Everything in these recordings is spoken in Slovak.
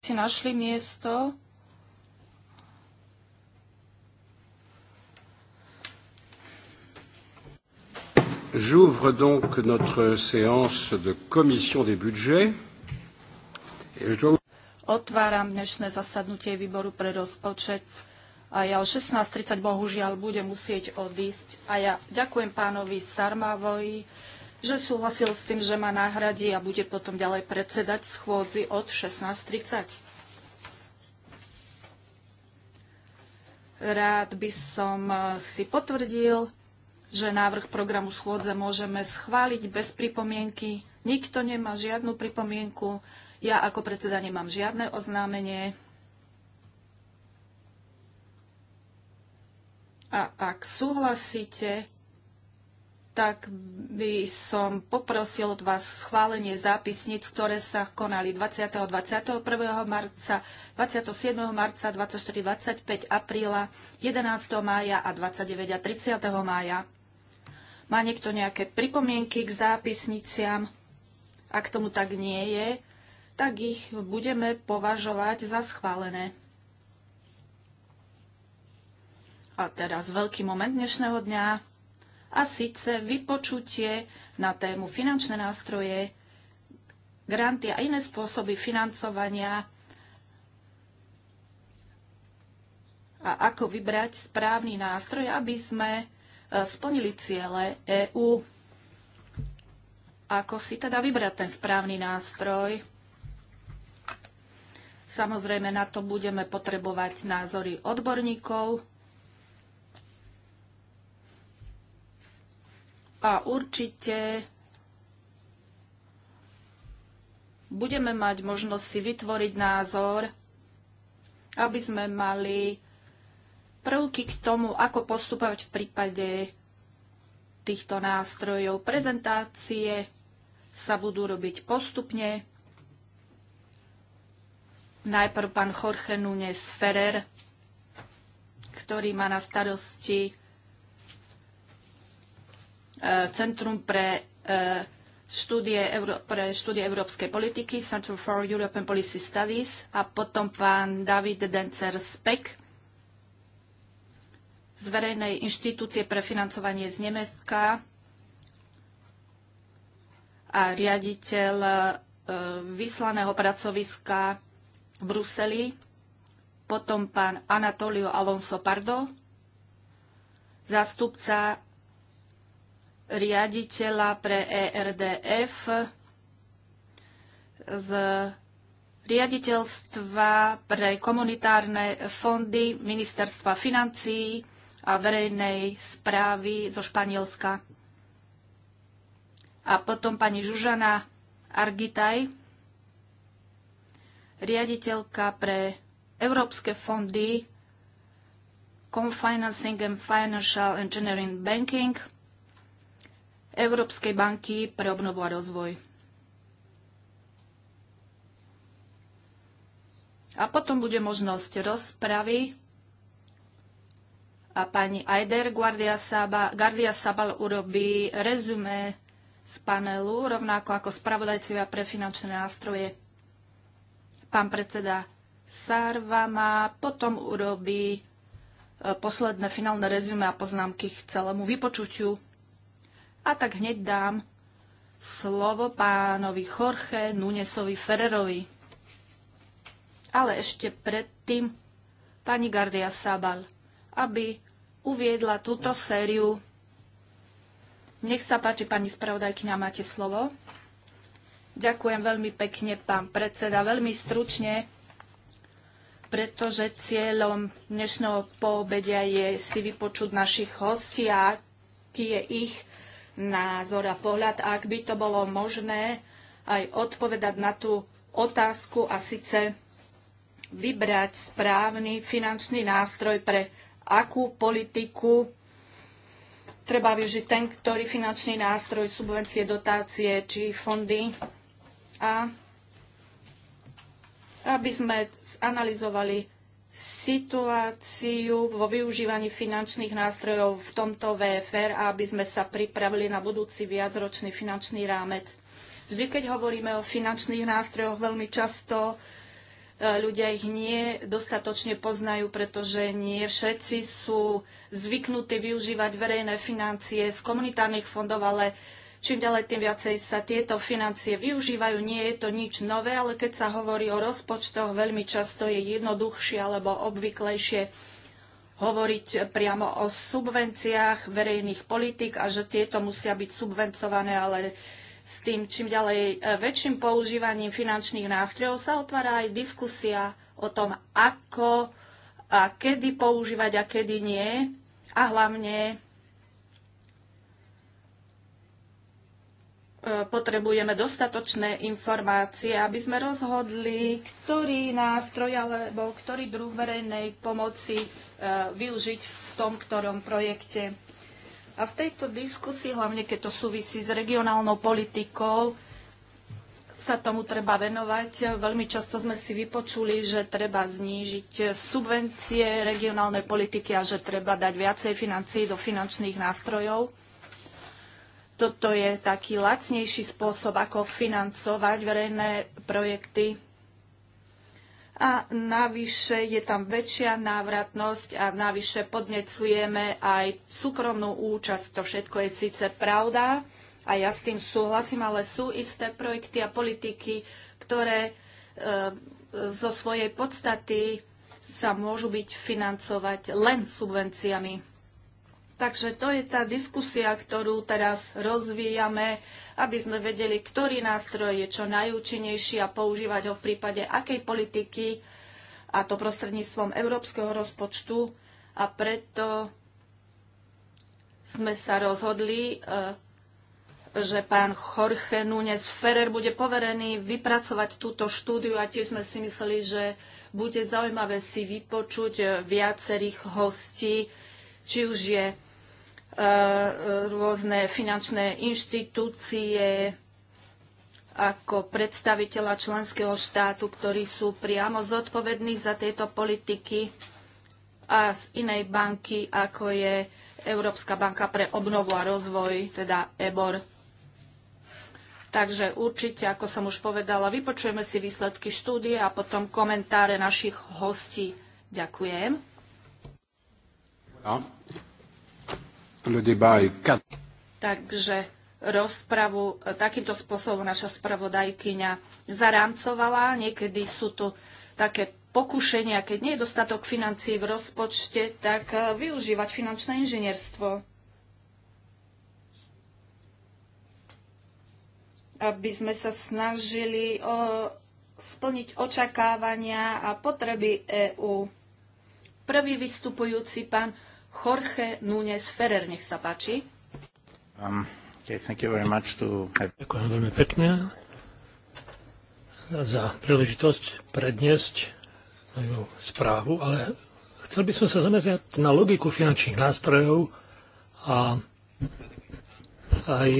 si našli miesto. J'ouvre donc notre séance de commission des budgets. Et je dois... Otváram dnešné zasadnutie výboru pre rozpočet a ja o 16.30 bohužiaľ budem musieť odísť. A ja ďakujem pánovi Sarmavovi že súhlasil s tým, že ma nahradí a bude potom ďalej predsedať schôdzi od 16.30. Rád by som eh, si potvrdil, že návrh programu schôdze môžeme schváliť bez pripomienky. Nikto nemá žiadnu pripomienku. Ja ako predseda nemám žiadne oznámenie. A ak súhlasíte, tak by som poprosil od vás schválenie zápisníc, ktoré sa konali 20. 21. marca, 27. marca, 24. 25. apríla, 11. mája a 29. a 30. mája. Má niekto nejaké pripomienky k zápisniciam? Ak tomu tak nie je, tak ich budeme považovať za schválené. A teraz veľký moment dnešného dňa a síce vypočutie na tému finančné nástroje, granty a iné spôsoby financovania a ako vybrať správny nástroj, aby sme e, splnili ciele EÚ. Ako si teda vybrať ten správny nástroj? Samozrejme, na to budeme potrebovať názory odborníkov, a určite budeme mať možnosť si vytvoriť názor, aby sme mali prvky k tomu, ako postupovať v prípade týchto nástrojov. Prezentácie sa budú robiť postupne. Najprv pán Jorge Núñez Ferrer, ktorý má na starosti Eh, Centrum pre eh, štúdie, pre štúdie európskej politiky, Center for European Policy Studies a potom pán David Dencer Speck z verejnej inštitúcie pre financovanie z Nemecka a riaditeľ eh, vyslaného pracoviska v Bruseli, potom pán Anatolio Alonso Pardo, zástupca riaditeľa pre ERDF z riaditeľstva pre komunitárne fondy ministerstva financií a verejnej správy zo Španielska. A potom pani Žužana Argitaj, riaditeľka pre európske fondy Confinancing and Financial Engineering Banking – Európskej banky pre obnovu a rozvoj. A potom bude možnosť rozpravy a pani Aider Guardia, Saba, Sabal urobí rezume z panelu, rovnako ako spravodajcovia pre finančné nástroje. Pán predseda Sarva má potom urobí e, posledné finálne rezume a poznámky k celému vypočutiu. A tak hneď dám slovo pánovi Jorge Nunesovi Ferrerovi. Ale ešte predtým pani Gardia Sabal, aby uviedla túto sériu. Nech sa páči, pani spravodajkňa, máte slovo. Ďakujem veľmi pekne, pán predseda. Veľmi stručne, pretože cieľom dnešného poobedia je si vypočuť našich hostia a aký je ich názor a pohľad. A ak by to bolo možné, aj odpovedať na tú otázku a síce vybrať správny finančný nástroj pre akú politiku treba využiť ten, ktorý finančný nástroj, subvencie, dotácie či fondy. A aby sme zanalizovali situáciu vo využívaní finančných nástrojov v tomto VFR a aby sme sa pripravili na budúci viacročný finančný rámec. Vždy, keď hovoríme o finančných nástrojoch, veľmi často e, ľudia ich nie dostatočne poznajú, pretože nie všetci sú zvyknutí využívať verejné financie z komunitárnych fondov, ale Čím ďalej, tým viacej sa tieto financie využívajú. Nie je to nič nové, ale keď sa hovorí o rozpočtoch, veľmi často je jednoduchšie alebo obvyklejšie hovoriť priamo o subvenciách verejných politik a že tieto musia byť subvencované, ale s tým čím ďalej e, väčším používaním finančných nástrojov sa otvára aj diskusia o tom, ako a kedy používať a kedy nie a hlavne potrebujeme dostatočné informácie, aby sme rozhodli, ktorý nástroj alebo ktorý druh verejnej pomoci e, využiť v tom ktorom projekte. A v tejto diskusii, hlavne keď to súvisí s regionálnou politikou, sa tomu treba venovať. Veľmi často sme si vypočuli, že treba znížiť subvencie regionálnej politiky a že treba dať viacej financií do finančných nástrojov. Toto je taký lacnejší spôsob, ako financovať verejné projekty. A navyše je tam väčšia návratnosť a navyše podnecujeme aj súkromnú účasť. To všetko je síce pravda a ja s tým súhlasím, ale sú isté projekty a politiky, ktoré e, zo svojej podstaty sa môžu byť financovať len subvenciami. Takže to je tá diskusia, ktorú teraz rozvíjame, aby sme vedeli, ktorý nástroj je čo najúčinnejší a používať ho v prípade akej politiky, a to prostredníctvom európskeho rozpočtu. A preto sme sa rozhodli, e, že pán Jorge Núñez Ferrer bude poverený vypracovať túto štúdiu a tiež sme si mysleli, že bude zaujímavé si vypočuť e, viacerých hostí, či už je E, rôzne finančné inštitúcie ako predstaviteľa členského štátu, ktorí sú priamo zodpovední za tieto politiky a z inej banky, ako je Európska banka pre obnovu a rozvoj, teda EBOR. Takže určite, ako som už povedala, vypočujeme si výsledky štúdie a potom komentáre našich hostí. Ďakujem. Ja. Takže rozpravu e, takýmto spôsobom naša spravodajkyňa zarámcovala. Niekedy sú tu také pokušenia, keď nie je dostatok financií v rozpočte, tak e, využívať finančné inžinierstvo. Aby sme sa snažili o e, splniť očakávania a potreby EÚ. Prvý vystupujúci pán Jorge Núñez Ferrer, nech sa páči. Um, okay, thank you very much to have... Ďakujem veľmi pekne za príležitosť predniesť moju správu, ale chcel by som sa zamerať na logiku finančných nástrojov a aj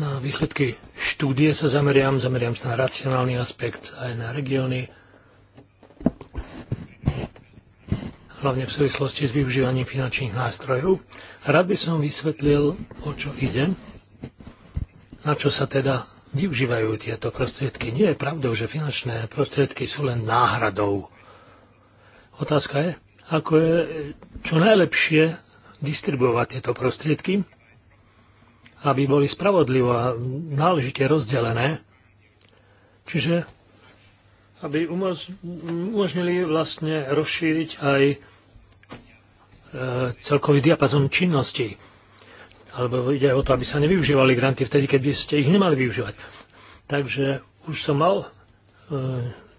na výsledky štúdie sa zameriam, zameriam sa na racionálny aspekt, aj na regióny, hlavne v súvislosti s využívaním finančných nástrojov. Rád by som vysvetlil, o čo ide, na čo sa teda využívajú tieto prostriedky. Nie je pravdou, že finančné prostriedky sú len náhradou. Otázka je, ako je čo najlepšie distribuovať tieto prostriedky, aby boli spravodlivo a náležite rozdelené. Čiže aby umožnili vlastne rozšíriť aj celkový diapazon činnosti. Alebo ide o to, aby sa nevyužívali granty vtedy, keď by ste ich nemali využívať. Takže už som mal e,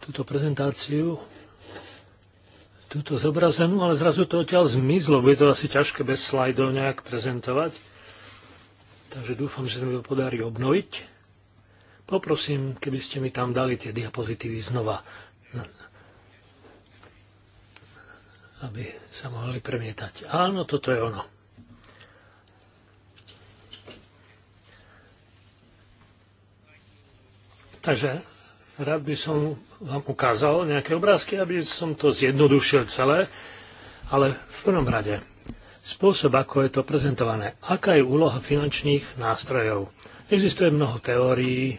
túto prezentáciu, túto zobrazenú, ale zrazu to odtiaľ zmizlo. Bude to asi ťažké bez slajdov nejak prezentovať. Takže dúfam, že sa mi to podarí obnoviť. Poprosím, keby ste mi tam dali tie diapozitívy znova aby sa mohli premietať. Áno, toto je ono. Takže rád by som vám ukázal nejaké obrázky, aby som to zjednodušil celé, ale v prvom rade spôsob, ako je to prezentované. Aká je úloha finančných nástrojov? Existuje mnoho teórií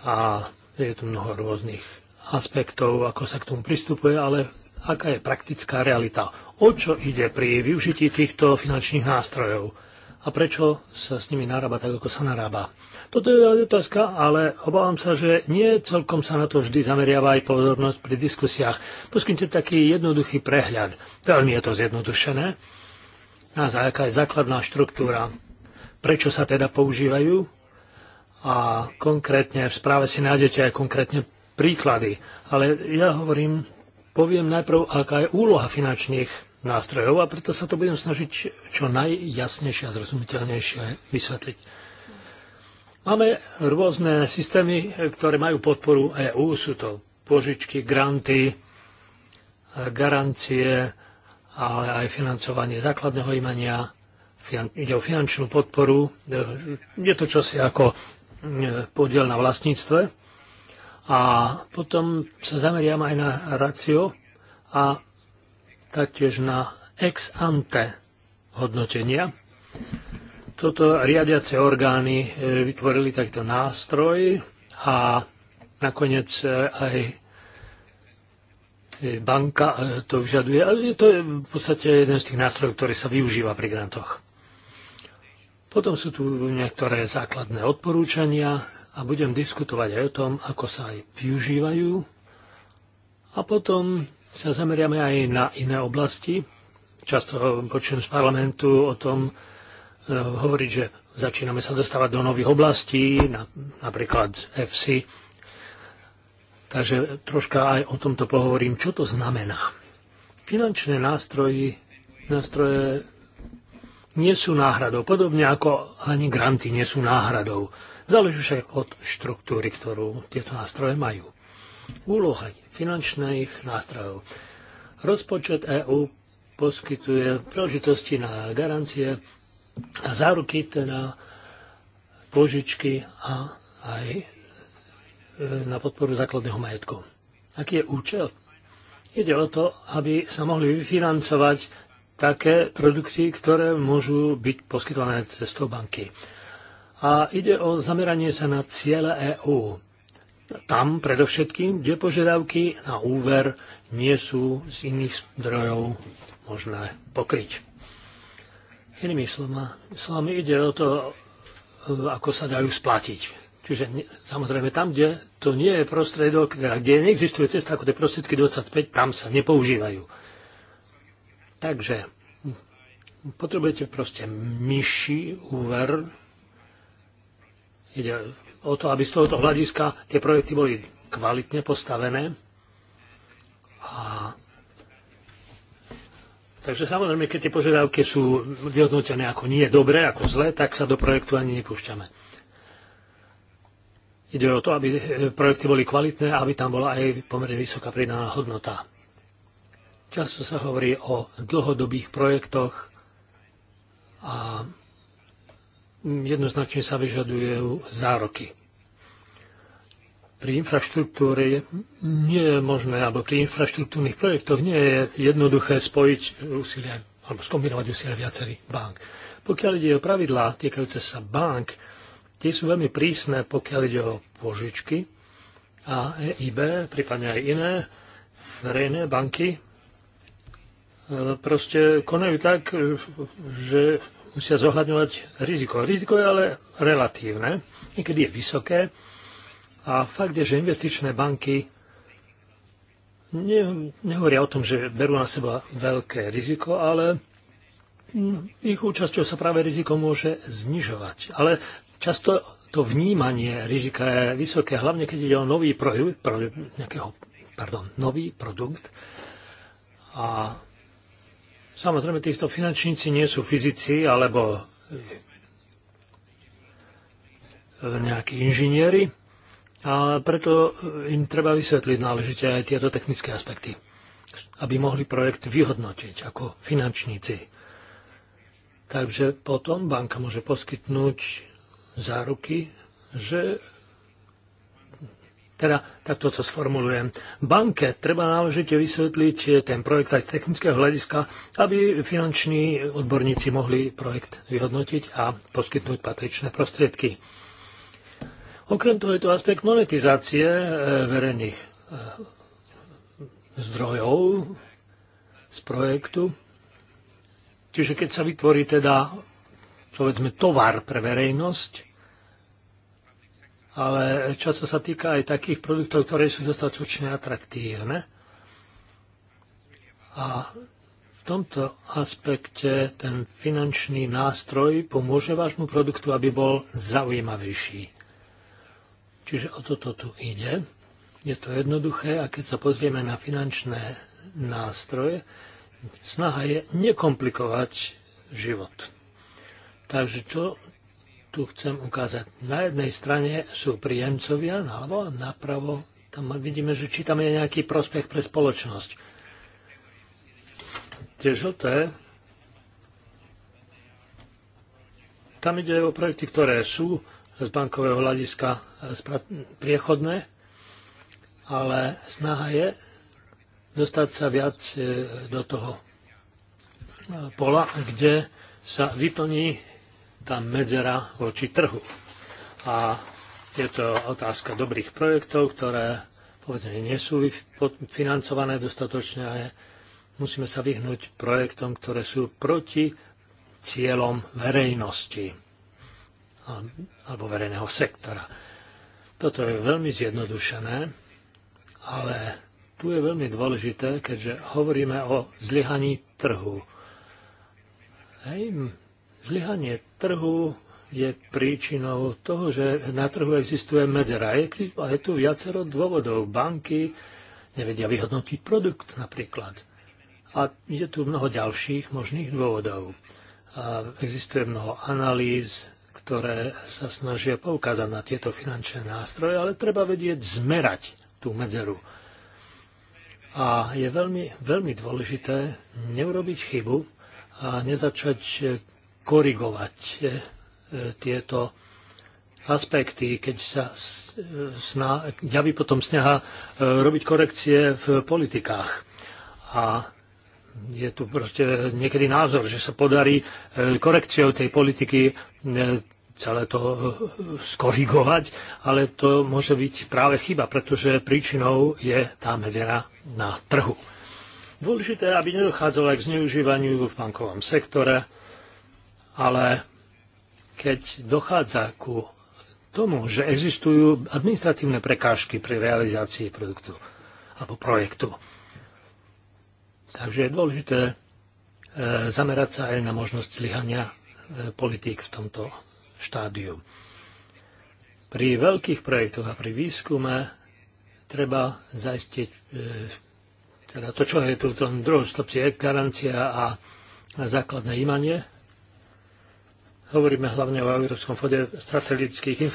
a je tu mnoho rôznych aspektov, ako sa k tomu pristupuje, ale aká je praktická realita. O čo ide pri využití týchto finančných nástrojov? A prečo sa s nimi narába tak, ako sa narába? Toto je otázka, ale obávam sa, že nie celkom sa na to vždy zameriava aj pozornosť pri diskusiách. Poskyňte taký jednoduchý prehľad. Veľmi je to zjednodušené. A za aká je základná štruktúra? Prečo sa teda používajú? A konkrétne v správe si nájdete aj konkrétne príklady. Ale ja hovorím poviem najprv, aká je úloha finančných nástrojov a preto sa to budem snažiť čo najjasnejšie a zrozumiteľnejšie vysvetliť. Máme rôzne systémy, ktoré majú podporu EÚ. Sú to požičky, granty, garancie, ale aj financovanie základného imania. Ide o finančnú podporu. Je to čosi ako e, podiel na vlastníctve. A potom sa zameriam aj na ratio a taktiež na ex ante hodnotenia. Toto riadiace orgány e, vytvorili takto nástroj a nakoniec e, aj e, banka to vyžaduje. to je v podstate jeden z tých nástrojov, ktorý sa využíva pri grantoch. Potom sú tu niektoré základné odporúčania a budem diskutovať aj o tom, ako sa aj využívajú. A potom sa zameriame aj na iné oblasti. Často počujem z parlamentu o tom e, hovoriť, že začíname sa dostávať do nových oblastí, na, napríklad FC. Takže troška aj o tomto pohovorím, čo to znamená. Finančné nástroji, nástroje nie sú náhradou, podobne ako ani granty nie sú náhradou. Záleží však od štruktúry, ktorú tieto nástroje majú. Úloha finančných nástrojov. Rozpočet EÚ poskytuje príležitosti na garancie a záruky, teda požičky a aj e, na podporu základného majetku. Aký je účel? Ide o to, aby sa mohli vyfinancovať také produkty, ktoré môžu byť poskytované cestou banky a ide o zameranie sa na ciele EÚ. Tam predovšetkým, kde požiadavky na úver nie sú z iných zdrojov možné pokryť. Inými slovami, ide o to, e, ako sa dajú splatiť. Čiže samozrejme tam, kde to nie je prostriedok, teda kde neexistuje cesta ako tie prostriedky 25, tam sa nepoužívajú. Takže potrebujete proste myši úver Ide o to, aby z tohoto hľadiska tie projekty boli kvalitne postavené. A... Takže samozrejme, keď tie požiadavky sú vyhodnotené ako nie dobré, ako zlé, tak sa do projektu ani nepúšťame. Ide o to, aby projekty boli kvalitné a aby tam bola aj pomerne vysoká pridaná hodnota. Často sa hovorí o dlhodobých projektoch a Mm, jednoznačne sa vyžadujú zároky. Pri infraštruktúre nie je možné, alebo pri infraštruktúrnych projektoch nie je jednoduché spojiť úsilia, alebo skombinovať úsilia viacerých bank. Pokiaľ ide o pravidlá týkajúce sa bank, tie sú veľmi prísne, pokiaľ ide o požičky a EIB, prípadne aj iné verejné banky, e, proste konajú tak, e, že musia zohľadňovať riziko. Riziko je ale relatívne, niekedy je vysoké a fakt je, že investičné banky ne, nehovoria o tom, že berú na seba veľké riziko, ale ich účasťou sa práve riziko môže znižovať. Ale často to vnímanie rizika je vysoké, hlavne keď ide o nový, pro, pro, nejakého, pardon, nový produkt a Samozrejme, týchto finančníci nie sú fyzici alebo e, nejakí inžinieri a preto im treba vysvetliť náležite aj tieto technické aspekty, aby mohli projekt vyhodnotiť ako finančníci. Takže potom banka môže poskytnúť záruky, že teda, takto to sformulujem. Banke treba náležite vysvetliť eh, ten projekt aj z technického hľadiska, aby finanční odborníci mohli projekt vyhodnotiť a poskytnúť patričné prostriedky. Okrem toho je to aspekt monetizácie eh, verejných eh, zdrojov z projektu. Čiže keď sa vytvorí teda povedzme tovar pre verejnosť, ale často sa týka aj takých produktov, ktoré sú dostatočne atraktívne. A v tomto aspekte ten finančný nástroj pomôže vášmu produktu, aby bol zaujímavejší. Čiže o toto tu ide. Je to jednoduché a keď sa pozrieme na finančné nástroje, snaha je nekomplikovať život. Takže čo tu chcem ukázať. Na jednej strane sú príjemcovia, no alebo a napravo. Tam vidíme, že či tam je nejaký prospech pre spoločnosť. Tie žlté, tam ide o projekty, ktoré sú z bankového hľadiska priechodné, ale snaha je dostať sa viac e, do toho e, pola, kde sa vyplní tá medzera voči trhu. A je to otázka dobrých projektov, ktoré povedzme nie sú financované dostatočne a musíme sa vyhnúť projektom, ktoré sú proti cieľom verejnosti alebo verejného sektora. Toto je veľmi zjednodušené, ale tu je veľmi dôležité, keďže hovoríme o zlyhaní trhu. Hej, zlyhanie trhu je príčinou toho, že na trhu existuje medzera. Je, a je tu viacero dôvodov. Banky nevedia vyhodnotiť produkt napríklad. A je tu mnoho ďalších možných dôvodov. A existuje mnoho analýz, ktoré sa snažia poukázať na tieto finančné nástroje, ale treba vedieť zmerať tú medzeru. A je veľmi, veľmi dôležité neurobiť chybu a nezačať korigovať e, e, tieto aspekty, keď sa e, sná, javí potom snaha robiť korekcie v politikách. A je tu proste niekedy názor, že sa podarí korekciou tej politiky celé to skorigovať, ale to môže byť práve chyba, pretože príčinou je tá medzera na trhu. Dôležité, aby nedochádzalo aj k zneužívaniu v bankovom sektore, ale keď dochádza ku tomu, že existujú administratívne prekážky pri realizácii produktu alebo projektu. Takže je dôležité e, zamerať sa aj na možnosť zlyhania e, politík v tomto štádiu. Pri veľkých projektoch a pri výskume treba zaistiť e, teda to, čo je tu v tom druhom stĺpci, je garancia a základné imanie Hovoríme hlavne o Európskom fode strategických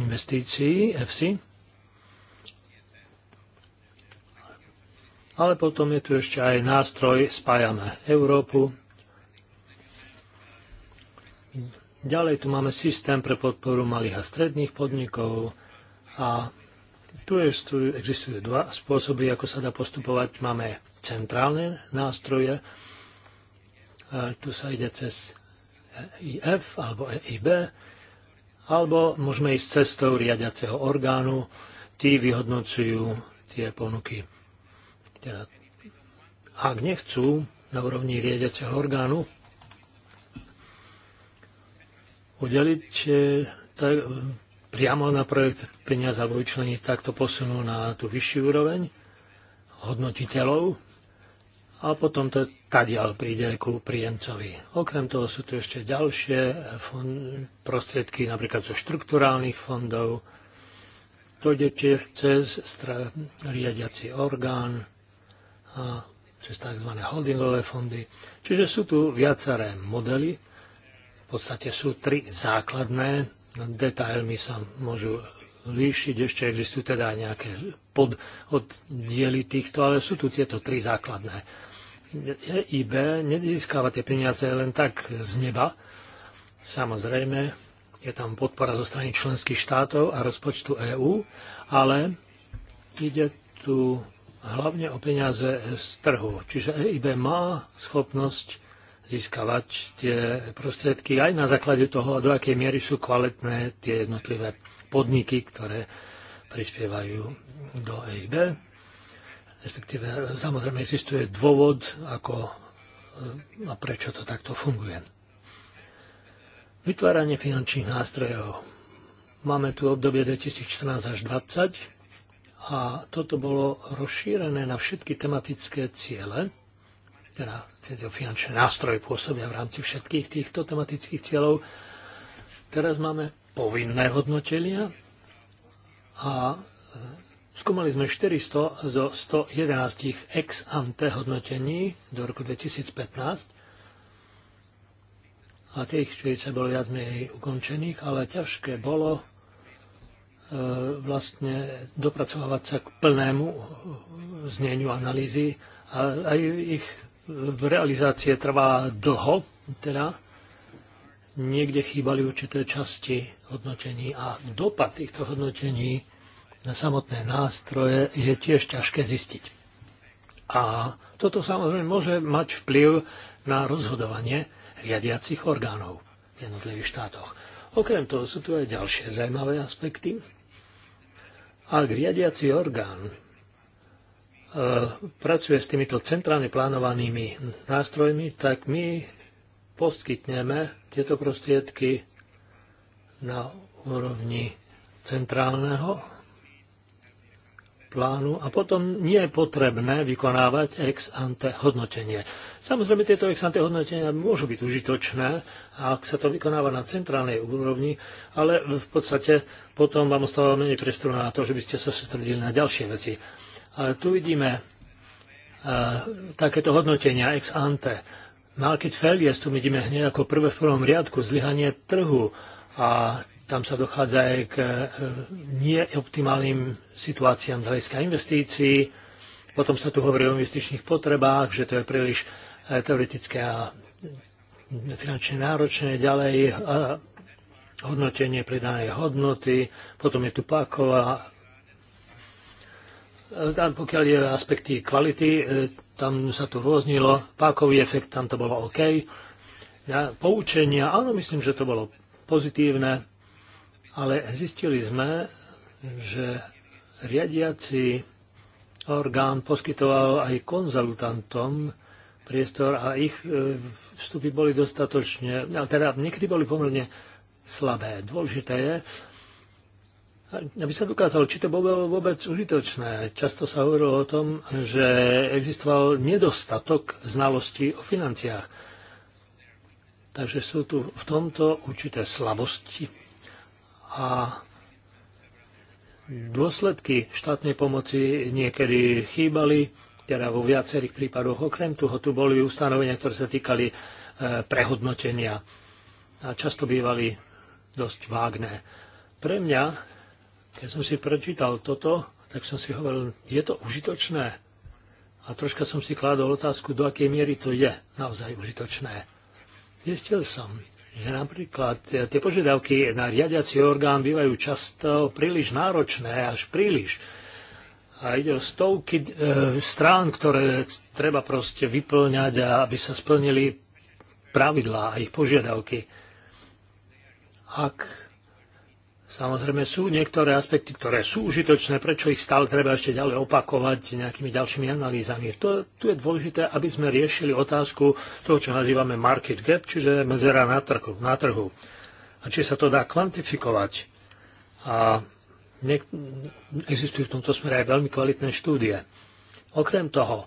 investícií, EFSI. Ale potom je tu ešte aj nástroj Spájame Európu. Ďalej tu máme systém pre podporu malých a stredných podnikov a tu existujú, existujú dva spôsoby, ako sa dá postupovať. Máme centrálne nástroje, tu sa ide cez EIF alebo EIB, alebo môžeme ísť cestou riadiaceho orgánu, tí vyhodnocujú tie ponuky. Teda, ak nechcú na úrovni riadiaceho orgánu udeliť e, tak, priamo na projekt peniaza alebo vyčleniť, tak to posunú na tú vyššiu úroveň hodnotiteľov a potom to tadial príde ku príjemcovi. Okrem toho sú tu ešte ďalšie fond, prostriedky, napríklad zo štrukturálnych fondov. To ide tiež cez stra, riadiaci orgán a cez tzv. holdingové fondy. Čiže sú tu viaceré modely. V podstate sú tri základné. Detailmi sa môžu líšiť, ešte existujú teda aj nejaké pododdiely týchto, ale sú tu tieto tri základné. EIB nezískava tie peniaze len tak z neba. Samozrejme, je tam podpora zo strany členských štátov a rozpočtu EÚ, ale ide tu hlavne o peniaze z trhu. Čiže EIB má schopnosť získavať tie prostriedky aj na základe toho, do akej miery sú kvalitné tie jednotlivé podniky, ktoré prispievajú do EIB respektíve samozrejme existuje dôvod, ako a prečo to takto funguje. Vytváranie finančných nástrojov. Máme tu obdobie 2014 až 2020 a toto bolo rozšírené na všetky tematické ciele, teda tieto finančné nástroje pôsobia v rámci všetkých týchto tematických cieľov. Teraz máme povinné hodnotenia a Skúmali sme 400 zo 111 ex ante hodnotení do roku 2015 a tých 40 bolo viac menej ukončených, ale ťažké bolo e, vlastne dopracovať sa k plnému zneniu analýzy a aj ich realizácie trvá dlho, teda niekde chýbali určité časti hodnotení a dopad týchto hodnotení na samotné nástroje je tiež ťažké zistiť. A toto samozrejme môže mať vplyv na rozhodovanie riadiacich orgánov v jednotlivých štátoch. Okrem toho sú tu aj ďalšie zaujímavé aspekty. Ak riadiaci orgán e, pracuje s týmito centrálne plánovanými nástrojmi, tak my poskytneme tieto prostriedky na úrovni centrálneho plánu a potom nie je potrebné vykonávať ex ante hodnotenie. Samozrejme, tieto ex ante hodnotenia môžu byť užitočné, ak sa to vykonáva na centrálnej úrovni, ale v podstate potom vám ostáva menej priestoru na to, že by ste sa sústredili na ďalšie veci. Ale tu vidíme uh, takéto hodnotenia ex ante. Market failures tu vidíme hneď ako prvé v prvom riadku, zlyhanie trhu a tam sa dochádza aj k e, neoptimálnym situáciám z hľadiska investícií. Potom sa tu hovorí o investičných potrebách, že to je príliš e, teoretické a finančne náročné. Ďalej a e, hodnotenie pridanej hodnoty, potom je tu páková. Tam, pokiaľ je aspekty kvality, tam sa tu rôznilo. Pákový efekt, tam to bolo OK. poučenia, áno, myslím, že to bolo pozitívne ale zistili sme, že riadiaci orgán poskytoval aj konzultantom priestor a ich e, vstupy boli dostatočne, teda niekedy boli pomerne slabé. Dôležité je, aby sa dokázalo, či to bolo vôbec užitočné. Často sa hovorilo o tom, že existoval nedostatok znalostí o financiách. Takže sú tu v tomto určité slabosti a dôsledky štátnej pomoci niekedy chýbali, teda vo viacerých prípadoch. Okrem toho tu boli ustanovenia, ktoré sa týkali e, prehodnotenia a často bývali dosť vágné. Pre mňa, keď som si prečítal toto, tak som si hovoril, je to užitočné? A troška som si kládol otázku, do akej miery to je naozaj užitočné. Zistil som, že napríklad e, tie požiadavky na riadiaci orgán bývajú často príliš náročné, až príliš. A ide o stovky e, strán, ktoré treba proste vyplňať, aby sa splnili pravidlá a ich požiadavky. Ak Samozrejme sú niektoré aspekty, ktoré sú užitočné, prečo ich stále treba ešte ďalej opakovať nejakými ďalšími analýzami. To, tu je dôležité, aby sme riešili otázku toho, čo nazývame market gap, čiže medzera na trhu. Na trhu. A či sa to dá kvantifikovať. A ne, existujú v tomto smere aj veľmi kvalitné štúdie. Okrem toho, e,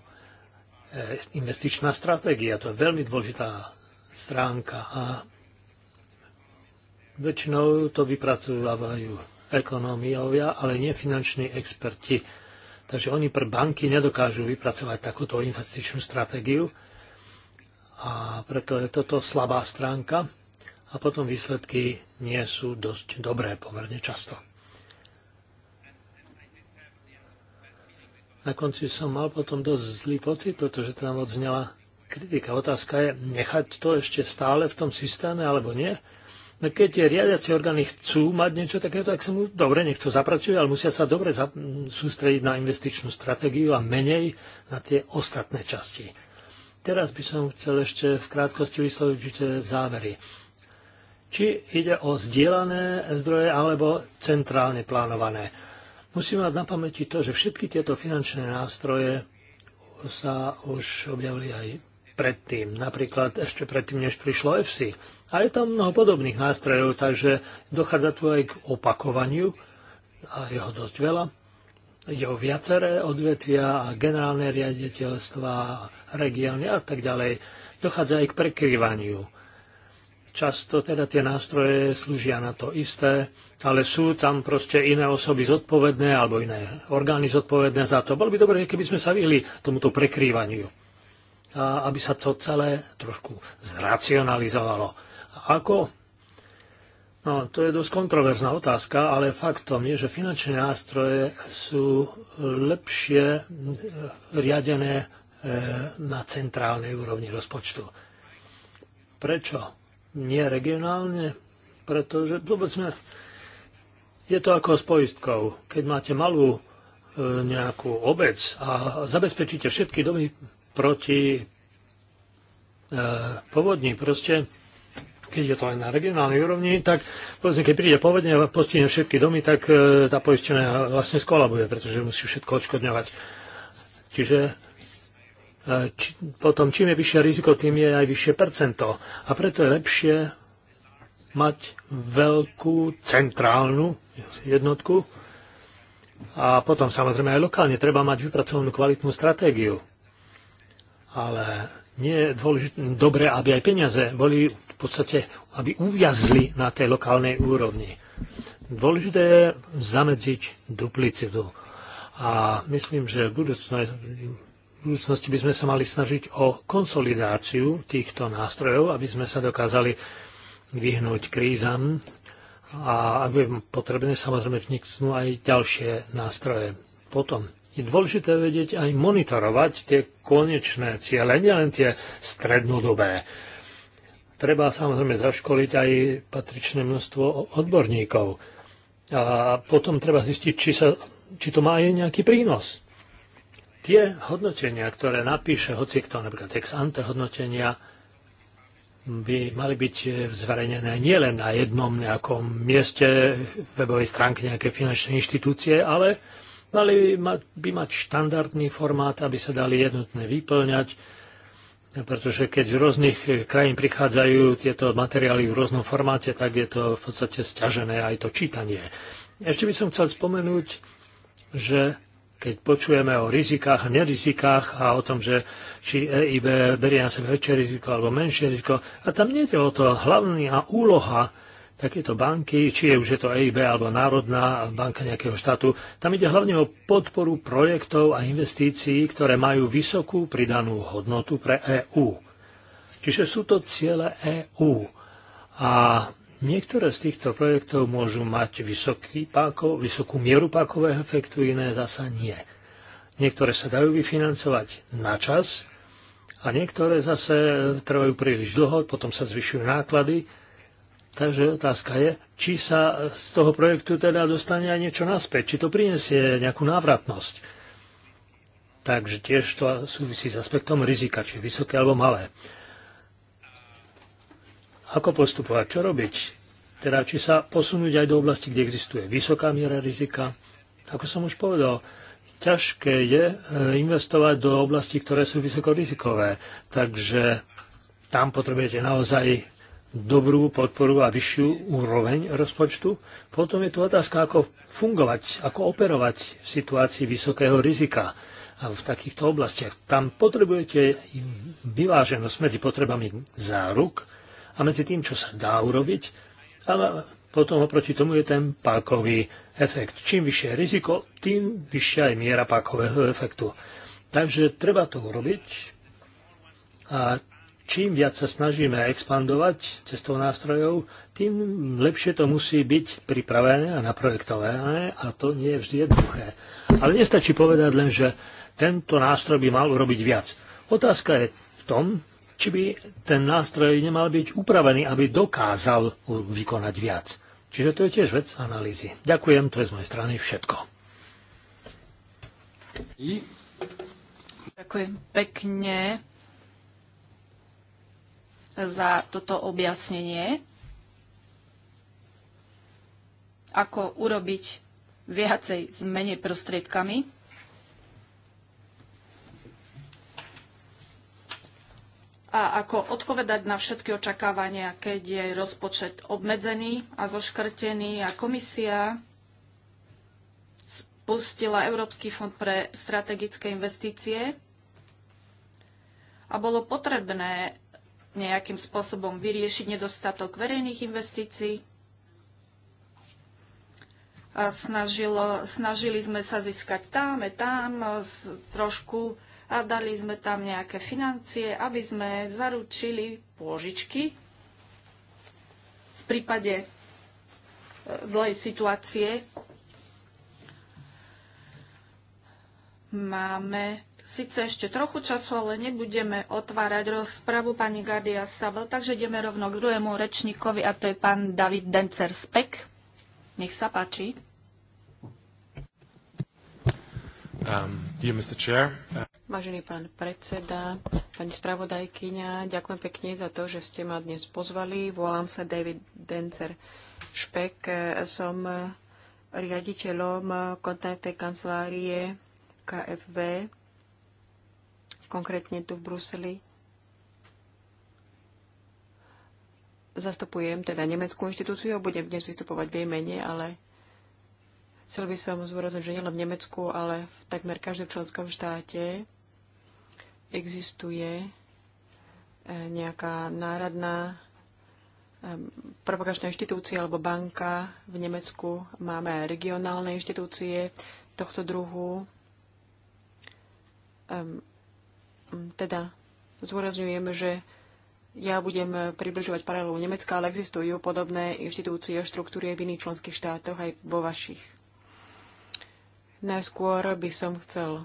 investičná stratégia, to je veľmi dôležitá stránka a Väčšinou to vypracovávajú ekonómiovia, ale nie finanční experti. Takže oni pre banky nedokážu vypracovať takúto investičnú stratégiu a preto je toto slabá stránka a potom výsledky nie sú dosť dobré pomerne často. Na konci som mal potom dosť zlý pocit, pretože tam odznela kritika. Otázka je, nechať to ešte stále v tom systéme alebo nie? No keď tie riadiace orgány chcú mať niečo takéto, tak sa mu dobre, nech to zapracujú, ale musia sa dobre za, sústrediť na investičnú stratégiu a menej na tie ostatné časti. Teraz by som chcel ešte v krátkosti vysloviť tie závery. Či ide o zdieľané zdroje alebo centrálne plánované. Musíme mať na pamäti to, že všetky tieto finančné nástroje sa už objavili aj predtým. Napríklad ešte predtým, než prišlo EFSI a je tam mnoho podobných nástrojov, takže dochádza tu aj k opakovaniu a jeho dosť veľa. Ide o viaceré odvetvia a generálne riaditeľstva, regióny a tak ďalej. Dochádza aj k prekryvaniu. Často teda tie nástroje slúžia na to isté, ale sú tam proste iné osoby zodpovedné alebo iné orgány zodpovedné za to. Bolo by dobré, keby sme sa vyhli tomuto prekrývaniu. A aby sa to celé trošku zracionalizovalo ako? No, to je dosť kontroverzná otázka, ale faktom je, že finančné nástroje sú lepšie eh, riadené eh, na centrálnej úrovni rozpočtu. Prečo? Nie regionálne? Pretože vôbec sme... Je to ako s poistkou. Keď máte malú eh, nejakú obec a zabezpečíte všetky domy proti povodní. Proste keď je to aj na regionálnej úrovni, tak povedzme, keď príde povodne a postihne všetky domy, tak e, tá poistenia vlastne skolabuje, pretože musí všetko odškodňovať. Čiže e, či, potom čím je vyššie riziko, tým je aj vyššie percento. A preto je lepšie mať veľkú centrálnu jednotku a potom samozrejme aj lokálne treba mať vypracovanú kvalitnú stratégiu. Ale nie je dôležité, dobre, aby aj peniaze boli podstate, aby uviazli na tej lokálnej úrovni. Dôležité je zamedziť duplicitu. A myslím, že v budúcnosti by sme sa mali snažiť o konsolidáciu týchto nástrojov, aby sme sa dokázali vyhnúť krízam a ak je potrebné, samozrejme vzniknú aj ďalšie nástroje. Potom je dôležité vedieť aj monitorovať tie konečné ciele, nielen tie strednodobé treba samozrejme zaškoliť aj patričné množstvo odborníkov. A potom treba zistiť, či, sa, či to má aj nejaký prínos. Tie hodnotenia, ktoré napíše hoci kto, napríklad ex ante hodnotenia, by mali byť eh, zverejnené nielen na jednom nejakom mieste webovej stránke nejaké finančnej inštitúcie, ale mali by mať štandardný formát, aby sa dali jednotne vyplňať, pretože keď z rôznych eh, krajín prichádzajú tieto materiály v rôznom formáte, tak je to v podstate stiažené aj to čítanie. Ešte by som chcel spomenúť, že keď počujeme o rizikách a nerizikách a o tom, že či EIB berie na sebe väčšie riziko alebo menšie riziko, a tam nie je o to hlavná úloha takéto banky, či je už je to EIB alebo Národná banka nejakého štátu, tam ide hlavne o podporu projektov a investícií, ktoré majú vysokú pridanú hodnotu pre EÚ. Čiže sú to ciele EÚ. A niektoré z týchto projektov môžu mať vysoký páko, vysokú mieru pákového efektu, iné zasa nie. Niektoré sa dajú vyfinancovať na čas, a niektoré zase trvajú príliš dlho, potom sa zvyšujú náklady Takže otázka je, či sa z toho projektu teda dostane aj niečo naspäť, či to prinesie nejakú návratnosť. Takže tiež to súvisí s aspektom rizika, či vysoké alebo malé. Ako postupovať, čo robiť? Teda či sa posunúť aj do oblasti, kde existuje vysoká miera rizika. Ako som už povedal, ťažké je e, investovať do oblasti, ktoré sú vysokorizikové. Takže tam potrebujete naozaj dobrú podporu a vyššiu úroveň rozpočtu. Potom je tu otázka, ako fungovať, ako operovať v situácii vysokého rizika a v takýchto oblastiach. Tam potrebujete vyváženosť medzi potrebami záruk a medzi tým, čo sa dá urobiť. A potom oproti tomu je ten pákový efekt. Čím vyššie je riziko, tým vyššia je miera pákového efektu. Takže treba to urobiť a čím viac sa snažíme expandovať cestou nástrojov, tým lepšie to musí byť pripravené a naprojektované a to nie je vždy jednoduché. Ale nestačí povedať len, že tento nástroj by mal urobiť viac. Otázka je v tom, či by ten nástroj nemal byť upravený, aby dokázal vykonať viac. Čiže to je tiež vec analýzy. Ďakujem, to je z mojej strany všetko. Ďakujem pekne za toto objasnenie, ako urobiť viacej s menej prostriedkami. a ako odpovedať na všetky očakávania, keď je rozpočet obmedzený a zoškrtený a komisia spustila Európsky fond pre strategické investície a bolo potrebné nejakým spôsobom vyriešiť nedostatok verejných investícií. A snažilo, snažili sme sa získať tam, tam trošku a dali sme tam nejaké financie, aby sme zaručili pôžičky v prípade e, zlej situácie. Máme síce ešte trochu času, ale nebudeme otvárať rozpravu pani Gardia Sabel, takže ideme rovno k druhému rečníkovi a to je pán David Dencer Spek. Nech sa páči. Um, dear Mr. Chair, uh... Vážený pán predseda, pani spravodajkyňa, ďakujem pekne za to, že ste ma dnes pozvali. Volám sa David Dencer Špek. Som riaditeľom kontaktnej kancelárie KFV konkrétne tu v Bruseli. Zastupujem teda nemeckú inštitúciu, budem dnes vystupovať v jej mene, ale chcel by som zúrazniť, že nielen v Nemecku, ale v takmer každom členskom štáte existuje eh, nejaká náradná eh, propagačná inštitúcia alebo banka v Nemecku. Máme regionálne inštitúcie tohto druhu. Ehm, teda zúrazňujeme, že ja budem približovať paralelu Nemecka, ale existujú podobné inštitúcie, a štruktúry v iných členských štátoch aj vo vašich. Najskôr by som chcel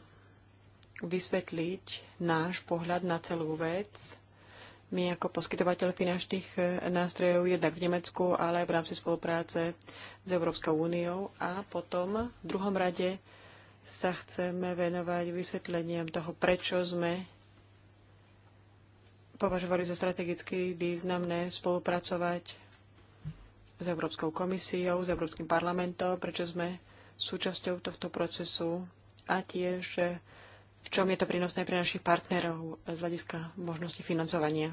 vysvetliť náš pohľad na celú vec. My ako poskytovateľ finančných e, nástrojov jednak v Nemecku, ale aj v rámci spolupráce s Európskou úniou a potom v druhom rade sa chceme venovať vysvetleniam toho, prečo sme považovali za strategicky významné spolupracovať s Európskou komisiou, s Európskym parlamentom, prečo sme súčasťou tohto procesu a tiež v čom je to prínosné pre našich partnerov z hľadiska možnosti financovania.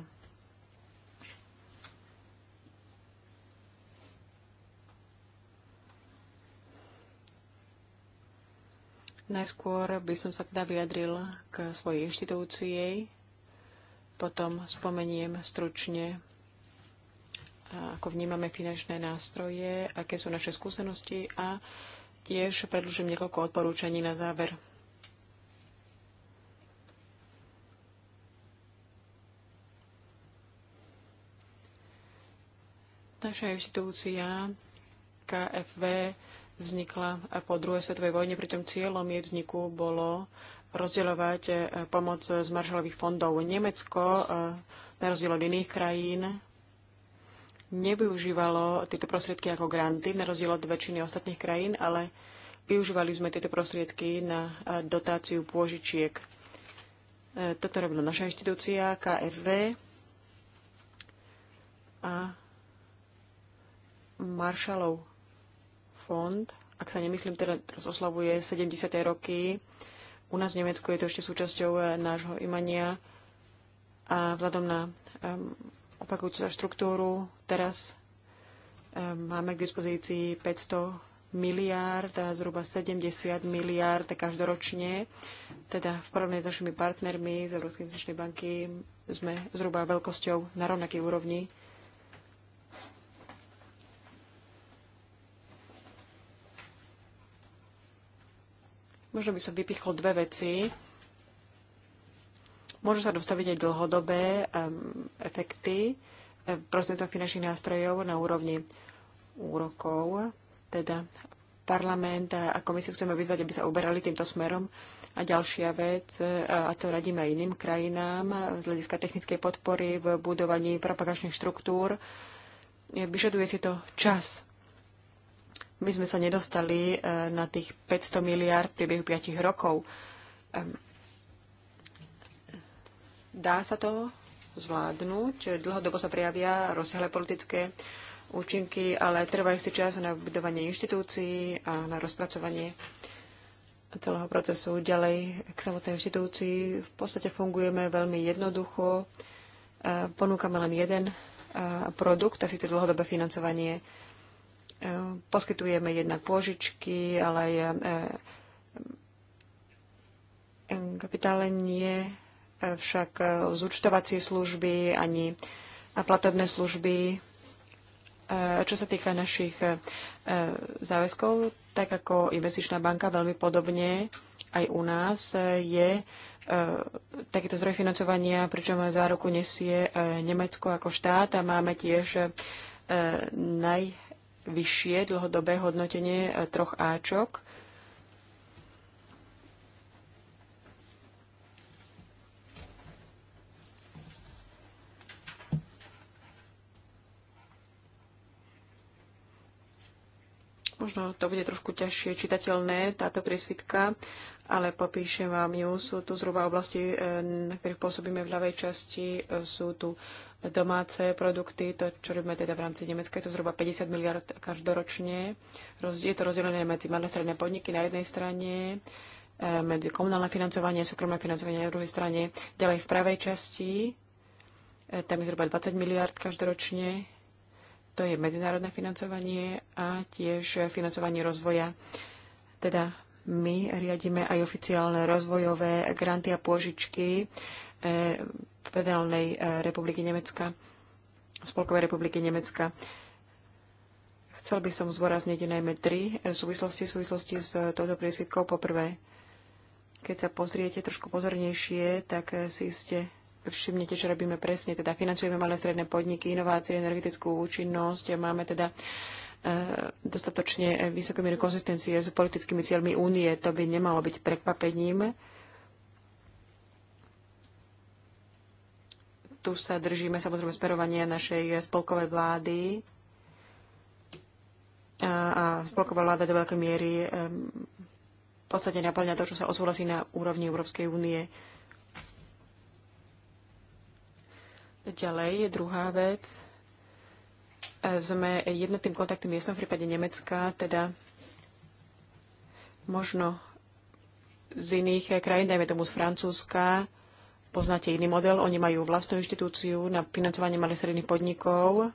Najskôr by som sa teda vyjadril k svojej inštitúcii, potom spomeniem stručne, ako vnímame finančné nástroje, aké sú naše skúsenosti a tiež predlžím niekoľko odporúčaní na záver. Naša inštitúcia KFV vznikla po druhej svetovej vojne, pritom cieľom jej vzniku bolo rozdeľovať e, pomoc z maršalových fondov. Nemecko, e, na rozdiel od iných krajín, nevyužívalo tieto prostriedky ako granty, na rozdiel od väčšiny ostatných krajín, ale využívali sme tieto prostriedky na e, dotáciu pôžičiek. Toto robila naša inštitúcia, KFV a Marshallov fond, ak sa nemyslím, teda teraz oslavuje 70. roky. U nás v Nemecku je to ešte súčasťou eh, nášho imania a vzhľadom na um, opakujúcu sa štruktúru teraz um, máme k dispozícii 500 miliárd a zhruba 70 miliárd každoročne. Teda v porovnaní s našimi partnermi z Európskej investičnej banky sme zhruba veľkosťou na rovnakej úrovni. Možno by som vypichol dve veci. Môžu sa dostaviť aj dlhodobé um, efekty prostredníctvom finančných nástrojov na úrovni úrokov. Teda parlament a komisiu chceme vyzvať, aby sa uberali týmto smerom. A ďalšia vec, e, a to radíme aj iným krajinám z hľadiska technickej podpory v budovaní propagačných štruktúr, vyžaduje si to čas my sme sa nedostali e, na tých 500 miliard priebehu 5 rokov. Ehm, dá sa to zvládnuť? Dlhodobo sa prejavia rozsiahle politické účinky, ale trvá istý čas na budovanie inštitúcií a na rozpracovanie celého procesu. Ďalej k samotnej inštitúcii v podstate fungujeme veľmi jednoducho. E, ponúkame len jeden e, produkt, a síce dlhodobé financovanie Poskytujeme jednak pôžičky, ale aj eh, eh, kapitále nie eh, však zúčtovacie služby ani platobné služby. Čo sa týka našich záväzkov, tak ako investičná banka veľmi podobne aj u nás je takýto zdroj financovania, pričom záruku nesie Nemecko ako štát a máme tiež naj vyššie dlhodobé hodnotenie e, troch Ačok. Možno to bude trošku ťažšie čitateľné, táto prísvitka, ale popíšem vám ju. Sú tu zhruba oblasti, e, na ktorých pôsobíme v ľavej časti. E, sú tu domáce produkty, to, čo robíme teda v rámci Nemecka, je to zhruba 50 miliard každoročne. Je to rozdelené medzi malé stredné podniky na jednej strane, e, medzi komunálne financovanie, súkromné financovanie na druhej strane. Ďalej v pravej časti, e, tam je zhruba 20 miliard každoročne, to je medzinárodné financovanie a tiež financovanie rozvoja. Teda my riadíme aj oficiálne rozvojové granty a pôžičky E, Federálnej e, republiky Nemecka, Spolkovej republiky Nemecka. Chcel by som zvorazniť najmä tri e, súvislosti, súvislosti s touto prísvitkou. Poprvé, keď sa pozriete trošku pozornejšie, tak si ste všimnete, čo robíme presne. Teda financujeme malé stredné podniky, inovácie, energetickú účinnosť. Máme teda dostatočne vysokú mieru konzistencie s politickými cieľmi únie. To by nemalo byť prekvapením tu sa držíme samozrejme smerovania našej spolkovej vlády. A, a spolková vláda do veľkej miery um, v podstate naplňa to, čo sa osúhlasí na úrovni Európskej únie. Ďalej je druhá vec. Sme jednotným kontaktným miestom v prípade Nemecka, teda možno z iných krajín, dajme tomu z Francúzska, poznáte iný model. Oni majú vlastnú inštitúciu na financovanie malých stredných podnikov,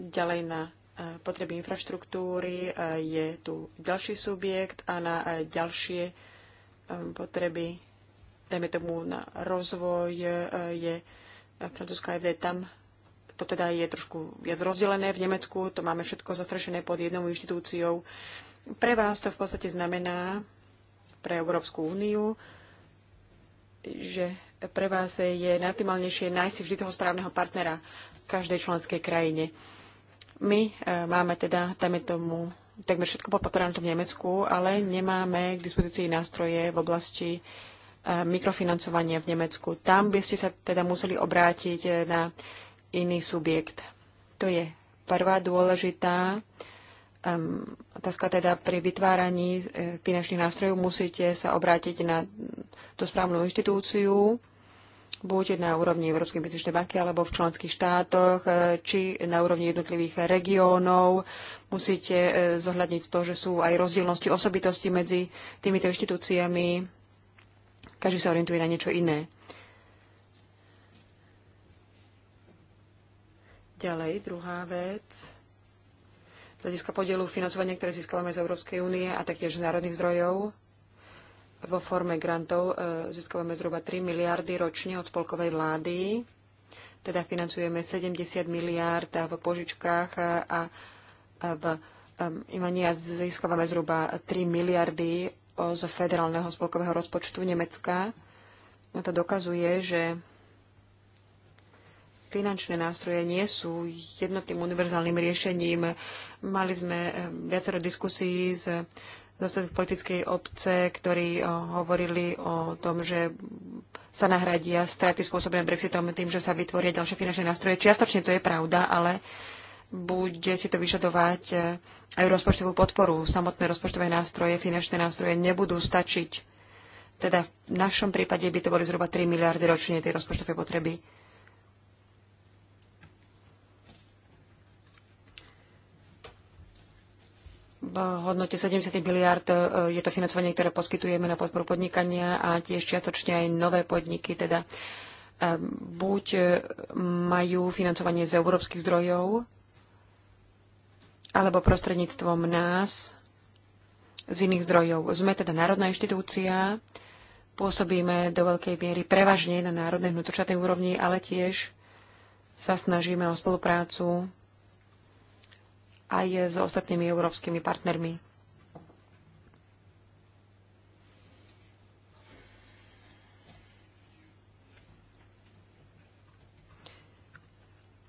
ďalej na e, potreby infraštruktúry e, je tu ďalší subjekt a na e, ďalšie potreby, dajme tomu na rozvoj, je francúzska FD. Tam to teda je trošku viac rozdelené. V Nemecku to máme všetko zastrešené pod jednou inštitúciou. Pre vás to v podstate znamená, pre Európsku úniu, že pre vás je najoptimálnejšie nájsť si vždy toho správneho partnera v každej členskej krajine. My e, máme teda, dajme tomu, takmer všetko podporované v Nemecku, ale nemáme k dispozícii nástroje v oblasti e, mikrofinancovania v Nemecku. Tam by ste sa teda museli obrátiť e, na iný subjekt. To je prvá dôležitá Um, otázka teda pri vytváraní e, finančných nástrojov musíte sa obrátiť na tú správnu inštitúciu, buď na úrovni Európskej investičnej banky alebo v členských štátoch, e, či na úrovni jednotlivých regiónov. Musíte e, zohľadniť to, že sú aj rozdielnosti, osobitosti medzi týmito inštitúciami. Každý sa orientuje na niečo iné. Ďalej, druhá vec z hľadiska podielu financovania, ktoré získavame z Európskej únie a taktiež z národných zdrojov. Vo forme grantov e, získavame zhruba 3 miliardy ročne od spolkovej vlády, teda financujeme 70 miliard v požičkách a v Imania získavame zhruba 3 miliardy z federálneho spolkového rozpočtu Nemecka. No to dokazuje, že finančné nástroje nie sú jednotným univerzálnym riešením. Mali sme eh, viacero diskusí s zásadných politickej obce, ktorí eh, hovorili o tom, že sa nahradia straty spôsobené Brexitom tým, že sa vytvoria ďalšie finančné nástroje. Čiastočne to je pravda, ale bude si to vyžadovať eh, aj rozpočtovú podporu. Samotné rozpočtové nástroje, finančné nástroje nebudú stačiť. Teda v našom prípade by to boli zhruba 3 miliardy ročne tej rozpočtové potreby. v hodnote 70 miliard e, je to financovanie, ktoré poskytujeme na podporu podnikania a tiež čiastočne aj nové podniky, teda e, buď e, majú financovanie z európskych zdrojov, alebo prostredníctvom nás z iných zdrojov. Sme teda národná inštitúcia, pôsobíme do veľkej miery prevažne na národnej vnútočatej úrovni, ale tiež sa snažíme o spoluprácu aj s ostatnými európskymi partnermi.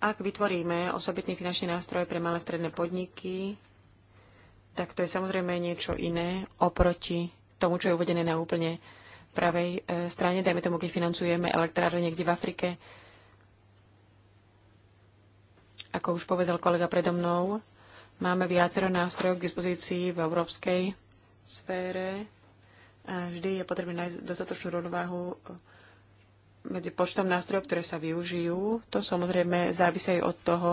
Ak vytvoríme osobitný finančný nástroj pre malé stredné podniky, tak to je samozrejme niečo iné oproti tomu, čo je uvedené na úplne pravej e, strane. Dajme tomu, keď financujeme elektrárne niekde v Afrike, ako už povedal kolega predo mnou, Máme viacero nástrojov k dispozícii v európskej sfére a vždy je potrebné nájsť dostatočnú rovnováhu eh, medzi počtom nástrojov, ktoré sa využijú. To samozrejme závisí aj od toho,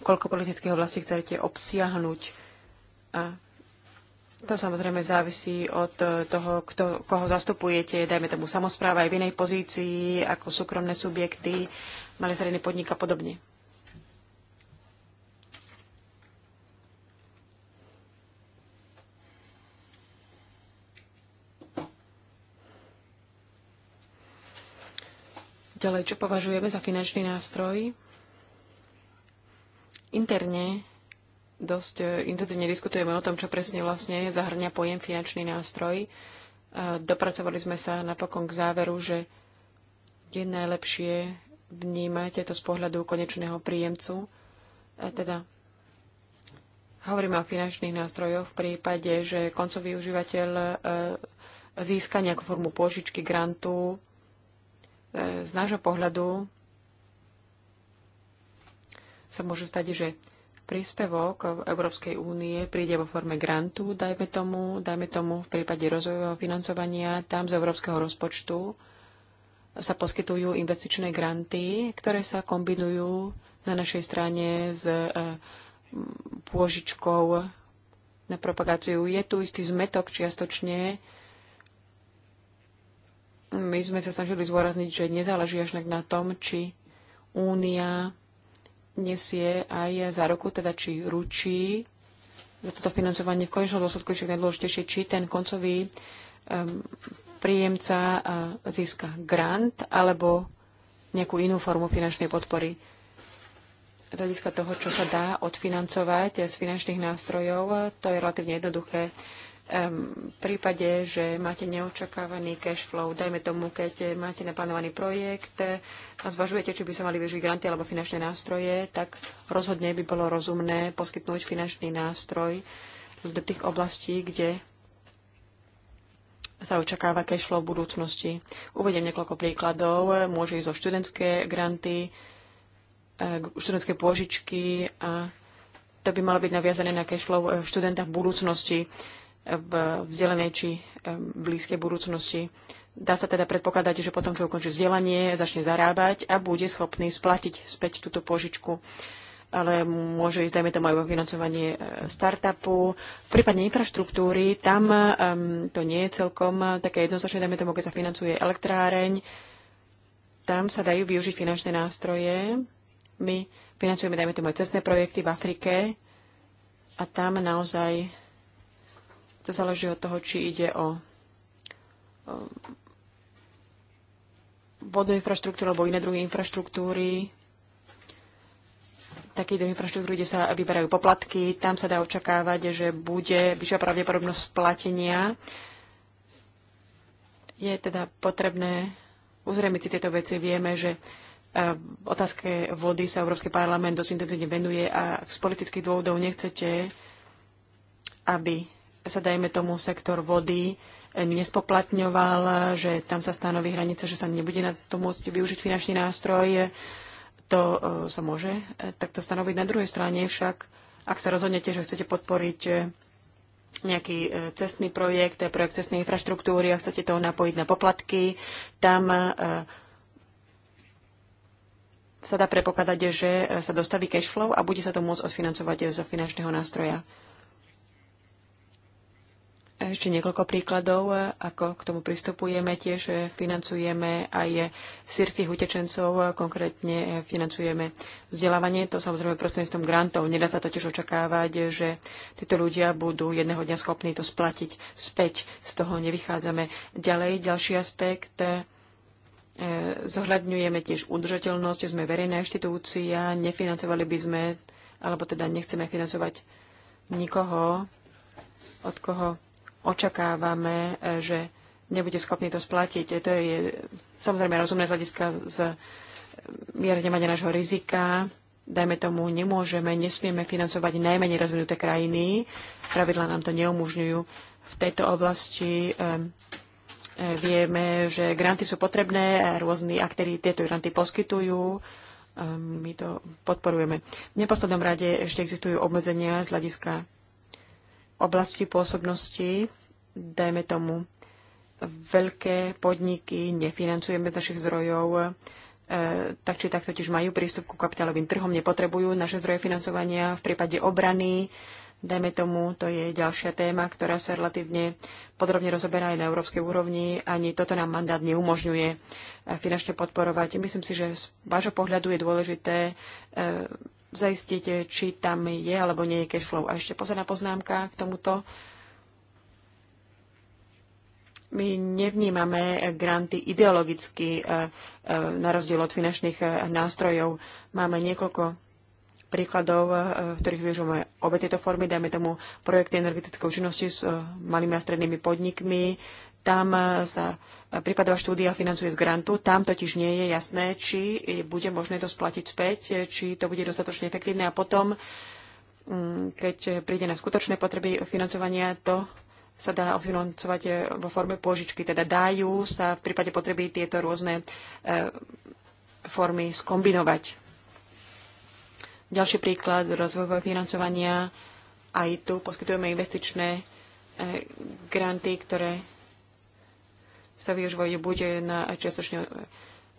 koľko politických oblastí chcete obsiahnuť. A to samozrejme závisí od eh, toho, kto, koho zastupujete, dajme tomu samozpráva aj v inej pozícii, ako súkromné subjekty, malé zrejné podnik a podobne. Ďalej, čo považujeme za finančný nástroj? Interne dosť e, intenzívne diskutujeme o tom, čo presne vlastne zahrňa pojem finančný nástroj. E, dopracovali sme sa napokon k záveru, že je najlepšie vnímať to z pohľadu konečného príjemcu. E, teda hovoríme o finančných nástrojoch v prípade, že koncový užívateľ získa nejakú formu pôžičky, grantu, z nášho pohľadu sa môže stať, že príspevok Európskej únie príde vo forme grantu, dajme tomu, dajme tomu v prípade rozvojového financovania, tam z európskeho rozpočtu sa poskytujú investičné granty, ktoré sa kombinujú na našej strane s e, pôžičkou na propagáciu. Je tu istý zmetok čiastočne my sme sa snažili zvorazniť, že nezáleží až na tom, či únia nesie aj za roku, teda či ručí za toto financovanie v konečnom dôsledku, však najdôležitejšie, či ten koncový um, príjemca uh, získa grant alebo nejakú inú formu finančnej podpory. Z hľadiska toho, čo sa dá odfinancovať z finančných nástrojov, to je relatívne jednoduché. Uh, v prípade, že máte neočakávaný cash flow, dajme tomu, keď máte naplánovaný projekt a zvažujete, či by sa mali využiť granty alebo finančné nástroje, tak rozhodne by bolo rozumné poskytnúť finančný nástroj do tých oblastí, kde sa očakáva cash flow v budúcnosti. Uvediem niekoľko príkladov. Môže ísť o študentské granty, e, študentské pôžičky a to by malo byť naviazané na cash flow e, študenta v budúcnosti v vzdelenej či blízkej budúcnosti. Dá sa teda predpokladať, že potom, čo ukončí vzdelanie, začne zarábať a bude schopný splatiť späť túto požičku. Ale môže ísť, dajme tomu, aj vo financovanie e, startupu. V prípadne infraštruktúry, tam um, to nie je celkom e, také jednoznačné, dajme tomu, keď sa financuje elektráreň, tam sa dajú využiť finančné nástroje. My financujeme, dajme tomu, aj cestné projekty v Afrike a tam naozaj to záleží od toho, či ide o vodnú infraštruktúru alebo iné druhy infraštruktúry. Také druh infraštruktúry, kde sa vyberajú poplatky, tam sa dá očakávať, že bude vyššia pravdepodobnosť platenia. Je teda potrebné uzrejmiť si tieto veci. Vieme, že e, otázke vody sa Európsky parlament dosť intenzívne venuje a z politických dôvodov nechcete, aby sa, dajme tomu, sektor vody e, nespoplatňoval, že tam sa stanoví hranica, že sa nebude na to môcť využiť finančný nástroj, e, to e, sa môže takto stanoviť. Na druhej strane však, ak sa rozhodnete, že chcete podporiť nejaký cestný projekt, projekt cestnej infraštruktúry a chcete to napojiť na poplatky, tam sa dá prepokladať, že sa dostaví cash flow a bude sa to môcť odfinancovať z finančného nástroja. Ešte niekoľko príkladov, e, ako k tomu pristupujeme. Tiež e, financujeme aj e, sírskych utečencov, konkrétne financujeme vzdelávanie. To samozrejme prostredníctvom grantov. Nedá sa totiž očakávať, že títo ľudia budú jedného dňa schopní to splatiť späť. Z toho nevychádzame. Ďalej, ďalší aspekt. Zohľadňujeme tiež udržateľnosť. Sme verejná inštitúcia. Nefinancovali by sme, alebo teda nechceme financovať nikoho, od koho očakávame, e, že nebude schopný to splatiť. E, to je samozrejme rozumné z hľadiska z e, mierne nášho rizika. Dajme tomu, nemôžeme, nesmieme financovať najmenej rozvinuté krajiny. Pravidla nám to neumožňujú. V tejto oblasti vieme, že granty sú potrebné, a rôzni aktéry tieto granty poskytujú my to podporujeme. V neposlednom rade ešte existujú obmedzenia z hľadiska oblasti pôsobnosti, dajme tomu, veľké podniky nefinancujeme z našich zdrojov, e, tak či tak totiž majú prístup ku kapitálovým trhom, nepotrebujú naše zdroje financovania. V prípade obrany, dajme tomu, to je ďalšia téma, ktorá sa relatívne podrobne rozoberá aj na európskej úrovni. Ani toto nám mandát neumožňuje e, finančne podporovať. Myslím si, že z vášho pohľadu je dôležité e, zaistiť, či tam je alebo nie je cash flow. A ešte posledná poznámka k tomuto. My nevnímame granty ideologicky e, e, na rozdiel od finančných e, nástrojov. Máme niekoľko príkladov, v ktorých využívame obe tieto formy. Dajme tomu projekty energetickou účinnosti s malými a strednými podnikmi. Tam sa prípadová štúdia financuje z grantu. Tam totiž nie je jasné, či bude možné to splatiť späť, či to bude dostatočne efektívne a potom, mm, keď príde na skutočné potreby financovania, to sa dá financovať eh, vo forme pôžičky. Teda dajú sa v prípade potreby tieto rôzne eh, formy skombinovať. Ďalší príklad rozvojového financovania. Aj tu poskytujeme investičné eh, granty, ktoré sa využívajú buď na čiastočne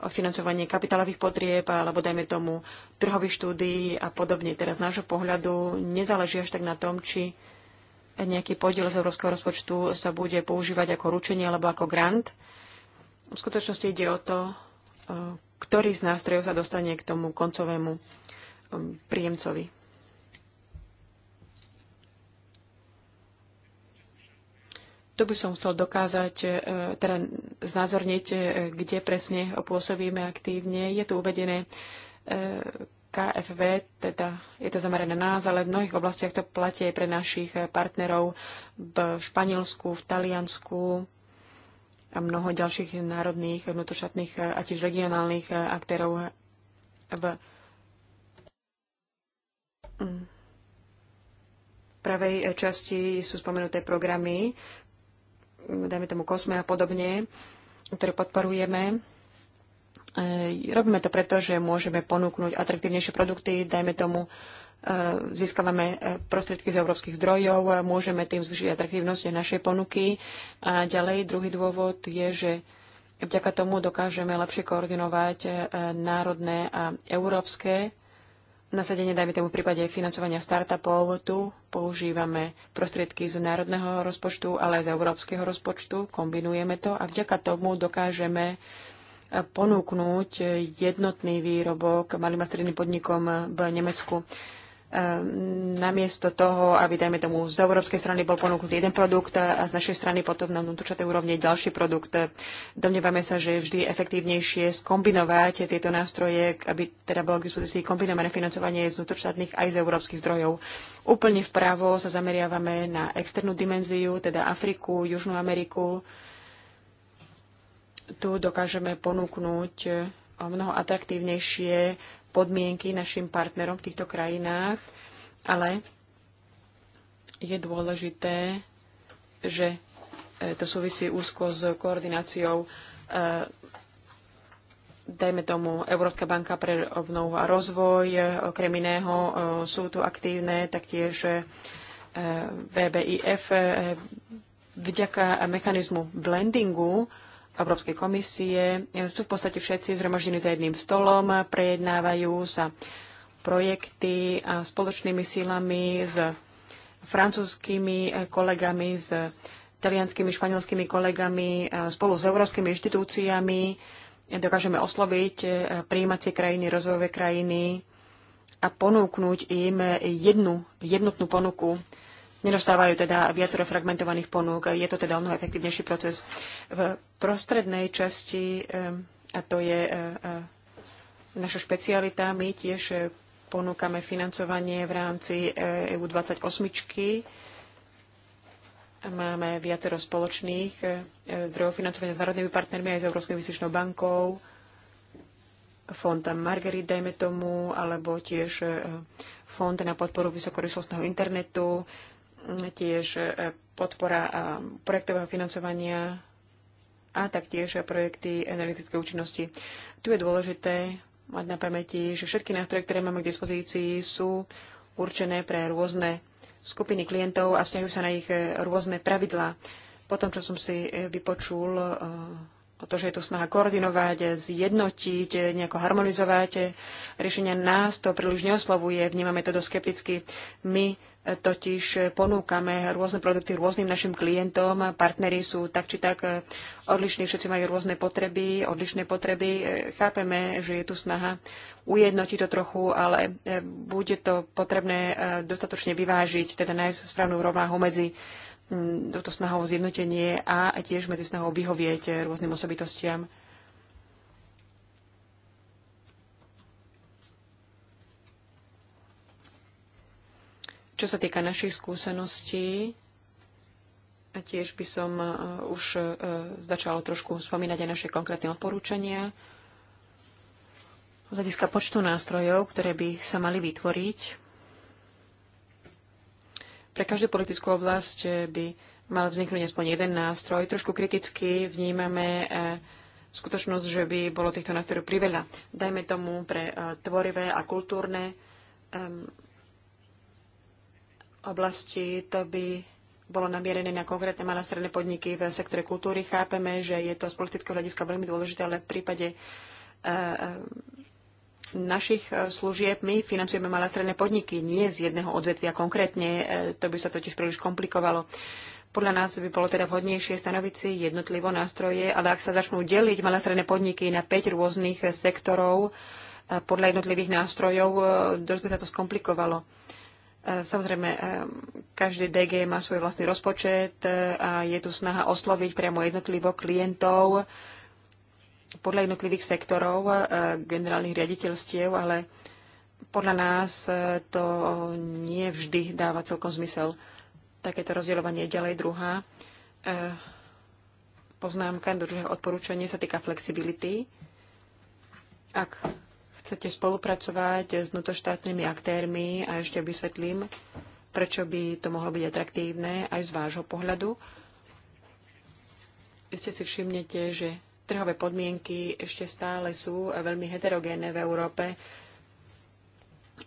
financovanie kapitálových potrieb alebo dajme tomu trhových štúdií a podobne. Teraz z nášho pohľadu nezáleží až tak na tom, či nejaký podiel z európskeho rozpočtu sa bude používať ako ručenie alebo ako grant. V skutočnosti ide o to, ktorý z nástrojov sa dostane k tomu koncovému um, príjemcovi. Tu by som chcel dokázať, e, teda znázorniť, e, kde presne pôsobíme aktívne. Je tu uvedené e, KFV, teda je to zamerané na nás, ale v mnohých oblastiach to platí aj pre našich partnerov v Španielsku, v Taliansku a mnoho ďalších národných, vnútroštátnych a tiež regionálnych aktérov v pravej časti sú spomenuté programy, Mm, dajme tomu Kosme a podobne, ktoré podporujeme. E, robíme to preto, že môžeme ponúknuť atraktívnejšie produkty, dajme tomu e, získavame e, prostriedky z európskych zdrojov, môžeme tým zvýšiť atraktívnosť našej ponuky. A ďalej druhý dôvod je, že vďaka tomu dokážeme lepšie koordinovať národné a európske nasadenie, dajme tomu v prípade financovania startupov, tu používame prostriedky z národného rozpočtu, ale aj z európskeho rozpočtu, kombinujeme to a vďaka tomu dokážeme ponúknuť jednotný výrobok malým a stredným podnikom v Nemecku. Ehm, namiesto toho, aby, dajme tomu, z európskej strany bol ponúknutý jeden produkt a z našej strany potom na vnútorčatej úrovni ďalší produkt. Domnievame sa, že je vždy efektívnejšie skombinovať tieto nástroje, aby teda bolo k dispozícii kombinované financovanie z vnútorštátnych aj z európskych zdrojov. Úplne vpravo sa zameriavame na externú dimenziu, teda Afriku, Južnú Ameriku. Tu dokážeme ponúknuť o mnoho atraktívnejšie podmienky našim partnerom v týchto krajinách, ale je dôležité, že e, to súvisí úzko s koordináciou e, dajme tomu Európska banka pre obnovu a rozvoj, e, okrem iného sú tu aktívne taktiež VBIF. Vďaka mechanizmu blendingu Európskej komisie. E, sú v podstate všetci zhromaždení za jedným stolom, prejednávajú sa projekty a spoločnými sílami s francúzskými e, kolegami, s talianskými, španielskými kolegami, e, spolu s európskymi inštitúciami. Dokážeme osloviť príjímacie krajiny, rozvojové krajiny a ponúknuť im jednu, jednotnú ponuku nedostávajú teda viacero fragmentovaných ponúk. Je to teda o mnoho efektívnejší proces. V prostrednej časti, eh, a to je eh, eh, naša špecialita, my tiež ponúkame financovanie v rámci EU28. E Máme viacero spoločných zdrojov financovania s národnými partnermi aj s Európskou investičnou bankou, fond Margarit, dajme tomu, alebo tiež fond na podporu vysokorýchlostného internetu, tiež podpora projektového financovania a taktiež projekty energetickej účinnosti. Tu je dôležité mať na pamäti, že všetky nástroje, ktoré máme k dispozícii, sú určené pre rôzne skupiny klientov a vzťahujú sa na ich e, rôzne pravidlá. Po tom, čo som si e, vypočul e, o to, že je tu snaha koordinovať, zjednotiť, nejako harmonizovať riešenia nás, to príliš neoslovuje, vnímame to dosť skepticky. My totiž ponúkame rôzne produkty rôznym našim klientom. Partneri sú tak či tak odlišní, všetci majú rôzne potreby, odlišné potreby. Chápeme, že je tu snaha ujednotiť to trochu, ale e, bude to potrebné e, dostatočne vyvážiť, teda nájsť správnu rovnáhu medzi mm, toto snahou zjednotenie a tiež medzi snahou vyhovieť rôznym osobitostiam. Čo sa týka našich skúseností, a tiež by som e, už e, začala trošku spomínať aj naše konkrétne odporúčania z hľadiska počtu nástrojov, ktoré by sa mali vytvoriť. Pre každú politickú oblasť e, by mal vzniknúť aspoň jeden nástroj. Trošku kriticky vnímame skutočnosť, že by bolo týchto nástrojov priveľa. Dajme tomu pre tvorivé a kultúrne oblasti, to by bolo namierené na konkrétne malé stredné podniky v sektore kultúry. Chápeme, že je to z politického hľadiska veľmi dôležité, ale v prípade e, e, našich e, služieb my financujeme malé stredné podniky, nie z jedného odvetvia konkrétne, to by sa totiž príliš komplikovalo. Podľa nás by bolo teda vhodnejšie stanoviť si jednotlivo nástroje, ale ak sa začnú deliť malé stredné podniky na 5 rôznych sektorov podľa jednotlivých nástrojov, dosť by sa to skomplikovalo. E, samozrejme, e, každý DG má svoj vlastný rozpočet e, a je tu snaha osloviť priamo jednotlivo klientov podľa jednotlivých sektorov generálnych riaditeľstiev, ale podľa nás to nie vždy dáva celkom zmysel. Takéto rozdielovanie ďalej druhá poznámka, druhé odporúčanie sa týka flexibility. Ak chcete spolupracovať s vnútroštátnymi aktérmi a ešte vysvetlím, prečo by to mohlo byť atraktívne aj z vášho pohľadu. Ste si všimnete, že trhové podmienky ešte stále sú veľmi heterogénne v Európe.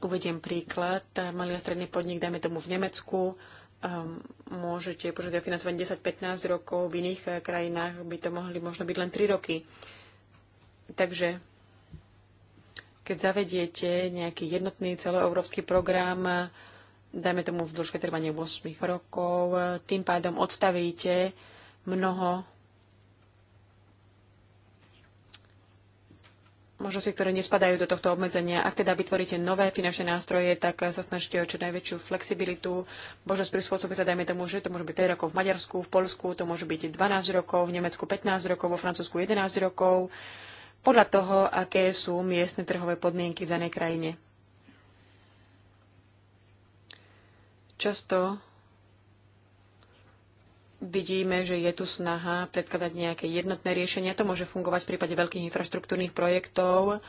Uvediem príklad. Malý a stredný podnik, dajme tomu v Nemecku, um, môžete požiadať financovanie 10-15 rokov, v iných eh, krajinách by to mohli možno byť len 3 roky. Takže keď zavediete nejaký jednotný celoeurópsky program, dajme tomu v dĺžke trvania 8 rokov, tým pádom odstavíte mnoho možnosti, ktoré nespadajú do tohto obmedzenia. Ak teda vytvoríte nové finančné nástroje, tak sa snažte o čo najväčšiu flexibilitu, možnosť prispôsobiť sa, dajme tomu, že to môže byť 5 rokov v Maďarsku, v Polsku, to môže byť 12 rokov, v Nemecku 15 rokov, vo Francúzsku 11 rokov. Uh, podľa toho, aké sú miestne trhové podmienky v danej krajine. Často vidíme, že je tu snaha predkladať nejaké jednotné riešenia. To môže fungovať v prípade veľkých infraštruktúrnych projektov,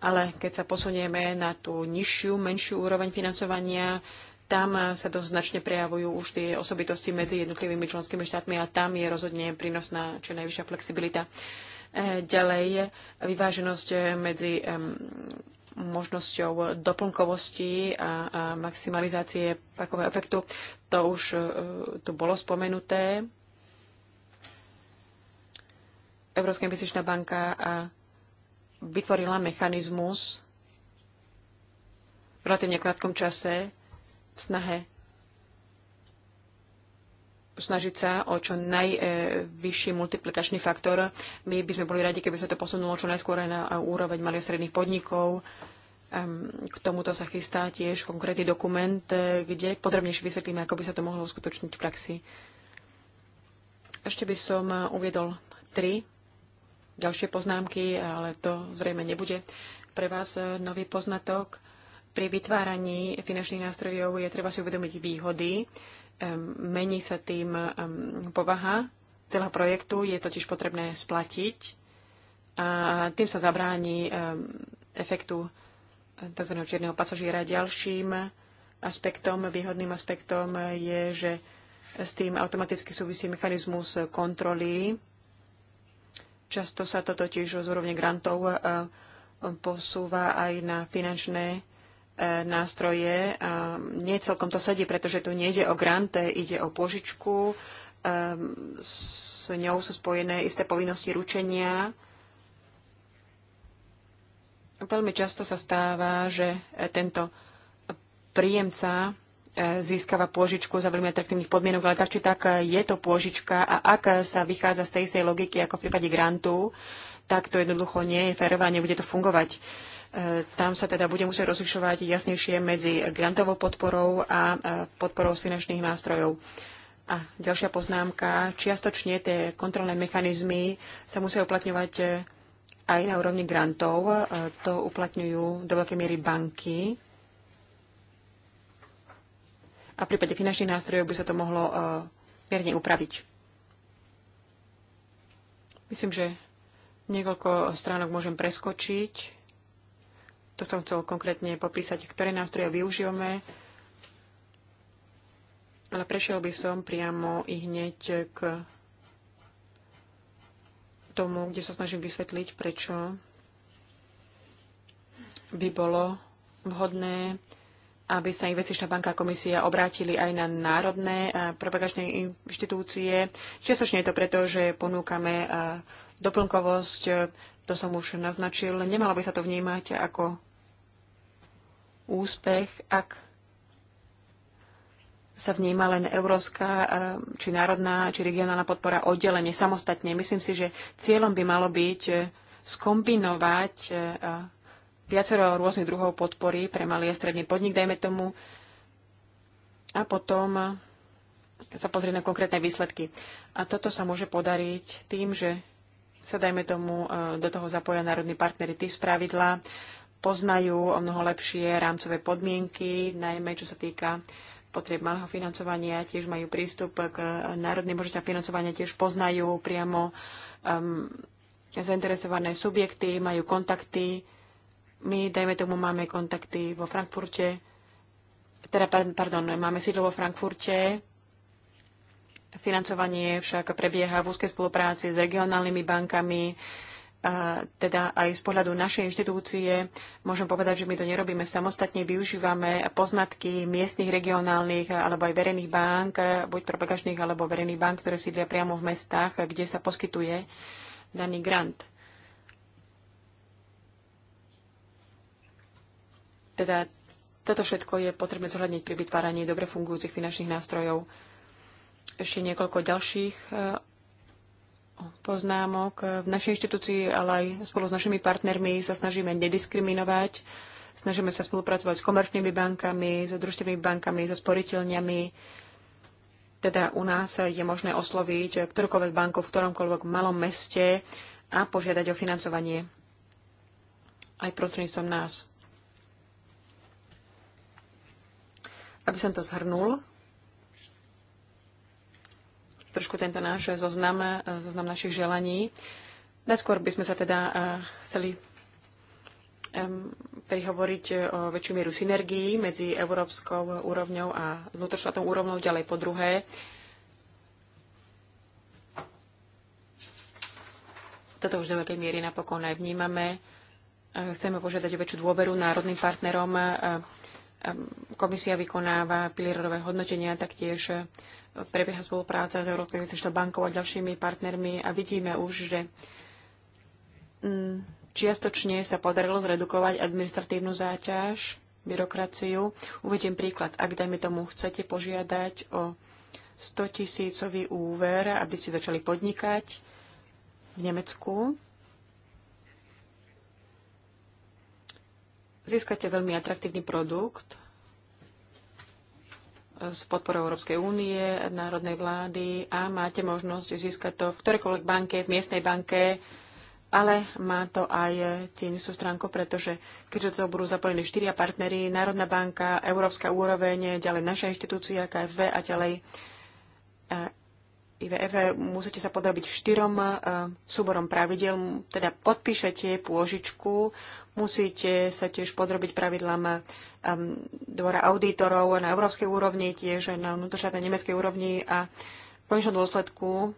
ale keď sa posunieme na tú nižšiu, menšiu úroveň financovania, tam sa dosť značne prejavujú už tie osobitosti medzi jednotlivými členskými štátmi a tam je rozhodne prínosná čo najvyššia flexibilita. Eh, ďalej eh, vyváženosť eh, medzi možnosťou doplnkovosti a, maximalizácie pakového efektu. To už tu bolo spomenuté. Európska investičná banka vytvorila mechanizmus v relatívne krátkom čase v snahe snažiť sa o čo najvyšší multiplikačný faktor. My by sme boli radi, keby sa to posunulo čo najskôr aj na úroveň malých stredných podnikov. Ehm, k tomuto sa chystá tiež konkrétny dokument, e, kde podrobnejšie vysvetlíme, ako by sa to mohlo uskutočniť v praxi. Ešte by som e, uviedol tri ďalšie poznámky, ale to zrejme nebude pre vás e, nový poznatok. Pri vytváraní finančných nástrojov je treba si uvedomiť výhody, mení sa tým povaha celého projektu, je totiž potrebné splatiť a tým sa zabráni efektu eh, tzv. čierneho pasažiera. Ďalším aspektom, výhodným aspektom je, že s tým automaticky súvisí mechanizmus kontroly. Často sa to totiž z úrovne grantov eh, posúva aj na finančné E, nástroje. Nie celkom to sedí, pretože tu nejde o granté, ide o požičku. E, s ňou sú spojené isté povinnosti ručenia. Veľmi často sa stáva, že tento príjemca e, získava pôžičku za veľmi atraktívnych podmienok, ale tak či tak je to pôžička a ak sa vychádza z tej istej logiky ako v prípade grantu, tak to jednoducho nie je férové a nebude to fungovať. Uh, E, tam sa teda bude musieť rozlišovať jasnejšie medzi grantovou podporou a e, podporou z finančných nástrojov. A ďalšia poznámka, čiastočne tie kontrolné mechanizmy sa musia uplatňovať e, aj na úrovni grantov. To uplatňujú do veľkej miery banky. A v prípade finančných nástrojov by sa to mohlo mierne upraviť. Myslím, že niekoľko stránok môžem preskočiť. To som chcel konkrétne popísať, ktoré nástroje využívame, ale prešiel by som priamo i hneď k tomu, kde sa snažím vysvetliť, prečo by bolo vhodné, aby sa investičná banka a komisia obrátili aj na národné propagačné inštitúcie. Čiastočne je to preto, že ponúkame doplnkovosť, to som už naznačil. Nemalo by sa to vnímať ako úspech, ak sa vníma len európska, eh, či národná, či regionálna podpora oddelenie samostatne. Myslím si, že cieľom by malo byť eh, skombinovať eh, viacero rôznych druhov podpory pre malý a stredný podnik, dajme tomu, a potom sa pozrieť na konkrétne výsledky. A toto sa môže podariť tým, že sa, dajme tomu, do toho zapoja národní partnery. Tí spravidla poznajú o mnoho lepšie rámcové podmienky, najmä čo sa týka potreb malého financovania, tiež majú prístup k národným možnostiam financovania, tiež poznajú priamo um, zainteresované subjekty, majú kontakty. My, dajme tomu, máme kontakty vo Frankfurte, teda, pardon, máme sídlo vo Frankfurte, financovanie však prebieha v úzkej spolupráci s regionálnymi bankami, a teda aj z pohľadu našej inštitúcie môžem povedať, že my to nerobíme samostatne, využívame poznatky miestnych, regionálnych alebo aj verejných bank, buď propagačných alebo verejných bank, ktoré sídlia priamo v mestách, kde sa poskytuje daný grant. Teda toto všetko je potrebné zohľadniť pri vytváraní dobre fungujúcich finančných nástrojov. Ešte niekoľko ďalších poznámok. V našej inštitúcii, ale aj spolu s našimi partnermi sa snažíme nediskriminovať. Snažíme sa spolupracovať s komerčnými bankami, s družstvenými bankami, so sporiteľňami. Teda u nás je možné osloviť ktorúkoľvek banku v ktoromkoľvek malom meste a požiadať o financovanie aj prostredníctvom nás. Aby som to zhrnul, trošku tento náš zoznam, zoznam našich želaní. Najskôr by sme sa teda eh, chceli prihovoriť eh, o väčšiu mieru synergii medzi európskou úrovňou a vnútroštátnou úrovňou, ďalej po druhé. Toto už do veľkej miery napokon aj vnímame. Eh, chceme požiadať o väčšiu dôveru národným partnerom. Komisia vykonáva pilierové hodnotenia, taktiež prebieha spolupráca s Európskej investičnou bankou a ďalšími partnermi a vidíme už, že mm, čiastočne sa podarilo zredukovať administratívnu záťaž, byrokraciu. Uvediem príklad. Ak, dajme tomu, chcete požiadať o 100 tisícový úver, aby ste začali podnikať v Nemecku, získate veľmi atraktívny produkt, s podporou Európskej únie, národnej vlády a máte možnosť získať to v ktorejkoľvek banke, v miestnej banke, ale má to aj sú stránku, pretože keď to budú zapojení štyria partnery, Národná banka, Európska úroveň, ďalej naša inštitúcia, KFV a ďalej e, IVF, musíte sa podrobiť štyrom e, súborom pravidel, teda podpíšete pôžičku, musíte sa tiež podrobiť pravidlám Um, dvora auditorov na európskej úrovni, tiež na vnútroštátnej nemeckej úrovni a v konečnom dôsledku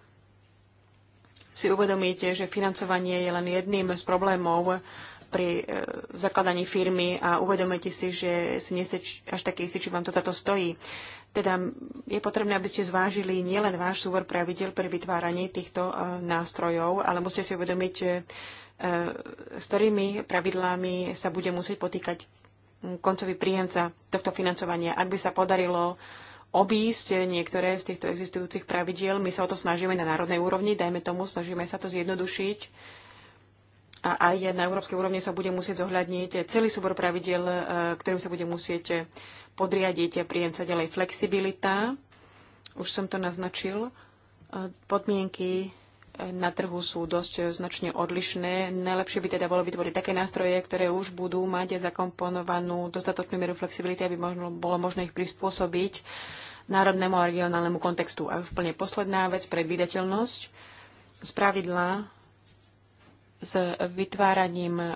si uvedomíte, že financovanie je len jedným z problémov pri e, zakladaní firmy a uvedomíte si, že si nie ste až taký istý, či vám to táto stojí. Teda je potrebné, aby ste zvážili nielen váš súbor pravidel pri vytváraní týchto e, nástrojov, ale musíte si uvedomiť, e, s ktorými pravidlami sa bude musieť potýkať koncový príjemca tohto financovania. Ak by sa podarilo obísť niektoré z týchto existujúcich pravidiel, my sa o to snažíme na národnej úrovni, dajme tomu, snažíme sa to zjednodušiť. A aj na európskej úrovni sa bude musieť zohľadniť celý súbor pravidiel, e, ktorým sa bude musieť podriadiť príjemca ďalej flexibilita. Už som to naznačil. E, podmienky na trhu sú dosť značne odlišné. Najlepšie by teda bolo vytvoriť také nástroje, ktoré už budú mať zakomponovanú dostatočnú mieru flexibility, aby možno, bolo možné ich prispôsobiť národnému a regionálnemu kontextu. A úplne posledná vec, predvídateľnosť. Spravidla s vytváraním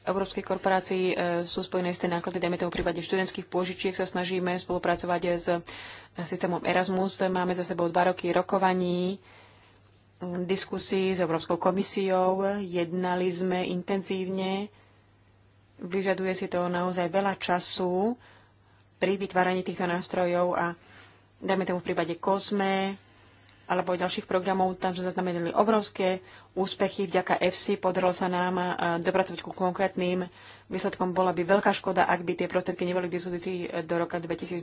európskej korporácii e, sú spojené isté náklady, dajme tomu v prípade študentských pôžičiek sa snažíme spolupracovať s e, systémom Erasmus. Máme za sebou dva roky rokovaní diskusii s Európskou komisiou, jednali sme intenzívne. Vyžaduje si to naozaj veľa času pri vytváraní týchto nástrojov a dajme tomu v prípade Kozme, alebo ďalších programov. Tam sme zaznamenali obrovské úspechy. Vďaka FC podarilo sa nám eh, dopracovať ku konkrétnym výsledkom. Bola by veľká škoda, ak by tie prostriedky neboli k dispozícii eh, do roka 2020.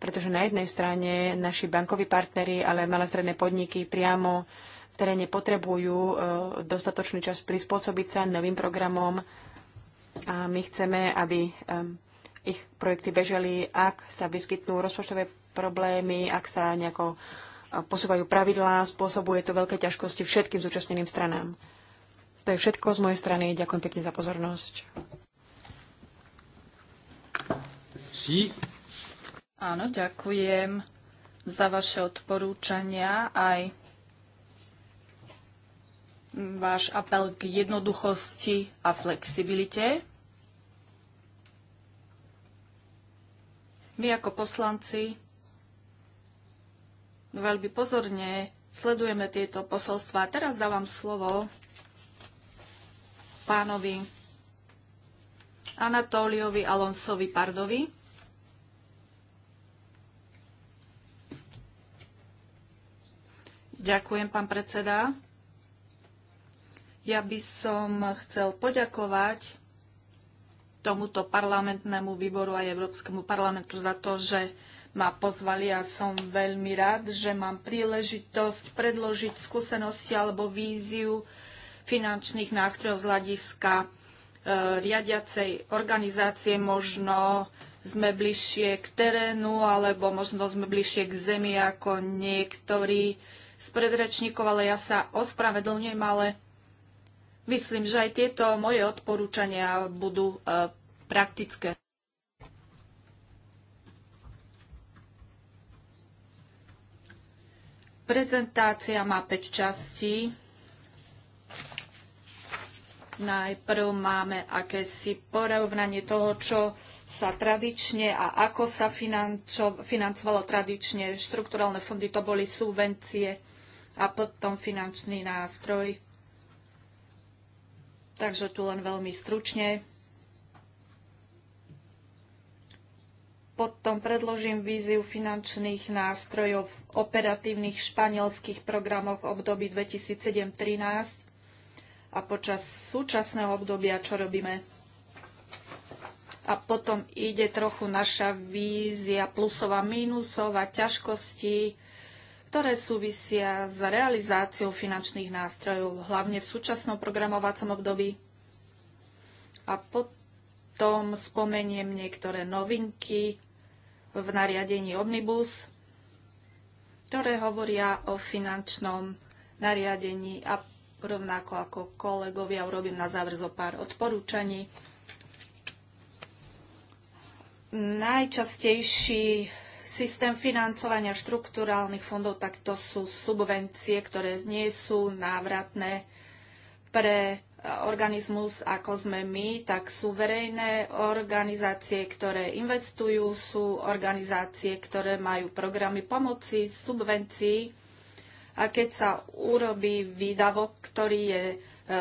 Pretože na jednej strane naši bankoví partnery, ale malé stredné podniky priamo v teréne potrebujú eh, dostatočný čas prispôsobiť sa novým programom. A my chceme, aby ich projekty bežali, ak sa vyskytnú rozpočtové problémy, ak sa nejako posúvajú pravidlá, spôsobuje to veľké ťažkosti všetkým zúčastneným stranám. To je všetko z mojej strany. Ďakujem pekne za pozornosť. Sí. Áno, ďakujem za vaše odporúčania aj váš apel k jednoduchosti a flexibilite. My ako poslanci veľmi pozorne sledujeme tieto posolstva. Teraz dávam slovo pánovi Anatóliovi Alonsovi Pardovi. Ďakujem, pán predseda. Ja by som chcel poďakovať tomuto parlamentnému výboru aj Európskemu parlamentu za to, že ma pozvali a som veľmi rád, že mám príležitosť predložiť skúsenosti alebo víziu finančných nástrojov z hľadiska e, riadiacej organizácie. Možno sme bližšie k terénu, alebo možno sme bližšie k zemi ako niektorí z predrečníkov, ale ja sa ospravedlňujem, ale myslím, že aj tieto moje odporúčania budú e, praktické. Prezentácia má 5 častí. Najprv máme akési porovnanie toho, čo sa tradične a ako sa financo, financovalo tradične. Štrukturálne fondy to boli subvencie a potom finančný nástroj. Takže tu len veľmi stručne. Potom predložím víziu finančných nástrojov v operatívnych španielských programoch v období 2007-2013 a počas súčasného obdobia, čo robíme. A potom ide trochu naša vízia plusov a mínusov a ťažkostí, ktoré súvisia s realizáciou finančných nástrojov, hlavne v súčasnom programovacom období. A potom spomeniem niektoré novinky v nariadení Omnibus, ktoré hovoria o finančnom nariadení a rovnako ako kolegovia urobím na záver zo pár odporúčaní. Najčastejší systém financovania štruktúrálnych fondov, tak to sú subvencie, ktoré nie sú návratné pre organizmus, ako sme my, tak sú verejné organizácie, ktoré investujú, sú organizácie, ktoré majú programy pomoci, subvencií. A keď sa urobí výdavok, ktorý je e,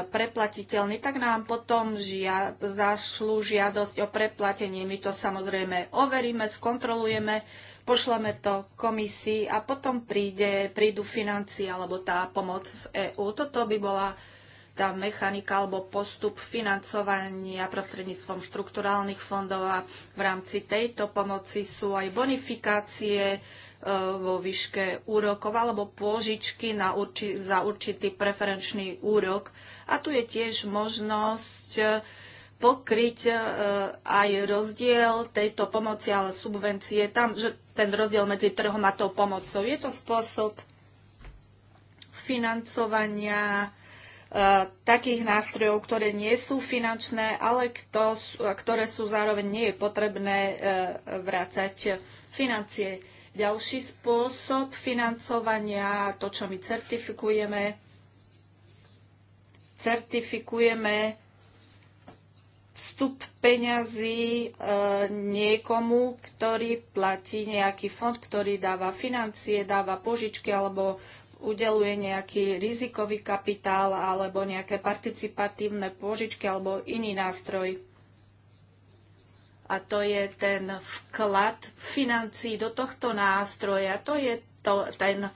preplatiteľný, tak nám potom žia, zašlú žiadosť o preplatenie. My to samozrejme overíme, skontrolujeme, pošleme to komisii a potom príde, prídu financie alebo tá pomoc z EÚ. Toto by bola tá mechanika alebo postup financovania prostredníctvom štrukturálnych fondov a v rámci tejto pomoci sú aj bonifikácie e, vo výške úrokov alebo pôžičky na urči- za určitý preferenčný úrok. A tu je tiež možnosť e, pokryť e, aj rozdiel tejto pomoci, ale subvencie, tam, že ten rozdiel medzi trhom a tou pomocou. Je to spôsob financovania E, takých nástrojov, ktoré nie sú finančné, ale kto, ktoré sú zároveň nie je potrebné e, vrácať financie. Ďalší spôsob financovania, to, čo my certifikujeme, certifikujeme vstup peňazí e, niekomu, ktorý platí nejaký fond, ktorý dáva financie, dáva požičky alebo udeluje nejaký rizikový kapitál alebo nejaké participatívne pôžičky alebo iný nástroj. A to je ten vklad financí do tohto nástroja. To je to, ten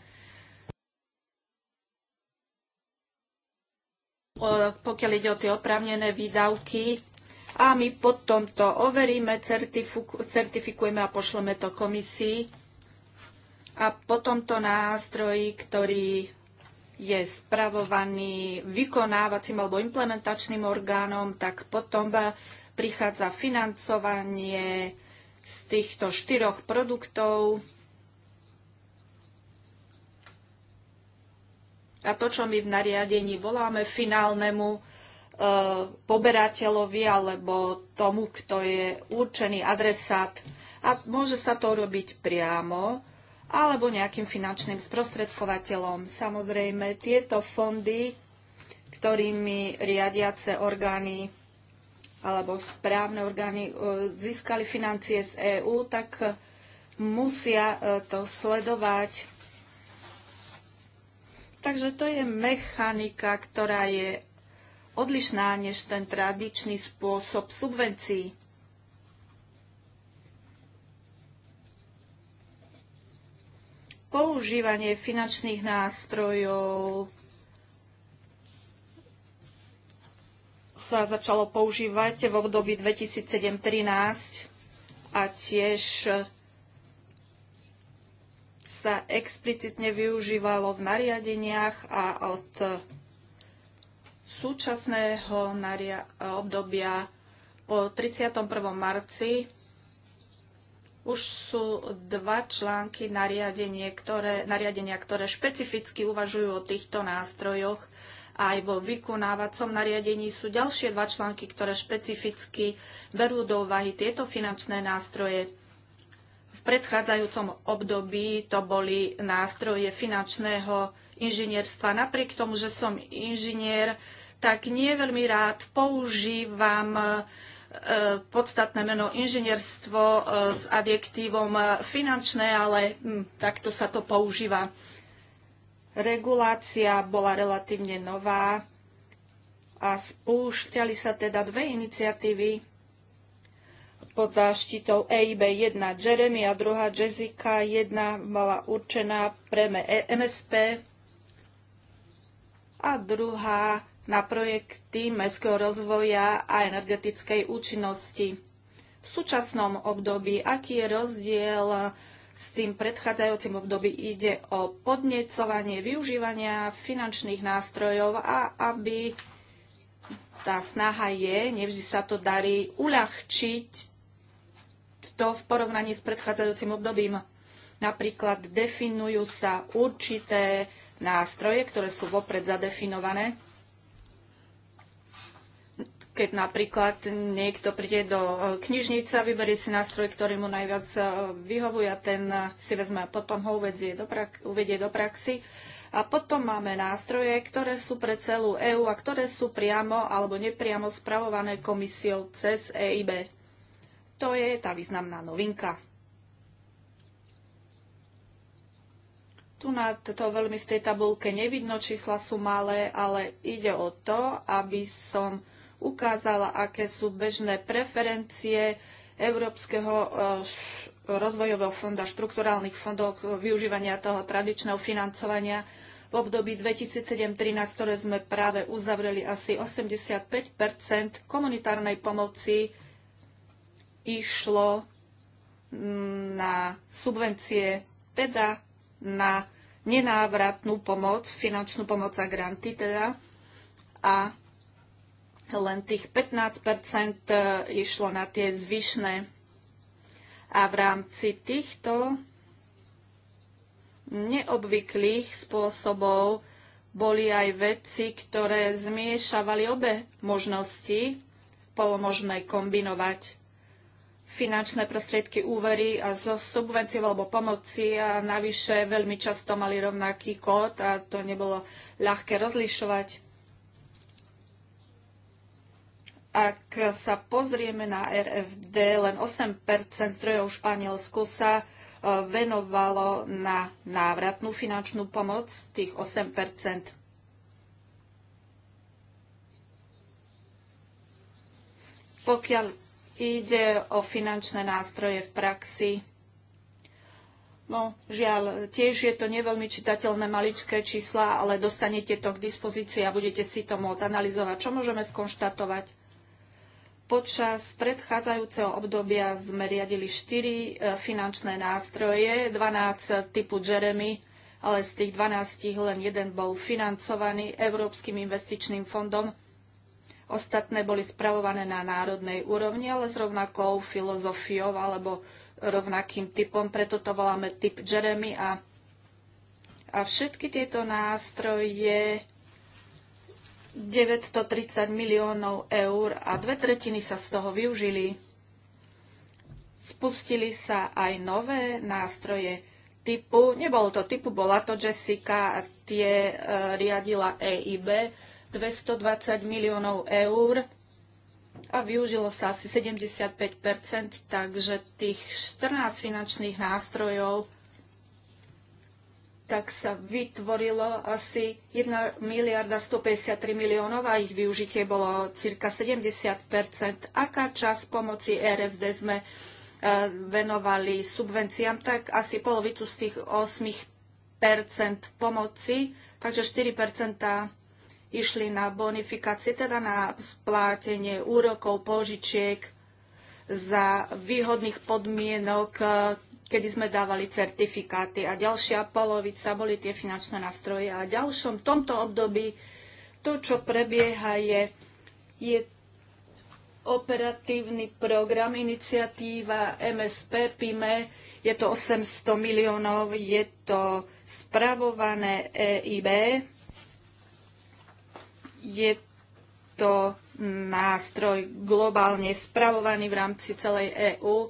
pokiaľ ide o tie oprávnené výdavky. A my potom to overíme, certifikujeme a pošleme to komisii a potom to nástroj, ktorý je spravovaný vykonávacím alebo implementačným orgánom, tak potom prichádza financovanie z týchto štyroch produktov. A to, čo my v nariadení voláme finálnemu e, poberateľovi alebo tomu, kto je určený adresát. A môže sa to robiť priamo alebo nejakým finančným sprostredkovateľom. Samozrejme, tieto fondy, ktorými riadiace orgány alebo správne orgány e, získali financie z EÚ, tak musia e, to sledovať. Takže to je mechanika, ktorá je odlišná než ten tradičný spôsob subvencií. používanie finančných nástrojov sa začalo používať v období 2007-2013 a tiež sa explicitne využívalo v nariadeniach a od súčasného obdobia po 31. marci už sú dva články nariadenie, ktoré, nariadenia, ktoré špecificky uvažujú o týchto nástrojoch. Aj vo vykonávacom nariadení sú ďalšie dva články, ktoré špecificky berú do úvahy tieto finančné nástroje. V predchádzajúcom období to boli nástroje finančného inžinierstva. Napriek tomu, že som inžinier, tak nie veľmi rád používam E, podstatné meno inžinierstvo e, s adjektívom e, finančné, ale hm, takto sa to používa. Regulácia bola relatívne nová a spúšťali sa teda dve iniciatívy pod záštitou EIB 1 Jeremy a druhá Jessica 1 bola určená pre MSP a druhá na projekty mestského rozvoja a energetickej účinnosti. V súčasnom období, aký je rozdiel s tým predchádzajúcim období ide o podnecovanie využívania finančných nástrojov a aby tá snaha je, nevždy sa to darí uľahčiť to v porovnaní s predchádzajúcim obdobím. Napríklad definujú sa určité nástroje, ktoré sú vopred zadefinované keď napríklad niekto príde do e, knižnice a vyberie si nástroj, ktorý mu najviac e, vyhovuje a ten e, si vezme a potom ho uvedie do, prak- uvedie do praxi. A potom máme nástroje, ktoré sú pre celú EÚ a ktoré sú priamo alebo nepriamo spravované komisiou cez EIB. To je tá významná novinka. Tu na to veľmi v tej tabulke nevidno, čísla sú malé, ale ide o to, aby som ukázala, aké sú bežné preferencie Európskeho eh, rozvojového fonda, štrukturálnych fondov využívania toho tradičného financovania v období 2007-2013, ktoré sme práve uzavreli, asi 85 komunitárnej pomoci išlo mm, na subvencie, teda na nenávratnú pomoc, finančnú pomoc a granty teda. A len tých 15 e, išlo na tie zvyšné. A v rámci týchto neobvyklých spôsobov boli aj veci, ktoré zmiešavali obe možnosti. Bolo možné kombinovať finančné prostriedky úvery a zo subvenciou alebo pomoci a navyše veľmi často mali rovnaký kód a to nebolo ľahké rozlišovať. Ak sa pozrieme na RFD, len 8 zdrojov v Španielsku sa e, venovalo na návratnú finančnú pomoc, tých 8 Pokiaľ ide o finančné nástroje v praxi, no žiaľ, tiež je to neveľmi čitateľné maličké čísla, ale dostanete to k dispozícii a budete si to môcť analyzovať. Čo môžeme skonštatovať? Počas predchádzajúceho obdobia sme riadili 4 e, finančné nástroje, 12 typu Jeremy, ale z tých 12 len jeden bol financovaný Európskym investičným fondom. Ostatné boli spravované na národnej úrovni, ale s rovnakou filozofiou alebo rovnakým typom, preto to voláme typ Jeremy a, a všetky tieto nástroje 930 miliónov eur a dve tretiny sa z toho využili. Spustili sa aj nové nástroje typu, nebolo to typu, bola to Jessica tie e, riadila EIB 220 miliónov eur a využilo sa asi 75%, takže tých 14 finančných nástrojov tak sa vytvorilo asi 1 miliarda 153 miliónov a ich využitie bolo cirka 70 Aká časť pomoci RFD sme e, venovali subvenciám, tak asi polovicu z tých 8 pomoci, takže 4 išli na bonifikácie, teda na splátenie úrokov, požičiek za výhodných podmienok, kedy sme dávali certifikáty a ďalšia polovica boli tie finančné nástroje. A v ďalšom tomto období to, čo prebieha, je, je operatívny program, iniciatíva MSP PIME, je to 800 miliónov, je to spravované EIB, je to nástroj globálne spravovaný v rámci celej EÚ,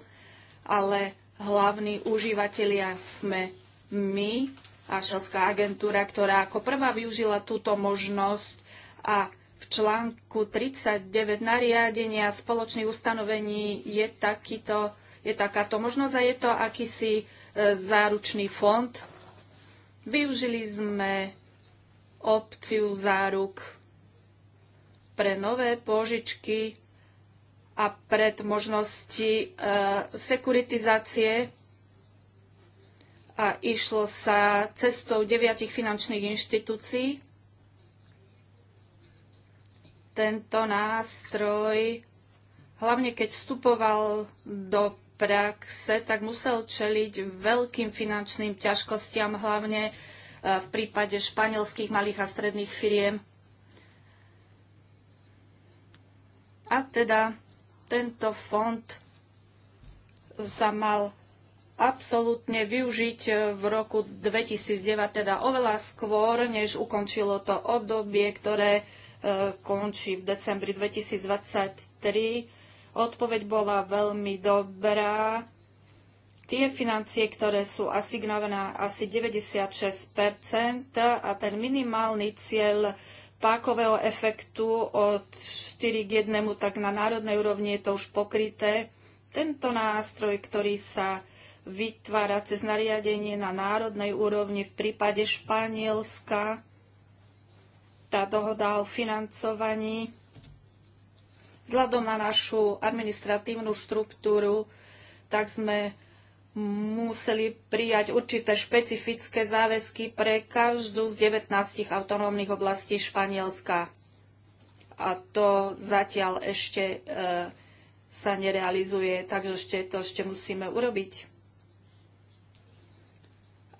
ale hlavní užívateľia sme my a šelská agentúra, ktorá ako prvá využila túto možnosť a v článku 39 nariadenia spoločných ustanovení je, takýto, je takáto možnosť a je to akýsi e, záručný fond. Využili sme opciu záruk pre nové požičky a pred možnosti e, sekuritizácie a išlo sa cestou deviatich finančných inštitúcií. Tento nástroj, hlavne keď vstupoval do praxe, tak musel čeliť veľkým finančným ťažkostiam, hlavne e, v prípade španielských malých a stredných firiem. A teda tento fond sa mal absolútne využiť e, v roku 2009, teda oveľa skôr, než ukončilo to obdobie, ktoré e, končí v decembri 2023. Odpoveď bola veľmi dobrá. Tie financie, ktoré sú asignované asi 96 a ten minimálny cieľ pákového efektu od 4 k 1, tak na národnej úrovni je to už pokryté. Tento nástroj, ktorý sa vytvára cez nariadenie na národnej úrovni v prípade Španielska, tá dohoda o financovaní, vzhľadom na našu administratívnu štruktúru, tak sme museli prijať určité špecifické záväzky pre každú z 19 autonómnych oblastí Španielska. A to zatiaľ ešte e, sa nerealizuje, takže ešte, to ešte musíme urobiť.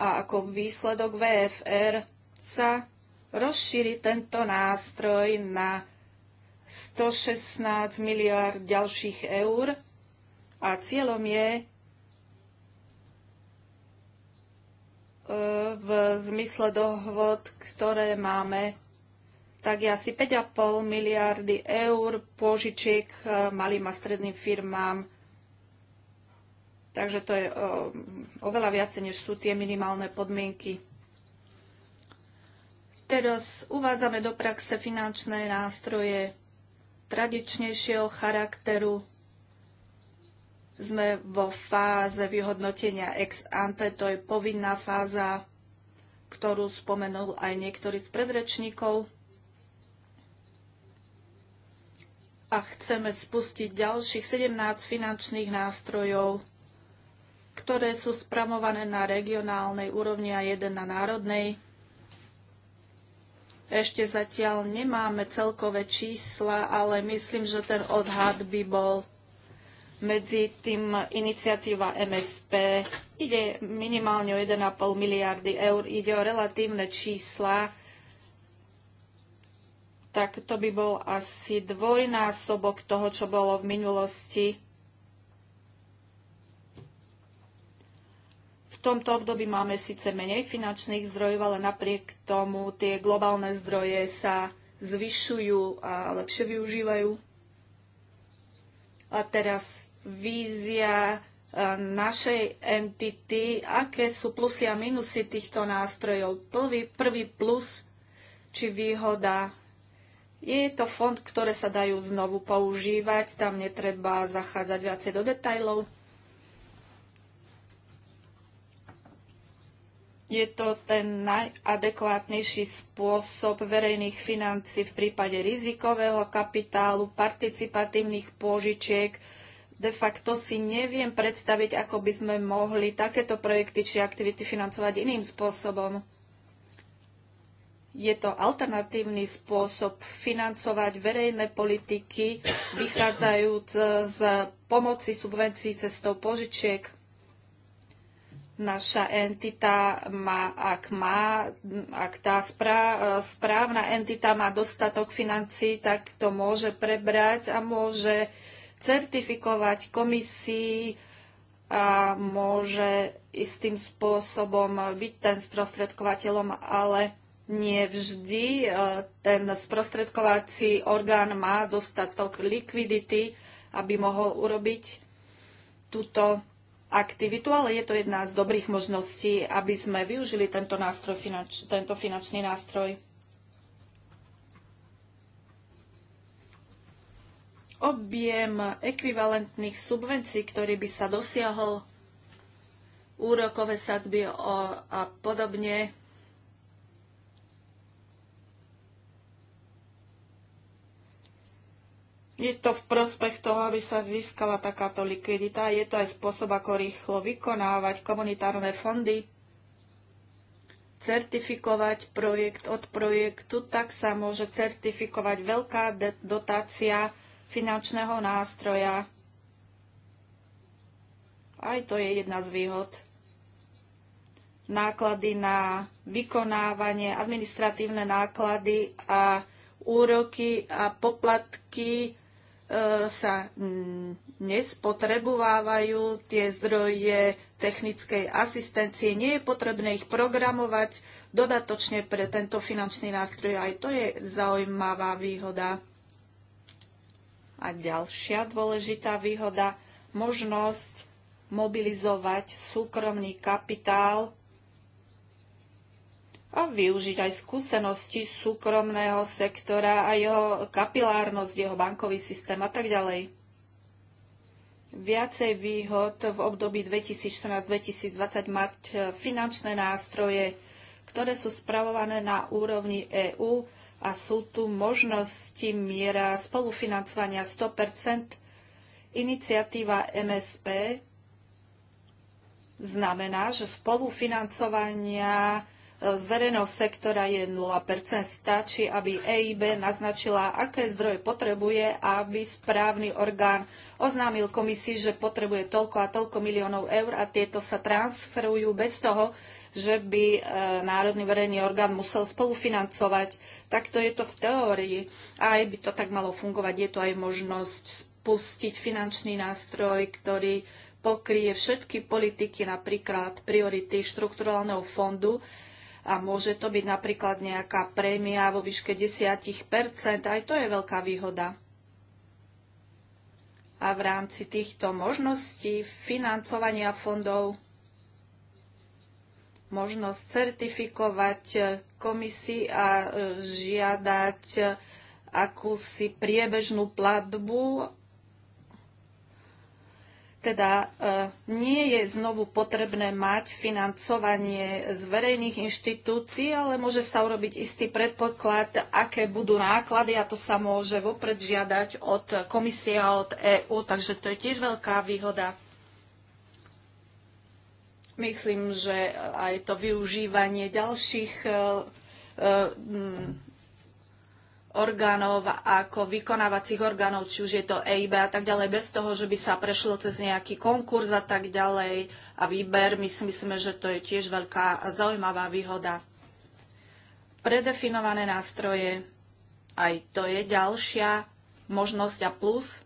A ako výsledok VFR sa rozšíri tento nástroj na 116 miliard ďalších eur a cieľom je v zmysle dohod, ktoré máme, tak je asi 5,5 miliardy eur pôžičiek eh, malým a stredným firmám. Takže to je eh, oveľa viacej, než sú tie minimálne podmienky. Teraz uvádzame do praxe finančné nástroje tradičnejšieho charakteru sme vo fáze vyhodnotenia ex ante, to je povinná fáza, ktorú spomenul aj niektorý z predrečníkov. A chceme spustiť ďalších 17 finančných nástrojov, ktoré sú spramované na regionálnej úrovni a jeden na národnej. Ešte zatiaľ nemáme celkové čísla, ale myslím, že ten odhad by bol medzi tým iniciatíva MSP. Ide minimálne o 1,5 miliardy eur, ide o relatívne čísla, tak to by bol asi dvojnásobok toho, čo bolo v minulosti. V tomto období máme síce menej finančných zdrojov, ale napriek tomu tie globálne zdroje sa zvyšujú a lepšie využívajú. A teraz vízia e, našej entity, aké sú plusy a minusy týchto nástrojov. Prvý, prvý plus či výhoda je to fond, ktoré sa dajú znovu používať, tam netreba zachádzať viacej do detajlov. Je to ten najadekvátnejší spôsob verejných financí v prípade rizikového kapitálu, participatívnych pôžičiek, de facto si neviem predstaviť, ako by sme mohli takéto projekty či aktivity financovať iným spôsobom. Je to alternatívny spôsob financovať verejné politiky, vychádzajúc z pomoci subvencií cestou požičiek. Naša entita má, ak, má, ak tá správna entita má dostatok financí, tak to môže prebrať a môže certifikovať komisii a môže istým spôsobom byť ten sprostredkovateľom, ale nie vždy e, ten sprostredkovací orgán má dostatok likvidity, aby mohol urobiť túto aktivitu, ale je to jedna z dobrých možností, aby sme využili tento, nástroj, finanč, tento finančný nástroj. objem ekvivalentných subvencií, ktorý by sa dosiahol úrokové sadby a podobne. Je to v prospech toho, aby sa získala takáto likvidita. Je to aj spôsob, ako rýchlo vykonávať komunitárne fondy, certifikovať projekt od projektu, tak sa môže certifikovať veľká dotácia finančného nástroja. Aj to je jedna z výhod. Náklady na vykonávanie, administratívne náklady a úroky a poplatky e, sa nespotrebovávajú tie zdroje technickej asistencie. Nie je potrebné ich programovať dodatočne pre tento finančný nástroj. Aj to je zaujímavá výhoda. A ďalšia dôležitá výhoda, možnosť mobilizovať súkromný kapitál a využiť aj skúsenosti súkromného sektora a jeho kapilárnosť, jeho bankový systém a tak ďalej. Viacej výhod v období 2014-2020 mať e, finančné nástroje, ktoré sú spravované na úrovni EÚ a sú tu možnosti miera spolufinancovania 100 Iniciatíva MSP znamená, že spolufinancovania e, z verejného sektora je 0 Stačí, aby EIB naznačila, aké zdroje potrebuje aby správny orgán oznámil komisii, že potrebuje toľko a toľko miliónov eur a tieto sa transferujú bez toho, že by e, Národný verejný orgán musel spolufinancovať. Takto je to v teórii. A aj by to tak malo fungovať. Je to aj možnosť spustiť finančný nástroj, ktorý pokrie všetky politiky, napríklad priority štrukturálneho fondu a môže to byť napríklad nejaká prémia vo výške 10 aj to je veľká výhoda. A v rámci týchto možností financovania fondov možnosť certifikovať eh, komisii a eh, žiadať eh, akúsi priebežnú platbu. Teda nie je znovu potrebné mať financovanie z verejných inštitúcií, ale môže sa urobiť istý predpoklad, aké budú náklady a to sa môže vopred žiadať od komisie a od EÚ, takže to je tiež veľká výhoda. Myslím, že aj to využívanie ďalších e, e, mm, orgánov ako vykonávacích orgánov, či už je to EIB a tak ďalej, bez toho, že by sa prešlo cez nejaký konkurs a tak ďalej a výber. My si myslíme, že to je tiež veľká a zaujímavá výhoda. Predefinované nástroje, aj to je ďalšia možnosť a plus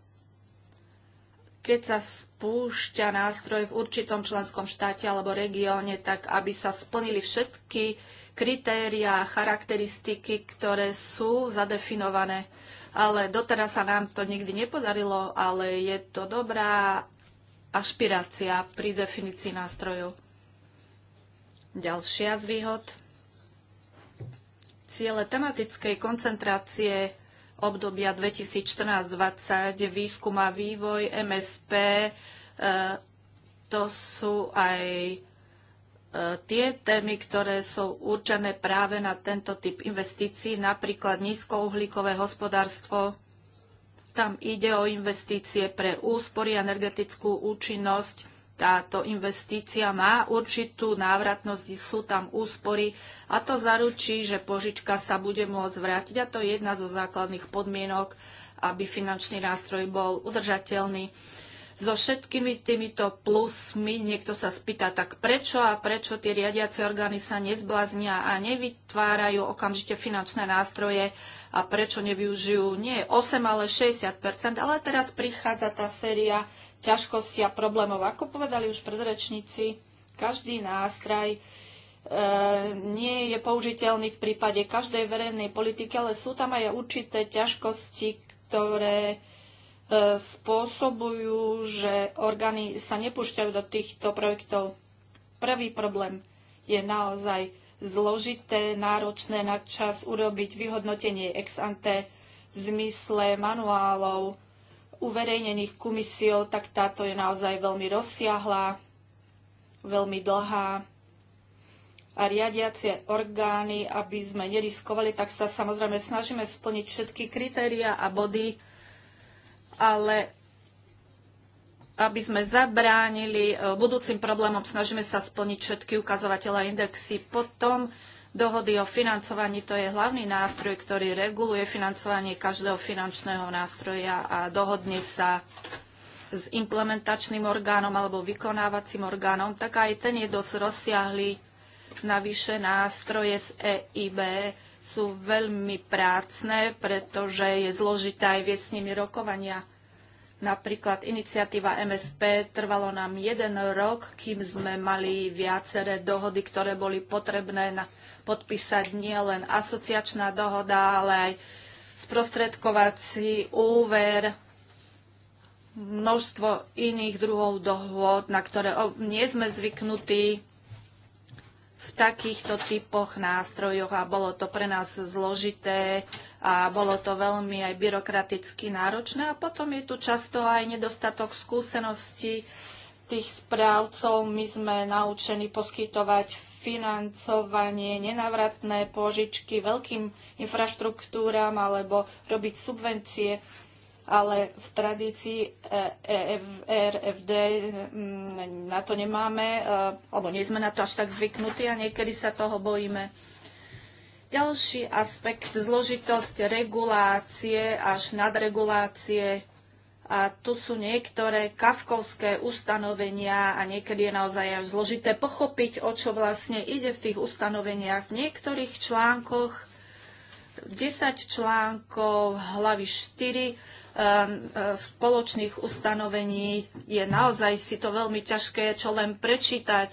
keď sa spúšťa nástroj v určitom členskom štáte alebo regióne, tak aby sa splnili všetky kritéria a charakteristiky, ktoré sú zadefinované. Ale doteraz sa nám to nikdy nepodarilo, ale je to dobrá ašpirácia pri definícii nástrojov. Ďalšia z výhod. Ciele tematickej koncentrácie obdobia 2014-2020, výskum a vývoj, MSP, e, to sú aj e, tie témy, ktoré sú určené práve na tento typ investícií, napríklad nízkouhlíkové hospodárstvo. Tam ide o investície pre úspory, energetickú účinnosť, táto investícia má určitú návratnosť, sú tam úspory a to zaručí, že požička sa bude môcť vrátiť a to je jedna zo základných podmienok, aby finančný nástroj bol udržateľný. So všetkými týmito plusmi niekto sa spýta, tak prečo a prečo tie riadiace orgány sa nezbláznia a nevytvárajú okamžite finančné nástroje a prečo nevyužijú nie 8, ale 60 ale teraz prichádza tá séria ťažkosti a problémov. Ako povedali už predrečníci, každý nástroj e, nie je použiteľný v prípade každej verejnej politiky, ale sú tam aj určité ťažkosti, ktoré e, spôsobujú, že orgány sa nepúšťajú do týchto projektov. Prvý problém je naozaj zložité, náročné na čas urobiť vyhodnotenie ex ante v zmysle manuálov, uverejnených komisiou, tak táto je naozaj veľmi rozsiahla, veľmi dlhá. A riadiacie orgány, aby sme neriskovali, tak sa samozrejme snažíme splniť všetky kritéria a body, ale aby sme zabránili eh, budúcim problémom, snažíme sa splniť všetky ukazovatele a indexy. Potom Dohody o financovaní to je hlavný nástroj, ktorý reguluje financovanie každého finančného nástroja a dohodne sa s implementačným orgánom alebo vykonávacím orgánom, tak aj ten je dosť rozsiahlý. Navyše nástroje z EIB sú veľmi prácne, pretože je zložité aj viesť s nimi rokovania. Napríklad iniciatíva MSP trvalo nám jeden rok, kým sme mali viaceré dohody, ktoré boli potrebné na podpísať nielen asociačná dohoda, ale aj sprostredkovací úver, množstvo iných druhov dohôd, na ktoré nie sme zvyknutí v takýchto typoch nástrojoch a bolo to pre nás zložité a bolo to veľmi aj byrokraticky náročné. A potom je tu často aj nedostatok skúseností tých správcov. My sme naučení poskytovať financovanie, nenavratné požičky veľkým infraštruktúram alebo robiť subvencie, ale v tradícii EFRFD mm, na to nemáme, eh, alebo nie sme na to až tak zvyknutí a niekedy sa toho bojíme. Ďalší aspekt, zložitosť regulácie až nadregulácie a tu sú niektoré kafkovské ustanovenia a niekedy je naozaj aj zložité pochopiť, o čo vlastne ide v tých ustanoveniach. V niektorých článkoch, 10 článkov, hlavy 4 um, um, spoločných ustanovení je naozaj si to veľmi ťažké čo len prečítať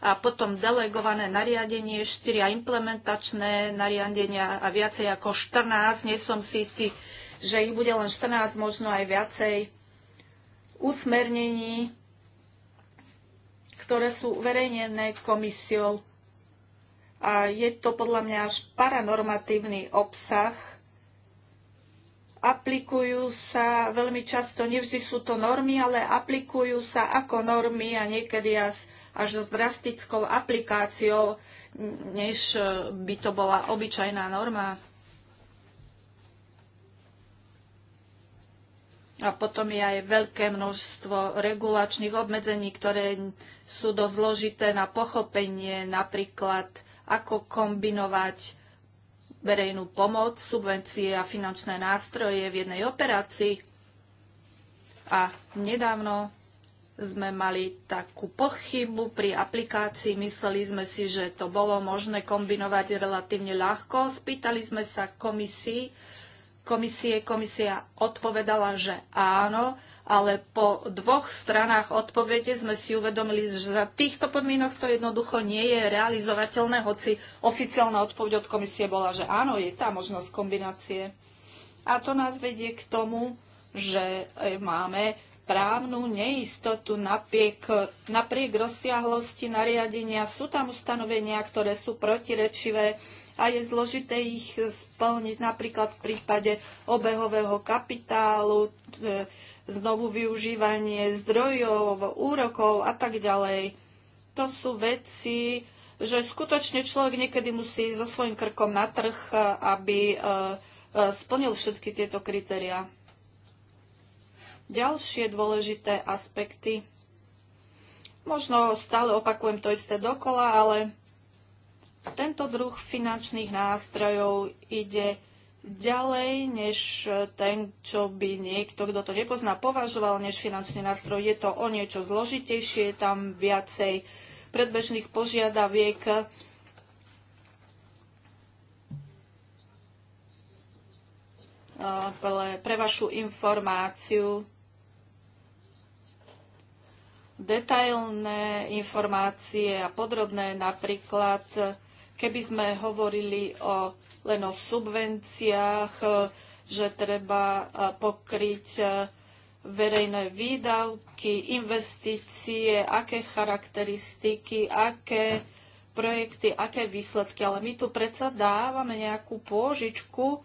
a potom delegované nariadenie, 4 implementačné nariadenia a viacej ako 14, nie som si istý, že ich bude len 14, možno aj viacej usmernení, ktoré sú uverejnené komisiou. A je to podľa mňa až paranormatívny obsah. Aplikujú sa veľmi často, nevždy sú to normy, ale aplikujú sa ako normy a niekedy až, až s drastickou aplikáciou, než by to bola obyčajná norma. A potom je aj veľké množstvo regulačných obmedzení, ktoré sú dosť zložité na pochopenie, napríklad ako kombinovať verejnú pomoc, subvencie a finančné nástroje v jednej operácii. A nedávno sme mali takú pochybu pri aplikácii. Mysleli sme si, že to bolo možné kombinovať relatívne ľahko. Spýtali sme sa komisii, komisie. Komisia odpovedala, že áno, ale po dvoch stranách odpovede sme si uvedomili, že za týchto podmienok to jednoducho nie je realizovateľné, hoci oficiálna odpoveď od komisie bola, že áno, je tá možnosť kombinácie. A to nás vedie k tomu, že e, máme právnu neistotu napriek, napriek rozsiahlosti nariadenia. Sú tam ustanovenia, ktoré sú protirečivé a je zložité ich splniť napríklad v prípade obehového kapitálu, znovu využívanie zdrojov, úrokov a tak ďalej. To sú veci, že skutočne človek niekedy musí so svojím krkom na trh, e, aby e, e, splnil všetky tieto kritériá. Ďalšie dôležité aspekty. Možno stále opakujem to isté dokola, ale tento druh finančných nástrojov ide ďalej, než ten, čo by niekto, kto to nepozná, považoval než finančný nástroj. Je to o niečo zložitejšie, je tam viacej predbežných požiadaviek. Pre vašu informáciu detailné informácie a podrobné napríklad Keby sme hovorili o, len o subvenciách, e, že treba e, pokryť e, verejné výdavky, investície, aké charakteristiky, aké projekty, aké výsledky. Ale my tu predsa dávame nejakú pôžičku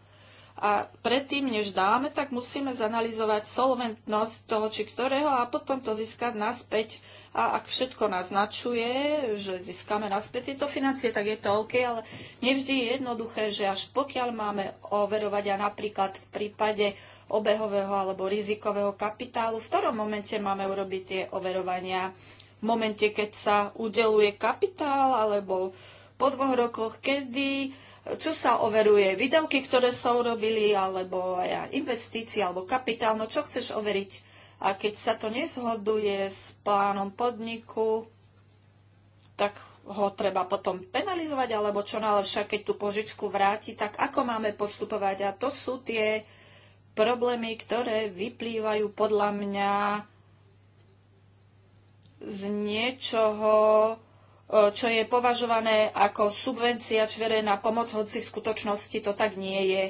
a predtým, než dáme, tak musíme zanalizovať solventnosť toho či ktorého a potom to získať naspäť a ak všetko naznačuje, že získame naspäť tieto financie, tak je to OK, ale nevždy je jednoduché, že až pokiaľ máme overovať a napríklad v prípade obehového alebo rizikového kapitálu, v ktorom momente máme urobiť tie overovania, v momente, keď sa udeluje kapitál alebo po dvoch rokoch, kedy čo sa overuje, výdavky, ktoré sa urobili, alebo investície, alebo kapitál, no čo chceš overiť? A keď sa to nezhoduje s plánom podniku, tak ho treba potom penalizovať, alebo čo, no ale však keď tú požičku vráti, tak ako máme postupovať? A to sú tie problémy, ktoré vyplývajú podľa mňa z niečoho, e, čo je považované ako subvencia čverená pomoc, hoci v skutočnosti to tak nie je.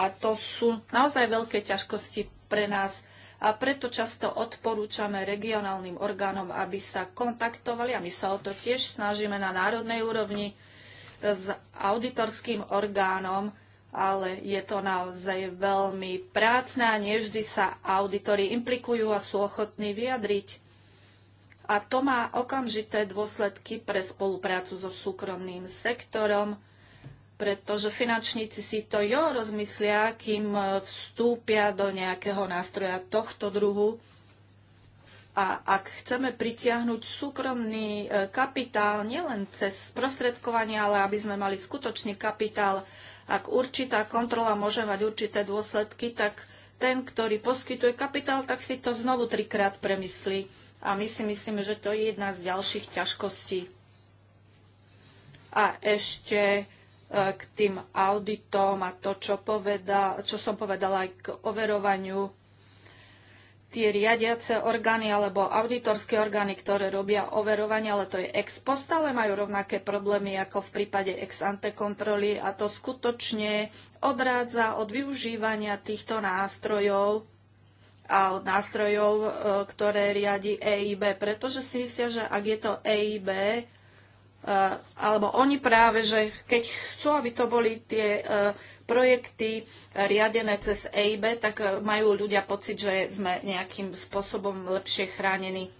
A to sú naozaj veľké ťažkosti pre nás a preto často odporúčame regionálnym orgánom, aby sa kontaktovali a my sa o to tiež snažíme na národnej úrovni s auditorským orgánom, ale je to naozaj veľmi prácne a nevždy sa auditory implikujú a sú ochotní vyjadriť. A to má okamžité dôsledky pre spoluprácu so súkromným sektorom, pretože finančníci si to jo rozmyslia, kým e, vstúpia do nejakého nástroja tohto druhu. A ak chceme pritiahnuť súkromný e, kapitál nielen cez sprostredkovanie, ale aby sme mali skutočný kapitál, ak určitá kontrola môže mať určité dôsledky, tak ten, ktorý poskytuje kapitál, tak si to znovu trikrát premyslí. A my si myslíme, že to je jedna z ďalších ťažkostí. A ešte E, k tým auditom a to, čo, povedal, čo som povedala aj k overovaniu. Tie riadiace orgány alebo auditorské orgány, ktoré robia overovanie, ale to je ex post, ale majú rovnaké problémy ako v prípade ex ante kontroly a to skutočne odrádza od využívania týchto nástrojov a od nástrojov, e, ktoré riadi EIB, pretože si myslia, že ak je to EIB, Eh, alebo oni práve, že keď chcú, aby to boli tie eh, projekty eh, riadené cez EIB, tak majú ľudia pocit, že sme nejakým spôsobom lepšie chránení.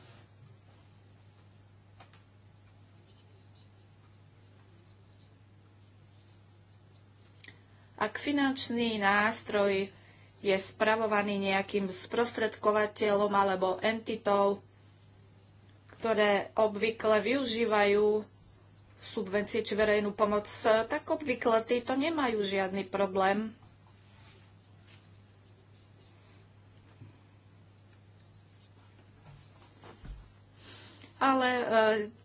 Ak finančný nástroj je spravovaný nejakým sprostredkovateľom alebo entitou, ktoré obvykle využívajú subvencie či verejnú pomoc, e, tak obvykle títo nemajú žiadny problém. Ale e,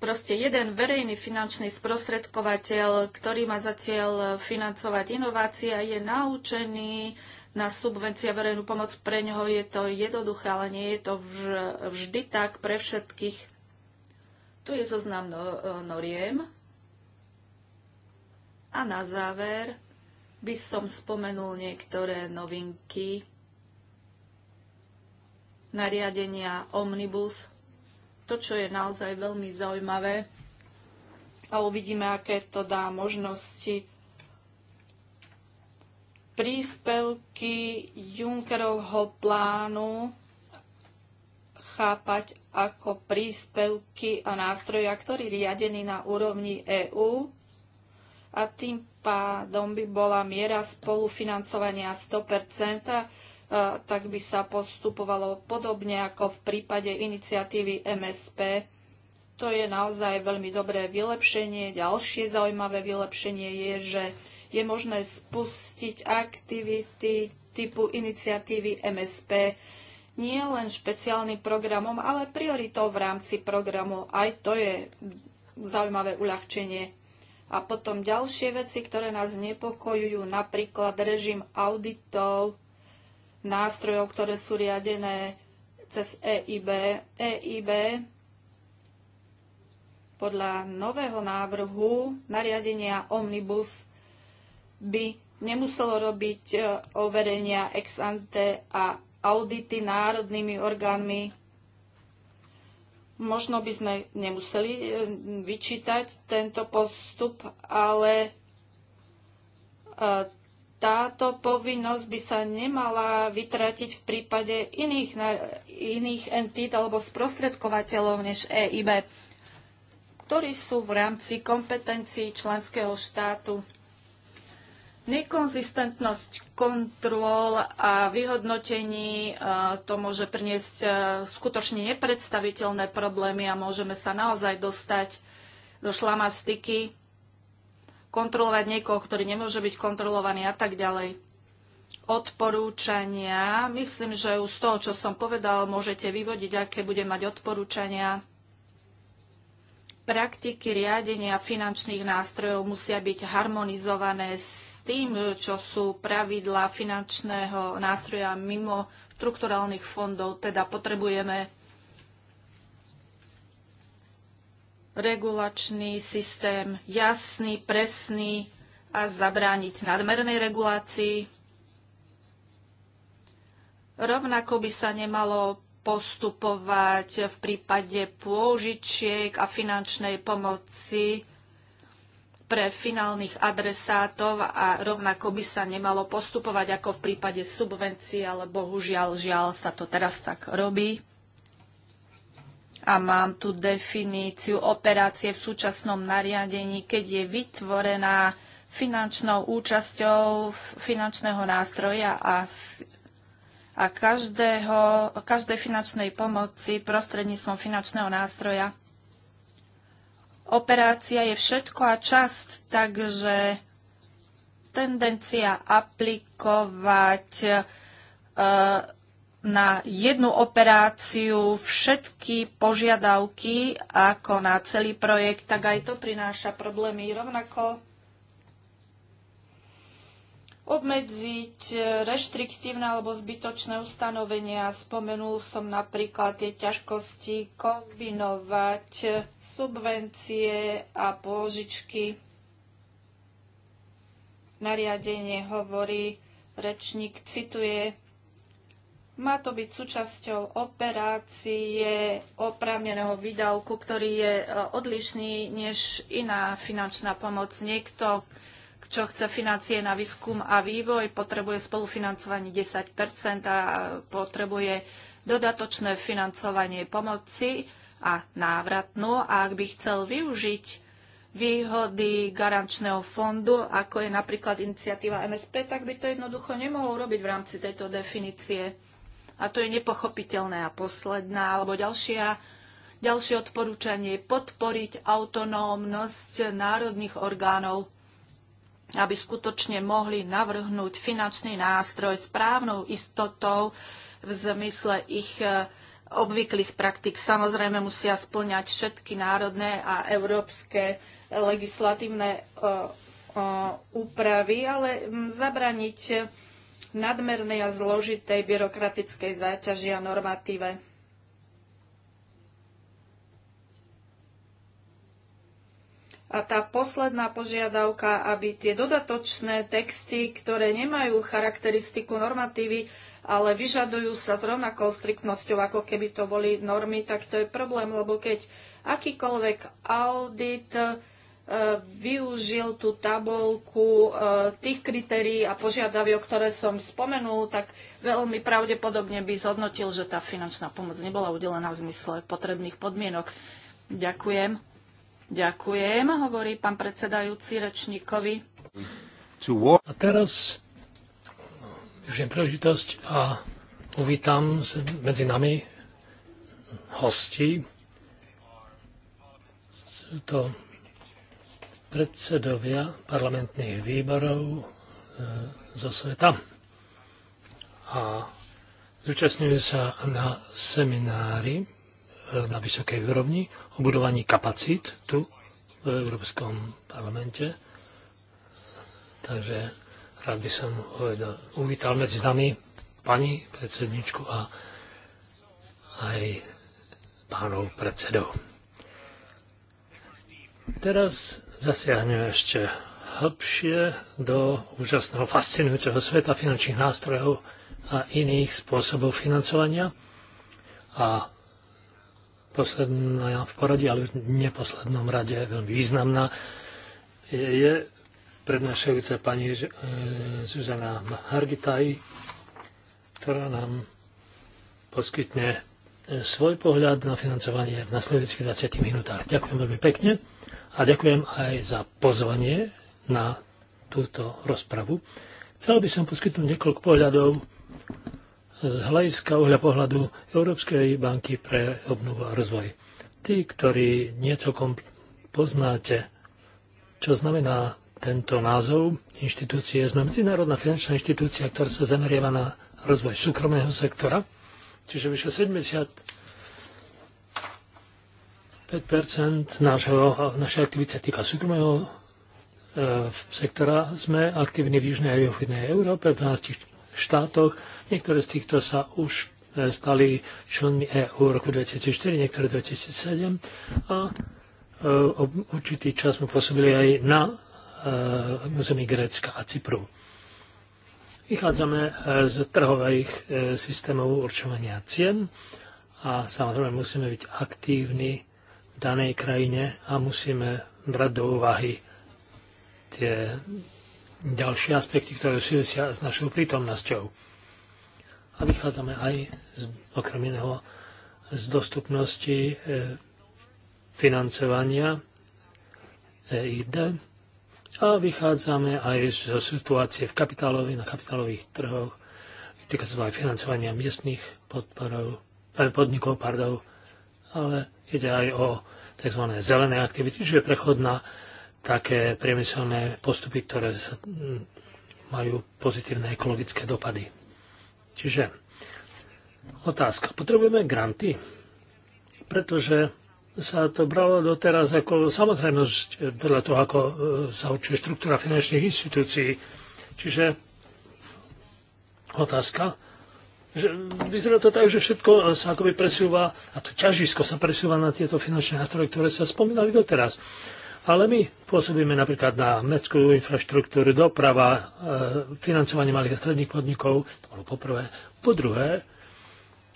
proste jeden verejný finančný sprostredkovateľ, ktorý má za cieľ financovať inovácia, je naučený na subvencia verejnú pomoc. Pre ňoho je to jednoduché, ale nie je to vždy tak pre všetkých. Tu je zoznam no, e, noriem. A na záver by som spomenul niektoré novinky nariadenia Omnibus. To, čo je naozaj veľmi zaujímavé a uvidíme, aké to dá možnosti príspevky Junckerovho plánu chápať ako príspevky a nástroja, ktorý riadený na úrovni EÚ a tým pádom by bola miera spolufinancovania 100%, tak by sa postupovalo podobne ako v prípade iniciatívy MSP. To je naozaj veľmi dobré vylepšenie. Ďalšie zaujímavé vylepšenie je, že je možné spustiť aktivity typu iniciatívy MSP nie len špeciálnym programom, ale prioritou v rámci programu. Aj to je zaujímavé uľahčenie. A potom ďalšie veci, ktoré nás nepokojujú, napríklad režim auditov, nástrojov, ktoré sú riadené cez EIB. EIB podľa nového návrhu nariadenia Omnibus by nemuselo robiť e, overenia ex ante a audity národnými orgánmi Možno by sme nemuseli e, vyčítať tento postup, ale e, táto povinnosť by sa nemala vytratiť v prípade iných, iných entít alebo sprostredkovateľov než EIB, ktorí sú v rámci kompetencií členského štátu. Nekonzistentnosť kontrol a vyhodnotení e, to môže priniesť e, skutočne nepredstaviteľné problémy a môžeme sa naozaj dostať do šlamastiky, kontrolovať niekoho, ktorý nemôže byť kontrolovaný a tak ďalej. Odporúčania. Myslím, že už z toho, čo som povedal, môžete vyvodiť, aké bude mať odporúčania. Praktiky riadenia finančných nástrojov musia byť harmonizované s tým, e, čo sú pravidlá finančného nástroja mimo štrukturálnych fondov. Teda potrebujeme regulačný systém jasný, presný a zabrániť nadmernej regulácii. Rovnako by sa nemalo postupovať v prípade pôžičiek a finančnej pomoci pre finálnych adresátov a rovnako by sa nemalo postupovať ako v prípade subvencií, ale bohužiaľ, žiaľ sa to teraz tak robí. A mám tu definíciu operácie v súčasnom nariadení, keď je vytvorená finančnou účasťou finančného nástroja a, a každého, každej finančnej pomoci prostredníctvom finančného nástroja Operácia je všetko a časť, takže tendencia aplikovať e, na jednu operáciu všetky požiadavky ako na celý projekt, tak aj to prináša problémy. Rovnako obmedziť e, reštriktívne alebo zbytočné ustanovenia. Spomenul som napríklad tie ťažkosti kombinovať e, subvencie a pôžičky. Nariadenie hovorí, rečník cituje, má to byť súčasťou operácie oprávneného výdavku, ktorý je e, odlišný než iná finančná pomoc. Niekto čo chce financie na výskum a vývoj, potrebuje spolufinancovanie 10 a potrebuje dodatočné financovanie pomoci a návratnú. A ak by chcel využiť výhody garančného fondu, ako je napríklad iniciatíva MSP, tak by to jednoducho nemohol robiť v rámci tejto definície. A to je nepochopiteľné. A posledná, alebo ďalšia, ďalšie odporúčanie, podporiť autonómnosť národných orgánov aby skutočne mohli navrhnúť finančný nástroj správnou istotou v zmysle ich e, obvyklých praktik. Samozrejme musia splňať všetky národné a európske legislatívne e, e, úpravy, ale zabraniť nadmernej a zložitej byrokratickej záťaži a normatíve. A tá posledná požiadavka, aby tie dodatočné texty, ktoré nemajú charakteristiku normatívy, ale vyžadujú sa s rovnakou striktnosťou, ako keby to boli normy, tak to je problém, lebo keď akýkoľvek audit e, využil tú tabulku e, tých kritérií a požiadaviek, ktoré som spomenul, tak veľmi pravdepodobne by zhodnotil, že tá finančná pomoc nebola udelená v zmysle potrebných podmienok. Ďakujem. Ďakujem, hovorí pán predsedajúci rečníkovi. A teraz využijem príležitosť a uvítam medzi nami hosti. Sú to predsedovia parlamentných výborov e, zo sveta. A zúčastňujú sa na seminári e, na vysokej úrovni budovaní kapacít tu v Európskom parlamente. Takže rád by som uvedal, uvítal medzi nami pani predsedničku a aj pánov predsedov. Teraz zasiahneme ešte hĺbšie do úžasného, fascinujúceho sveta finančných nástrojov a iných spôsobov financovania. A posledná v poradí, ale v neposlednom rade veľmi významná, je, je prednášajúca pani eh, Zuzana Hargitaj, ktorá nám poskytne eh, svoj pohľad na financovanie v nasledujúcich 20 minútach. Ďakujem veľmi pekne a ďakujem aj za pozvanie na túto rozpravu. Chcel by som poskytnúť niekoľko pohľadov z hľadiska uhľa pohľadu Európskej banky pre obnovu a rozvoj. Tí, ktorí niečo poznáte, čo znamená tento názov inštitúcie, sme medzinárodná finančná inštitúcia, ktorá sa zameriava na rozvoj súkromného sektora, čiže vyše 70 5 nášho, našej aktivity týka súkromného e, sektora. Sme aktívni v Južnej a Európe, v 12 štátoch Niektoré z týchto sa už e, stali členmi EU v roku 2004, niektoré 2007 a e, určitý čas sme pôsobili aj na e, území Grécka a Cypru. Vychádzame z trhových systémov určovania cien a samozrejme musíme byť aktívni v danej krajine a musíme brať do úvahy tie ďalšie aspekty, ktoré súvisia s našou prítomnosťou a vychádzame aj z, okrem iného z dostupnosti e, financovania EID a vychádzame aj zo situácie v kapitálových, na kapitálových trhoch, týka sa aj financovania miestných podporov, e, podnikov, pardon, ale ide aj o tzv. zelené aktivity, čiže prechod na také priemyselné postupy, ktoré sa, majú pozitívne ekologické dopady. Čiže otázka. Potrebujeme granty? Pretože sa to bralo doteraz ako samozrejmosť podľa toho, ako e, sa určuje štruktúra finančných inštitúcií. Čiže otázka, že vyzerá to tak, že všetko sa akoby presúva, a to ťažisko sa presúva na tieto finančné nástroje, ktoré sa spomínali doteraz. Ale my pôsobíme napríklad na mestskú infraštruktúru, doprava, e, financovanie malých a stredných podnikov, to bolo poprvé. Po druhé,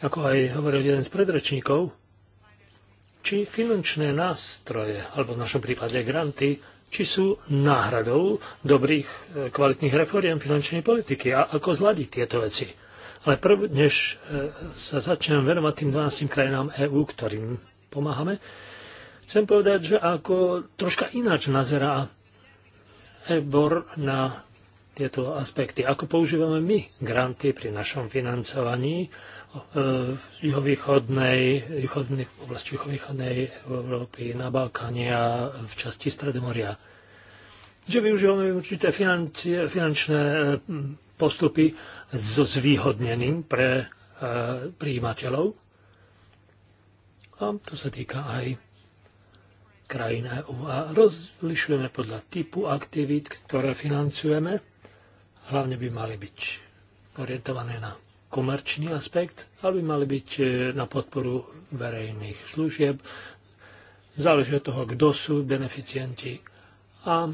ako aj hovoril jeden z predrečníkov, či finančné nástroje, alebo v našom prípade granty, či sú náhradou dobrých, e, kvalitných reforiem finančnej politiky a ako zladiť tieto veci. Ale prv, než e, sa začnem venovať tým 12 krajinám EÚ, ktorým pomáhame, Chcem povedať, že ako troška ináč nazerá EBOR na tieto aspekty. Ako používame my granty pri našom financovaní e, v juhovýchodnej, východnej, v oblasti juhovýchodnej Európy, na Balkáne a v časti Stredomoria. Že využívame určité financie, finančné e, postupy so zvýhodneným pre e, príjimateľov. A to sa týka aj krajina EU a rozlišujeme podľa typu aktivít, ktoré financujeme. Hlavne by mali byť orientované na komerčný aspekt, ale by mali byť e, na podporu verejných služieb. Záleží od toho, kto sú beneficienti a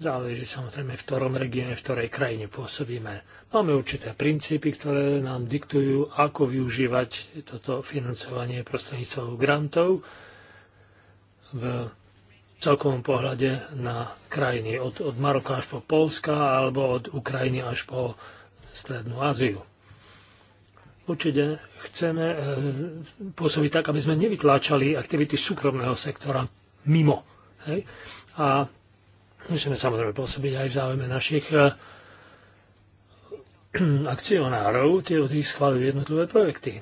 záleží samozrejme, v ktorom regióne, v ktorej krajine pôsobíme. Máme určité princípy, ktoré nám diktujú, ako využívať toto financovanie prostredníctvom grantov v celkovom pohľade na krajiny. Od, od Maroka až po Polska alebo od Ukrajiny až po Strednú Áziu. Určite chceme eh, pôsobiť tak, aby sme nevytláčali aktivity súkromného sektora mimo. Hej? A musíme samozrejme pôsobiť aj v záujme našich eh, akcionárov, tie od nich schváľujú jednotlivé projekty.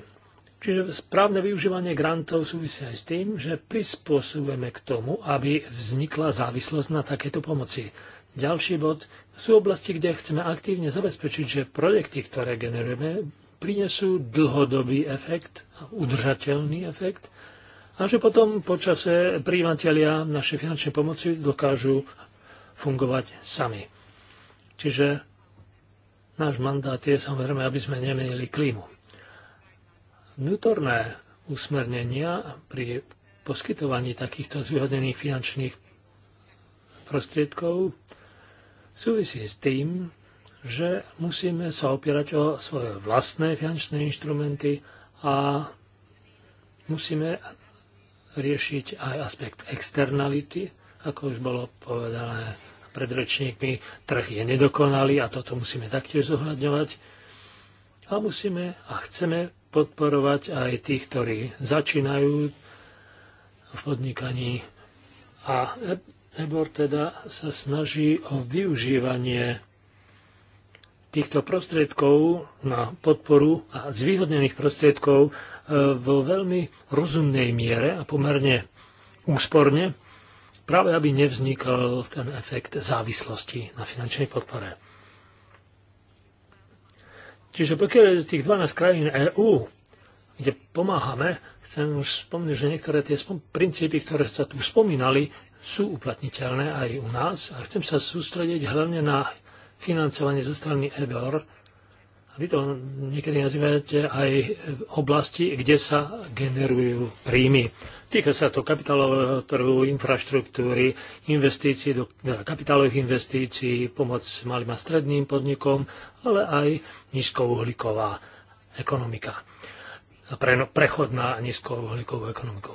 Čiže správne využívanie grantov súvisí aj s tým, že prispôsobujeme k tomu, aby vznikla závislosť na takéto pomoci. Ďalší bod sú oblasti, kde chceme aktívne zabezpečiť, že projekty, ktoré generujeme, prinesú dlhodobý efekt, udržateľný efekt a že potom počase príjimatelia našej finančnej pomoci dokážu fungovať sami. Čiže náš mandát je samozrejme, aby sme nemenili klímu vnútorné usmernenia pri poskytovaní takýchto zvyhodnených finančných prostriedkov súvisí s tým, že musíme sa opierať o svoje vlastné finančné inštrumenty a musíme riešiť aj aspekt externality, ako už bolo povedané pred rečníkmi, trh je nedokonalý a toto musíme taktiež zohľadňovať. A musíme a chceme podporovať aj tých, ktorí začínajú v podnikaní. A EBOR teda sa snaží o využívanie týchto prostriedkov na podporu a zvýhodnených prostriedkov e, vo veľmi rozumnej miere a pomerne úsporne, práve aby nevznikal ten efekt závislosti na finančnej podpore. Čiže pokiaľ tých 12 krajín EÚ, kde pomáhame, chcem už spomenúť, že niektoré tie princípy, ktoré sa tu spomínali, sú uplatniteľné aj u nás a chcem sa sústrediť hlavne na financovanie zo strany EBOR, vy to niekedy nazývate aj oblasti, kde sa generujú príjmy. Týka sa to kapitálového trhu, infraštruktúry, investícií do teda kapitálových investícií, pomoc malým a stredným podnikom, ale aj nízkouhlíková ekonomika. Pre, prechod na nízkouhlíkovú ekonomiku.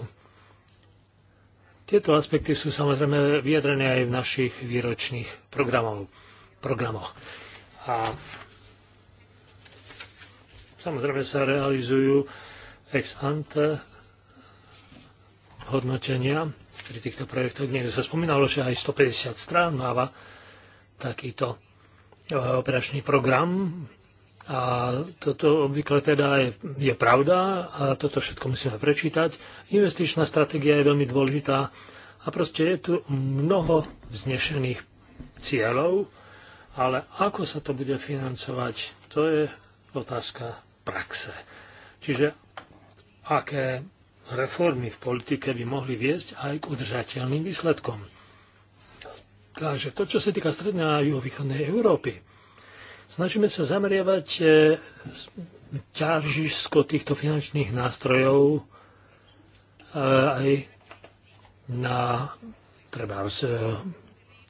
Tieto aspekty sú samozrejme vyjadrené aj v našich výročných programoch. programoch. A Samozrejme sa realizujú ex ante hodnotenia pri týchto projektoch. Niekde sa spomínalo, že aj 150 strán máva takýto eh, operačný program a toto obvykle teda je, je pravda a toto všetko musíme prečítať. Investičná stratégia je veľmi dôležitá a proste je tu mnoho vznešených cieľov, ale ako sa to bude financovať, to je otázka praxe. Čiže aké reformy v politike by mohli viesť aj k udržateľným výsledkom. Takže to, čo sa týka strednej a juhovýchodnej Európy, snažíme sa zameriavať e, ťažisko týchto finančných nástrojov e, aj na treba e,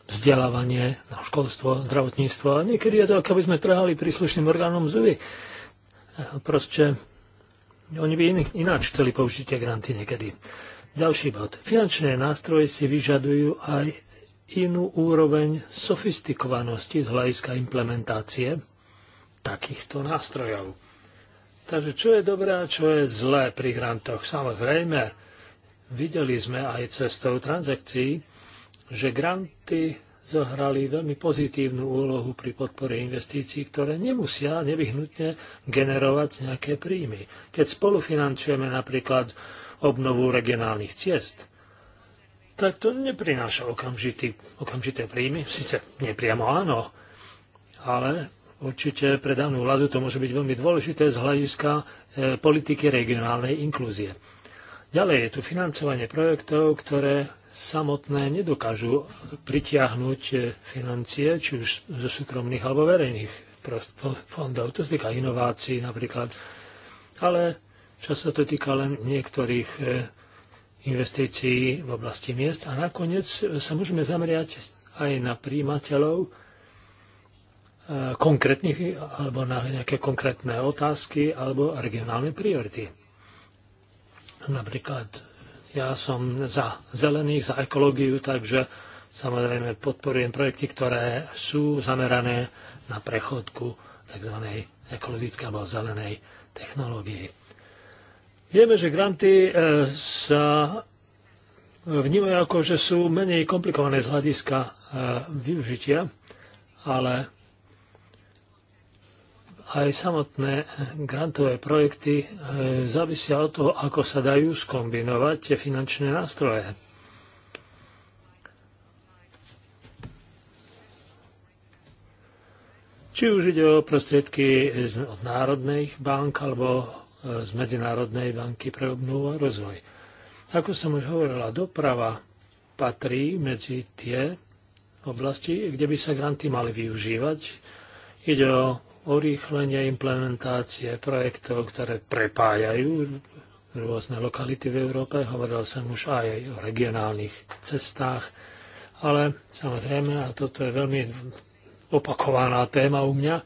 vzdelávanie, na školstvo, zdravotníctvo. A niekedy je to, ako by sme trhali príslušným orgánom zuby. Proste oni by ináč chceli použiť tie granty niekedy. Ďalší bod. Finančné nástroje si vyžadujú aj inú úroveň sofistikovanosti z hľadiska implementácie takýchto nástrojov. Takže čo je dobré a čo je zlé pri grantoch? Samozrejme, videli sme aj cestou transakcií, že granty zohrali veľmi pozitívnu úlohu pri podpore investícií, ktoré nemusia nevyhnutne generovať nejaké príjmy. Keď spolufinančujeme napríklad obnovu regionálnych ciest, tak to neprináša okamžitý, okamžité príjmy. Sice nepriamo áno, ale určite pre danú vládu to môže byť veľmi dôležité z hľadiska e, politiky regionálnej inklúzie. Ďalej je tu financovanie projektov, ktoré samotné nedokážu pritiahnuť financie, či už zo súkromných alebo verejných fondov. To sa týka inovácií napríklad, ale často to týka len niektorých e, investícií v oblasti miest. A nakoniec sa môžeme zameriať aj na príjimateľov e, konkrétnych alebo na nejaké konkrétne otázky alebo regionálne priority. Napríklad ja som za zelených, za ekológiu, takže samozrejme podporujem projekty, ktoré sú zamerané na prechodku tzv. ekologickej alebo zelenej technológie. Vieme, že granty e, sa vnímajú ako, že sú menej komplikované z hľadiska e, využitia, ale aj samotné grantové projekty e, závisia od toho, ako sa dajú skombinovať tie finančné nástroje. Či už ide o prostriedky od národných bank alebo e, z Medzinárodnej banky pre obnovu a rozvoj. Ako som už hovorila, doprava patrí medzi tie oblasti, kde by sa granty mali využívať. Ide o urýchlenie implementácie projektov, ktoré prepájajú rôzne lokality v Európe. Hovoril som už aj o regionálnych cestách, ale samozrejme, a toto je veľmi opakovaná téma u mňa,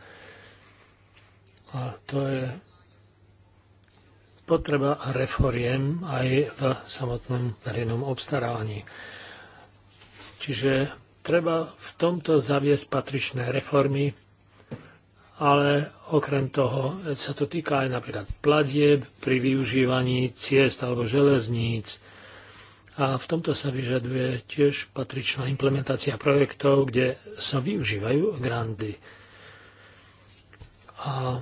a to je potreba reforiem aj v samotnom verejnom obstarávaní. Čiže treba v tomto zaviesť patričné reformy, ale okrem toho sa to týka aj napríklad platieb pri využívaní ciest alebo železníc. A v tomto sa vyžaduje tiež patričná implementácia projektov, kde sa využívajú grandy. A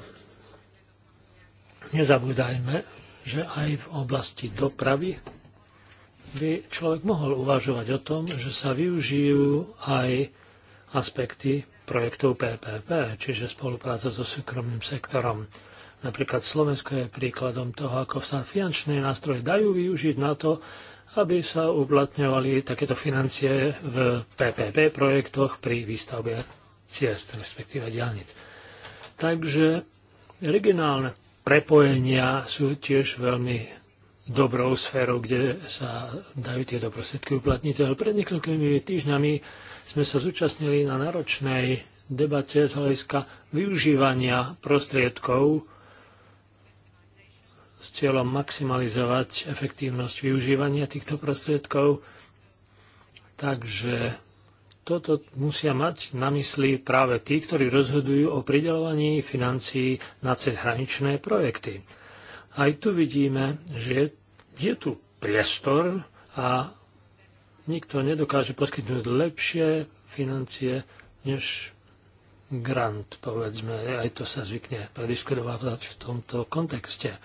nezabúdajme, že aj v oblasti dopravy by človek mohol uvažovať o tom, že sa využijú aj aspekty projektov PPP, čiže spolupráca so súkromným sektorom. Napríklad Slovensko je príkladom toho, ako sa finančné nástroje dajú využiť na to, aby sa uplatňovali takéto financie v PPP projektoch pri výstavbe ciest, respektíve diálnic. Takže regionálne prepojenia sú tiež veľmi dobrou sférou, kde sa dajú tieto prostriedky uplatniť. Ale pred niekoľkými týždňami sme sa zúčastnili na náročnej debate z hľadiska využívania prostriedkov s cieľom maximalizovať efektívnosť využívania týchto prostriedkov. Takže toto musia mať na mysli práve tí, ktorí rozhodujú o pridelovaní financií na cezhraničné projekty. Aj tu vidíme, že je tu priestor a nikto nedokáže poskytnúť lepšie financie než grant, povedzme. Aj to sa zvykne prediskutovať v tomto kontexte.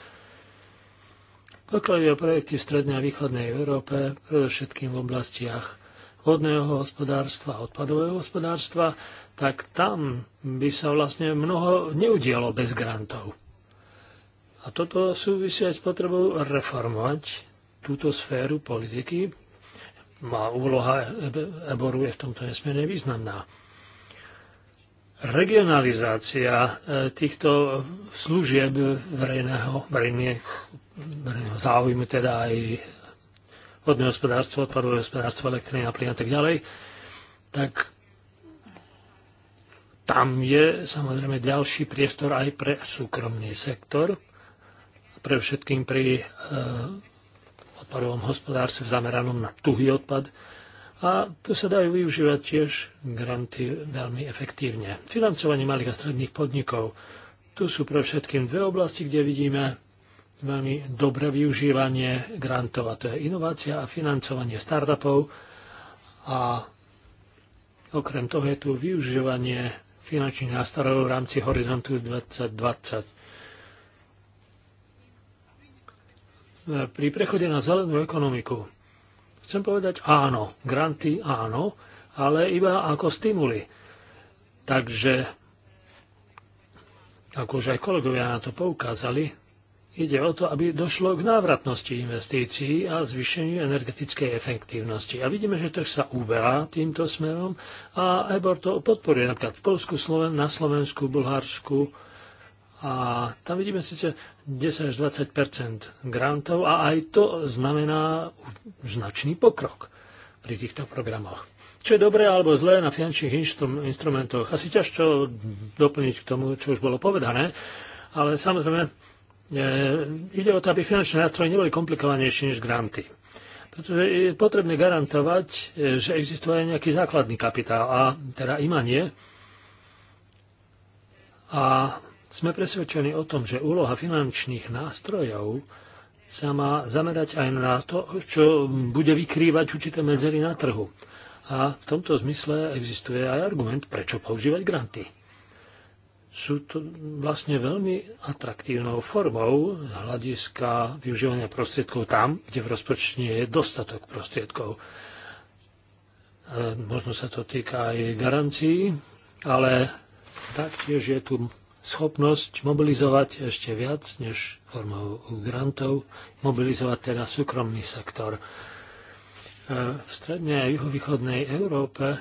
Pokiaľ je o projekty v strednej a východnej Európe, predovšetkým v oblastiach vodného hospodárstva, odpadového hospodárstva, tak tam by sa vlastne mnoho neudialo bez grantov. A toto súvisí aj s potrebou reformovať túto sféru politiky, má úloha Eboru je v tomto nesmierne významná. Regionalizácia e, týchto služieb verejného, verejného, verejného záujmu, teda aj vodné hospodárstvo, odpadové hospodárstvo, elektriny a plyn a tak ďalej, tak tam je samozrejme ďalší priestor aj pre súkromný sektor, pre všetkým pri e, odpadovom hospodárstve zameranom na tuhý odpad. A tu sa dajú využívať tiež granty veľmi efektívne. Financovanie malých a stredných podnikov. Tu sú pre všetkým dve oblasti, kde vidíme veľmi dobré využívanie grantov, a to je inovácia a financovanie startupov. A okrem toho je tu využívanie finančných nástrojov v rámci Horizontu 2020 E, pri prechode na zelenú ekonomiku. Chcem povedať áno, granty áno, ale iba ako stimuly. Takže, ako už aj kolegovia na to poukázali, ide o to, aby došlo k návratnosti investícií a zvýšeniu energetickej efektívnosti. A vidíme, že trh sa uberá týmto smerom a EBOR to podporuje napríklad v Polsku, Sloven na Slovensku, Bulharsku. A tam vidíme síce 10 až 20 grantov a aj to znamená značný pokrok pri týchto programoch. Čo je dobré alebo zlé na finančných instrumentoch? Asi ťažko doplniť k tomu, čo už bolo povedané, ale samozrejme e, ide o to, aby finančné nástroje neboli komplikovanejšie než granty. Pretože je potrebné garantovať, e, že existuje nejaký základný kapitál a teda imanie a sme presvedčení o tom, že úloha finančných nástrojov sa má zamerať aj na to, čo bude vykrývať určité medzery na trhu. A v tomto zmysle existuje aj argument, prečo používať granty. Sú to vlastne veľmi atraktívnou formou z hľadiska využívania prostriedkov tam, kde v rozpočte je dostatok prostriedkov. E, možno sa to týka aj garancií, ale taktiež je tu schopnosť mobilizovať ešte viac než formou grantov, mobilizovať teda súkromný sektor. E, v strednej a juhovýchodnej Európe e,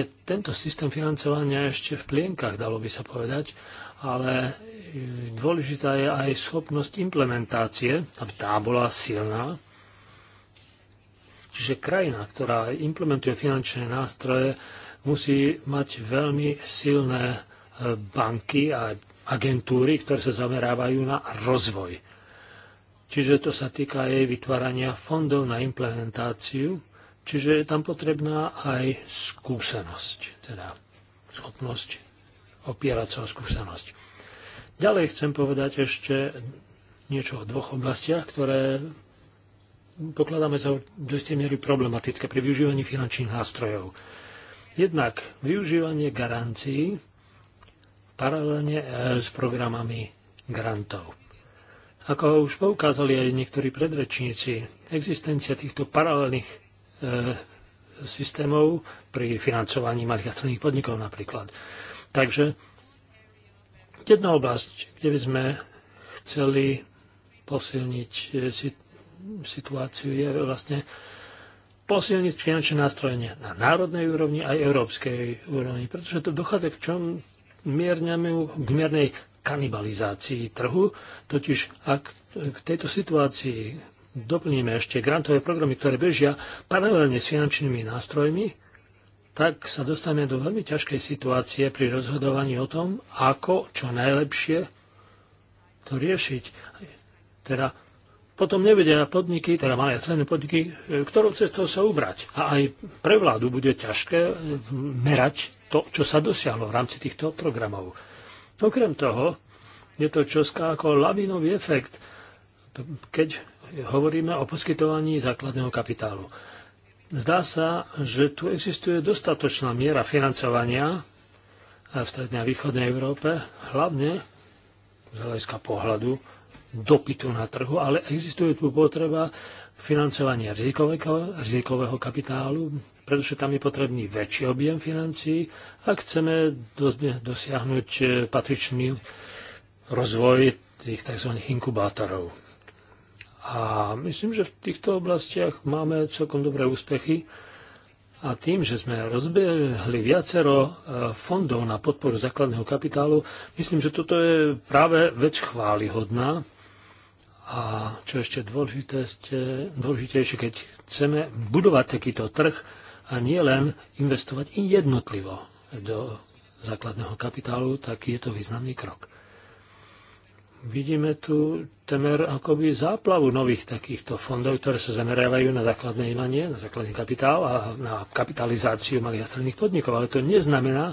je tento systém financovania ešte v plienkach, dalo by sa povedať, ale dôležitá je aj schopnosť implementácie, aby tá bola silná. Čiže krajina, ktorá implementuje finančné nástroje, musí mať veľmi silné banky a agentúry, ktoré sa zamerávajú na rozvoj. Čiže to sa týka aj vytvárania fondov na implementáciu, čiže je tam potrebná aj skúsenosť, teda schopnosť opierať sa o skúsenosť. Ďalej chcem povedať ešte niečo o dvoch oblastiach, ktoré pokladáme za do istej miery problematické pri využívaní finančných nástrojov. Jednak využívanie garancií paralelne e, s programami grantov. Ako už poukázali aj niektorí predrečníci, existencia týchto paralelných e, systémov pri financovaní malých a stredných podnikov napríklad. Takže jedna oblasť, kde by sme chceli posilniť e, situáciu, je vlastne posilniť finančné nástroje na národnej úrovni aj európskej úrovni, pretože to dochádza k čom k miernej kanibalizácii trhu, totiž ak k tejto situácii doplníme ešte grantové programy, ktoré bežia paralelne s finančnými nástrojmi, tak sa dostaneme do veľmi ťažkej situácie pri rozhodovaní o tom, ako čo najlepšie to riešiť. Teda potom nevedia podniky, teda malé a stredné podniky, e, ktorou cestou sa ubrať. A aj pre vládu bude ťažké merať to, čo sa dosiahlo v rámci týchto programov. Okrem toho je to čoská ako lavinový efekt, keď hovoríme o poskytovaní základného kapitálu. Zdá sa, že tu existuje dostatočná miera financovania v strednej a východnej Európe, hlavne z hľadiska pohľadu dopytu na trhu, ale existuje tu potreba financovania rizikového, rizikového kapitálu, pretože tam je potrebný väčší objem financií, ak chceme dosiahnuť e, patričný rozvoj tých tzv. inkubátorov. A myslím, že v týchto oblastiach máme celkom dobré úspechy. A tým, že sme rozbehli viacero e, fondov na podporu základného kapitálu, myslím, že toto je práve vec chválihodná. A čo ešte dôležité, dôležitejšie, keď chceme budovať takýto trh, a nie len investovať i jednotlivo do základného kapitálu, tak je to významný krok. Vidíme tu temer akoby záplavu nových takýchto fondov, ktoré sa zameriavajú na základné imanie, na základný kapitál a na kapitalizáciu malých a stredných podnikov, ale to neznamená,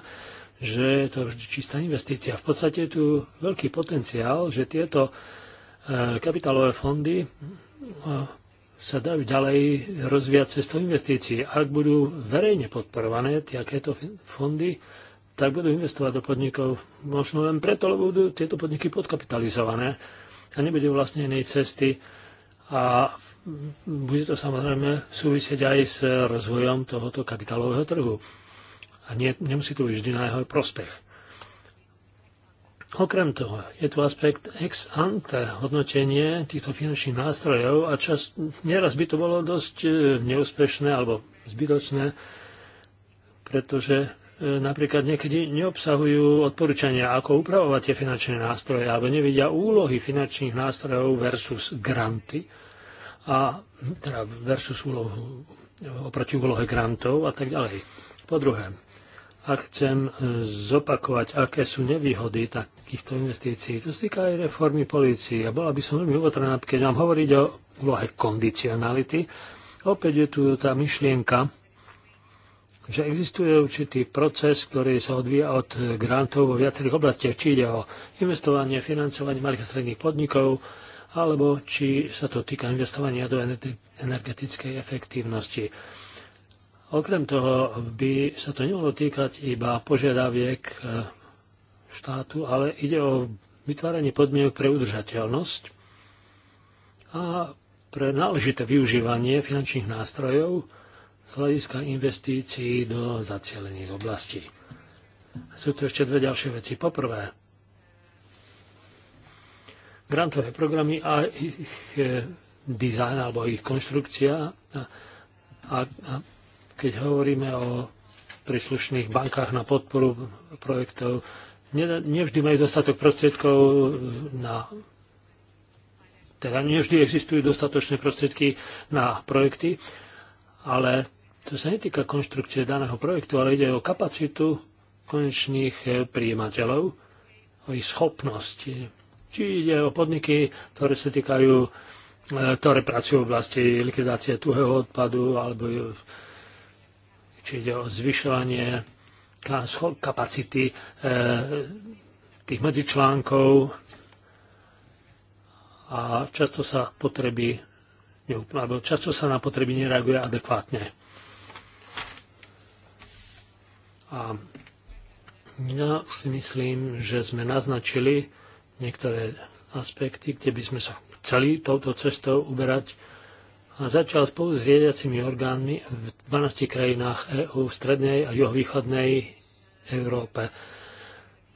že je to vždy čistá investícia. V podstate je tu veľký potenciál, že tieto e, kapitálové fondy e, sa dajú ďalej rozvíjať cestou investícií. Ak budú verejne podporované takéto fondy, tak budú investovať do podnikov možno len preto, lebo budú tieto podniky podkapitalizované a nebudú vlastne inej cesty a bude to samozrejme súvisieť aj s rozvojom tohoto kapitálového trhu. A nie, nemusí to byť vždy na jeho prospech. Okrem toho je tu aspekt ex ante hodnotenie týchto finančných nástrojov a čas, nieraz by to bolo dosť e, neúspešné alebo zbytočné, pretože e, napríklad niekedy neobsahujú odporúčania, ako upravovať tie finančné nástroje alebo nevidia úlohy finančných nástrojov versus granty a teda versus úlohu oproti úlohe grantov a tak ďalej. Po druhé, a chcem e, zopakovať, aké sú nevýhody takýchto investícií. To sa týka aj reformy polície. A bola by som veľmi opatrná, keď mám hovoriť o úlohe kondicionality. Opäť je tu tá myšlienka, že existuje určitý proces, ktorý sa odvíja od grantov vo viacerých oblastiach, či ide o investovanie, financovanie malých a stredných podnikov, alebo či sa to týka investovania do energetickej efektívnosti. Okrem toho by sa to nemohlo týkať iba požiadaviek e, štátu, ale ide o vytváranie podmienok pre udržateľnosť a pre náležité využívanie finančných nástrojov z hľadiska investícií do zacielených oblastí. Sú tu ešte dve ďalšie veci. Poprvé, grantové programy a ich e, dizajn alebo ich konštrukcia a, a, a keď hovoríme o príslušných bankách na podporu projektov, nevždy majú dostatok prostriedkov na teda nevždy existujú dostatočné prostriedky na projekty, ale to sa netýka konštrukcie daného projektu, ale ide o kapacitu konečných príjimateľov, o ich schopnosti. Či ide o podniky, ktoré sa týkajú, e, ktoré pracujú v oblasti likvidácie tuhého odpadu alebo či ide o zvyšovanie kapacity e, tých medzičlánkov a často sa potreby alebo často sa na potreby nereaguje adekvátne. A ja si myslím, že sme naznačili niektoré aspekty, kde by sme sa chceli touto cestou uberať a začal spolu s riadiacimi orgánmi v 12 krajinách EÚ v strednej a juhovýchodnej Európe.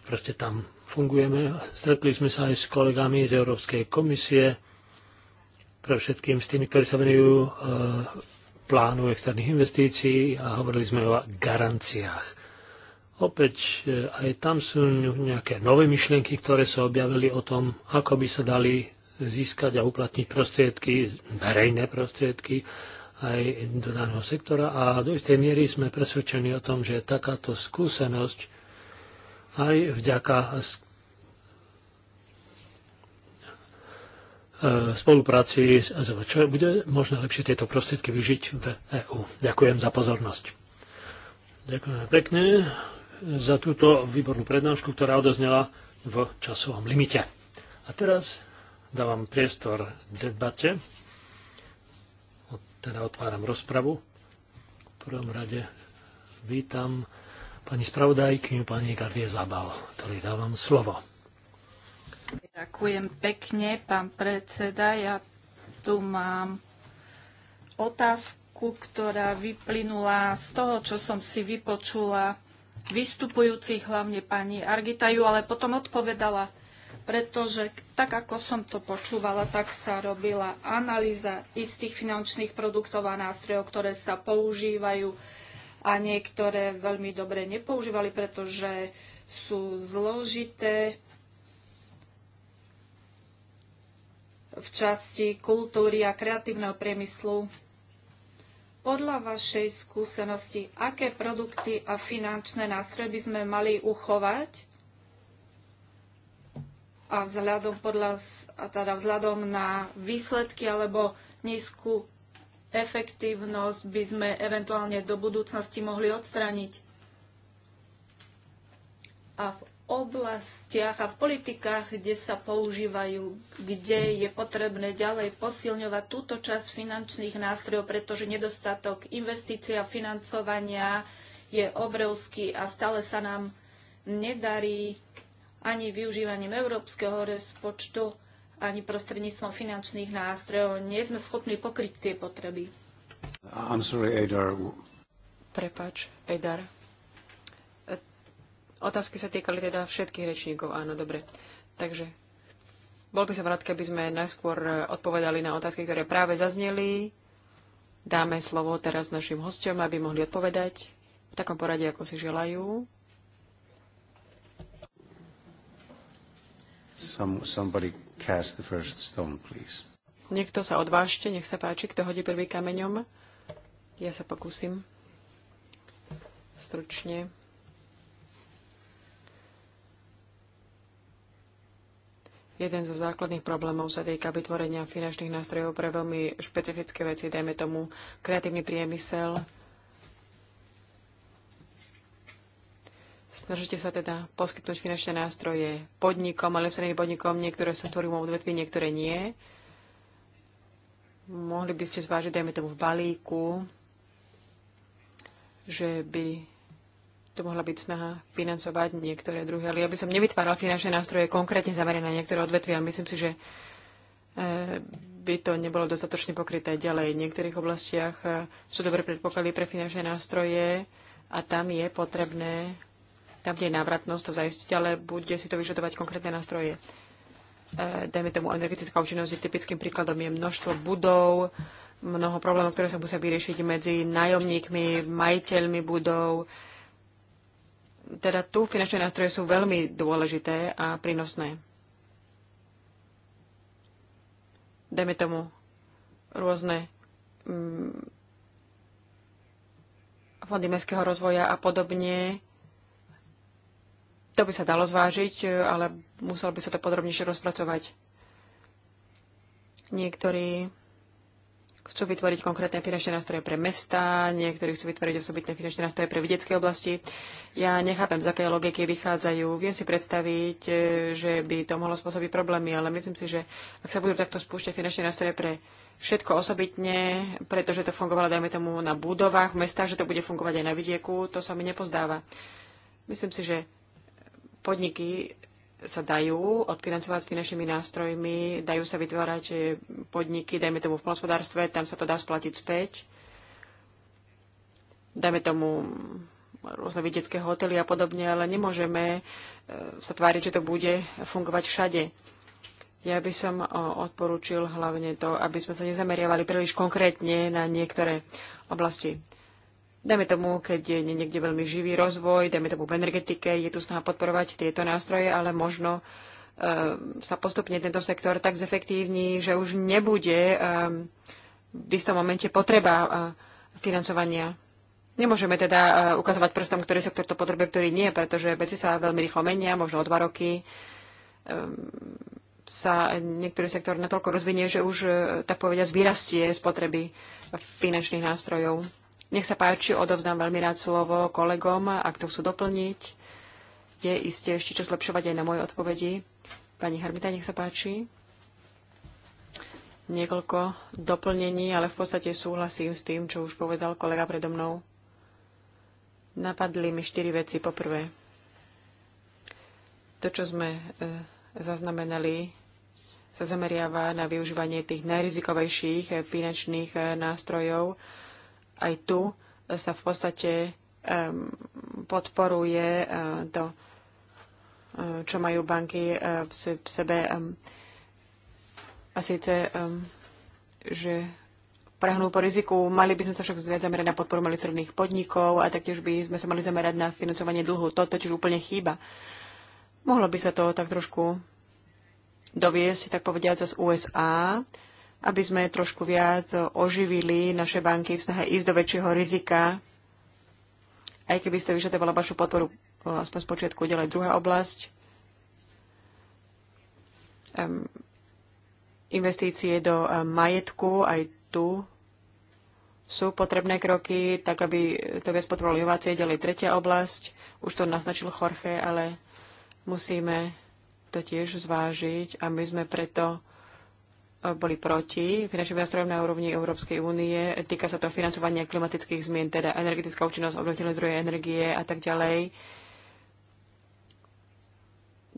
Proste tam fungujeme. Stretli sme sa aj s kolegami z Európskej komisie, pre všetkým s tými, ktorí sa venujú e, plánu externých investícií a hovorili sme o garanciách. Opäť e, aj tam sú nejaké nové myšlienky, ktoré sa objavili o tom, ako by sa dali získať a uplatniť prostriedky, verejné prostriedky aj do daného sektora a do istej miery sme presvedčení o tom, že takáto skúsenosť aj vďaka e, spolupráci s SVČ bude možné lepšie tieto prostriedky vyžiť v EÚ. Ďakujem za pozornosť. Ďakujem pekne za túto výbornú prednášku, ktorá odoznela v časovom limite. A teraz Dávam priestor debate. Teda otváram rozpravu. V prvom rade vítam pani spravodajkyňu, pani Gardie Zabal, ktorý dávam slovo. Ďakujem pekne, pán predseda. Ja tu mám otázku, ktorá vyplynula z toho, čo som si vypočula vystupujúcich, hlavne pani Argitaju, ale potom odpovedala pretože tak ako som to počúvala, tak sa robila analýza istých finančných produktov a nástrojov, ktoré sa používajú a niektoré veľmi dobre nepoužívali, pretože sú zložité v časti kultúry a kreatívneho priemyslu. Podľa vašej skúsenosti, aké produkty a finančné nástroje by sme mali uchovať a vzhľadom, podľa, a teda vzhľadom na výsledky alebo nízku efektívnosť by sme eventuálne do budúcnosti mohli odstraniť. A v oblastiach a v politikách, kde sa používajú, kde je potrebné ďalej posilňovať túto časť finančných nástrojov, pretože nedostatok investícií a financovania je obrovský a stále sa nám nedarí ani využívaním európskeho rozpočtu, ani prostredníctvom finančných nástrojov nie sme schopní pokryť tie potreby. I'm sorry, Prepač, Edar. E, otázky sa týkali teda všetkých rečníkov, áno, dobre. Takže bol by som rád, keby sme najskôr e, odpovedali na otázky, ktoré práve zazneli. Dáme slovo teraz našim hostom, aby mohli odpovedať v takom poradí, ako si želajú. somebody cast the first stone, please. Niekto sa odvážte, nech sa páči, kto hodí prvý kameňom. Ja sa pokúsim. Stručne. Jeden zo základných problémov sa týka vytvorenia finančných nástrojov pre veľmi špecifické veci, dajme tomu kreatívny priemysel, Snažíte sa teda poskytnúť finančné nástroje podnikom, ale stredným podnikom, niektoré sú tvorivom odvetví, niektoré nie. Mohli by ste zvážiť, dajme tomu v balíku, že by to mohla byť snaha financovať niektoré druhé. Ale ja by som nevytváral finančné nástroje konkrétne zamerané na niektoré odvetvia. Myslím si, že e, by to nebolo dostatočne pokryté ďalej. V niektorých oblastiach e, sú dobré predpoklady pre finančné nástroje a tam je potrebné tam, kde je návratnosť, to zaistiť, ale bude si to vyžadovať konkrétne nástroje. E, dajme tomu, energetická účinnosť je typickým príkladom. Je množstvo budov, mnoho problémov, ktoré sa musia vyriešiť medzi nájomníkmi, majiteľmi budov. Teda tu finančné nástroje sú veľmi dôležité a prínosné. Dajme tomu rôzne mm, fondy mestského rozvoja a podobne to by sa dalo zvážiť, e, ale muselo by sa to podrobnejšie rozpracovať. Niektorí chcú vytvoriť konkrétne finančné nástroje pre mesta, niektorí chcú vytvoriť osobitné finančné nástroje pre vidiecké oblasti. Ja nechápem, z akej logiky vychádzajú. Viem si predstaviť, e, že by to mohlo spôsobiť problémy, ale myslím si, že ak sa budú takto spúšťať finančné nástroje pre všetko osobitne, pretože to fungovalo, dajme tomu, na budovách, v mestách, že to bude fungovať aj na vidieku, to sa mi nepozdáva. Myslím si, že Podniky sa dajú odfinancovať s finančnými nástrojmi, dajú sa vytvárať eh, podniky, dajme tomu v hospodárstve, tam sa to dá splatiť späť. Dajme tomu rôzne vidiecké hotely a podobne, ale nemôžeme eh, sa tváriť, že to bude fungovať všade. Ja by som eh, odporúčil hlavne to, aby sme sa nezameriavali príliš konkrétne na niektoré oblasti. Dajme tomu, keď je niekde veľmi živý rozvoj, dajme tomu v energetike, je tu snaha podporovať tieto nástroje, ale možno ehm, sa postupne tento sektor tak zefektívni, že už nebude ehm, v istom momente potreba financovania. Nemôžeme teda e, ukazovať prstom, ktorý sektor to potrebuje, ktorý nie, pretože veci sa veľmi rýchlo menia, možno o dva roky ehm, sa niektorý sektor natoľko rozvinie, že už, e, tak povediať, zvýrastie z potreby finančných nástrojov. Nech sa páči, odovzdám veľmi rád slovo kolegom, ak to chcú doplniť. Je isté ešte čo zlepšovať aj na moje odpovedi. Pani Harmita, nech sa páči. Niekoľko doplnení, ale v podstate súhlasím s tým, čo už povedal kolega predo mnou. Napadli mi štyri veci. Poprvé, to, čo sme e, zaznamenali, sa zameriava na využívanie tých najrizikovejších e, finančných e, nástrojov, aj tu sa v podstate podporuje eh, to, eh, čo majú banky eh, v sebe. A síce, že prahnú po riziku. Mali by sme sa však viac zamerať na podporu malých sredných podnikov a taktiež by sme sa mali zamerať na financovanie dlhu. To totiž úplne chýba. Mohlo by sa to tak trošku doviesť, tak povediať, z USA, aby sme trošku viac oživili naše banky v snahe ísť do väčšieho rizika, aj keby ste vyžadovali vašu podporu eh, aspoň z počiatku ďalej druhá oblasť. Um, investície do eh, majetku, aj tu sú potrebné kroky, tak aby to viac podporovali inovácie, ďalej tretia oblasť. Už to naznačil Jorge, ale musíme to tiež zvážiť a my sme preto boli proti finančným nástrojom na úrovni Európskej únie. Týka sa to financovania klimatických zmien, teda energetická účinnosť, obnoviteľné zdroje energie a tak ďalej.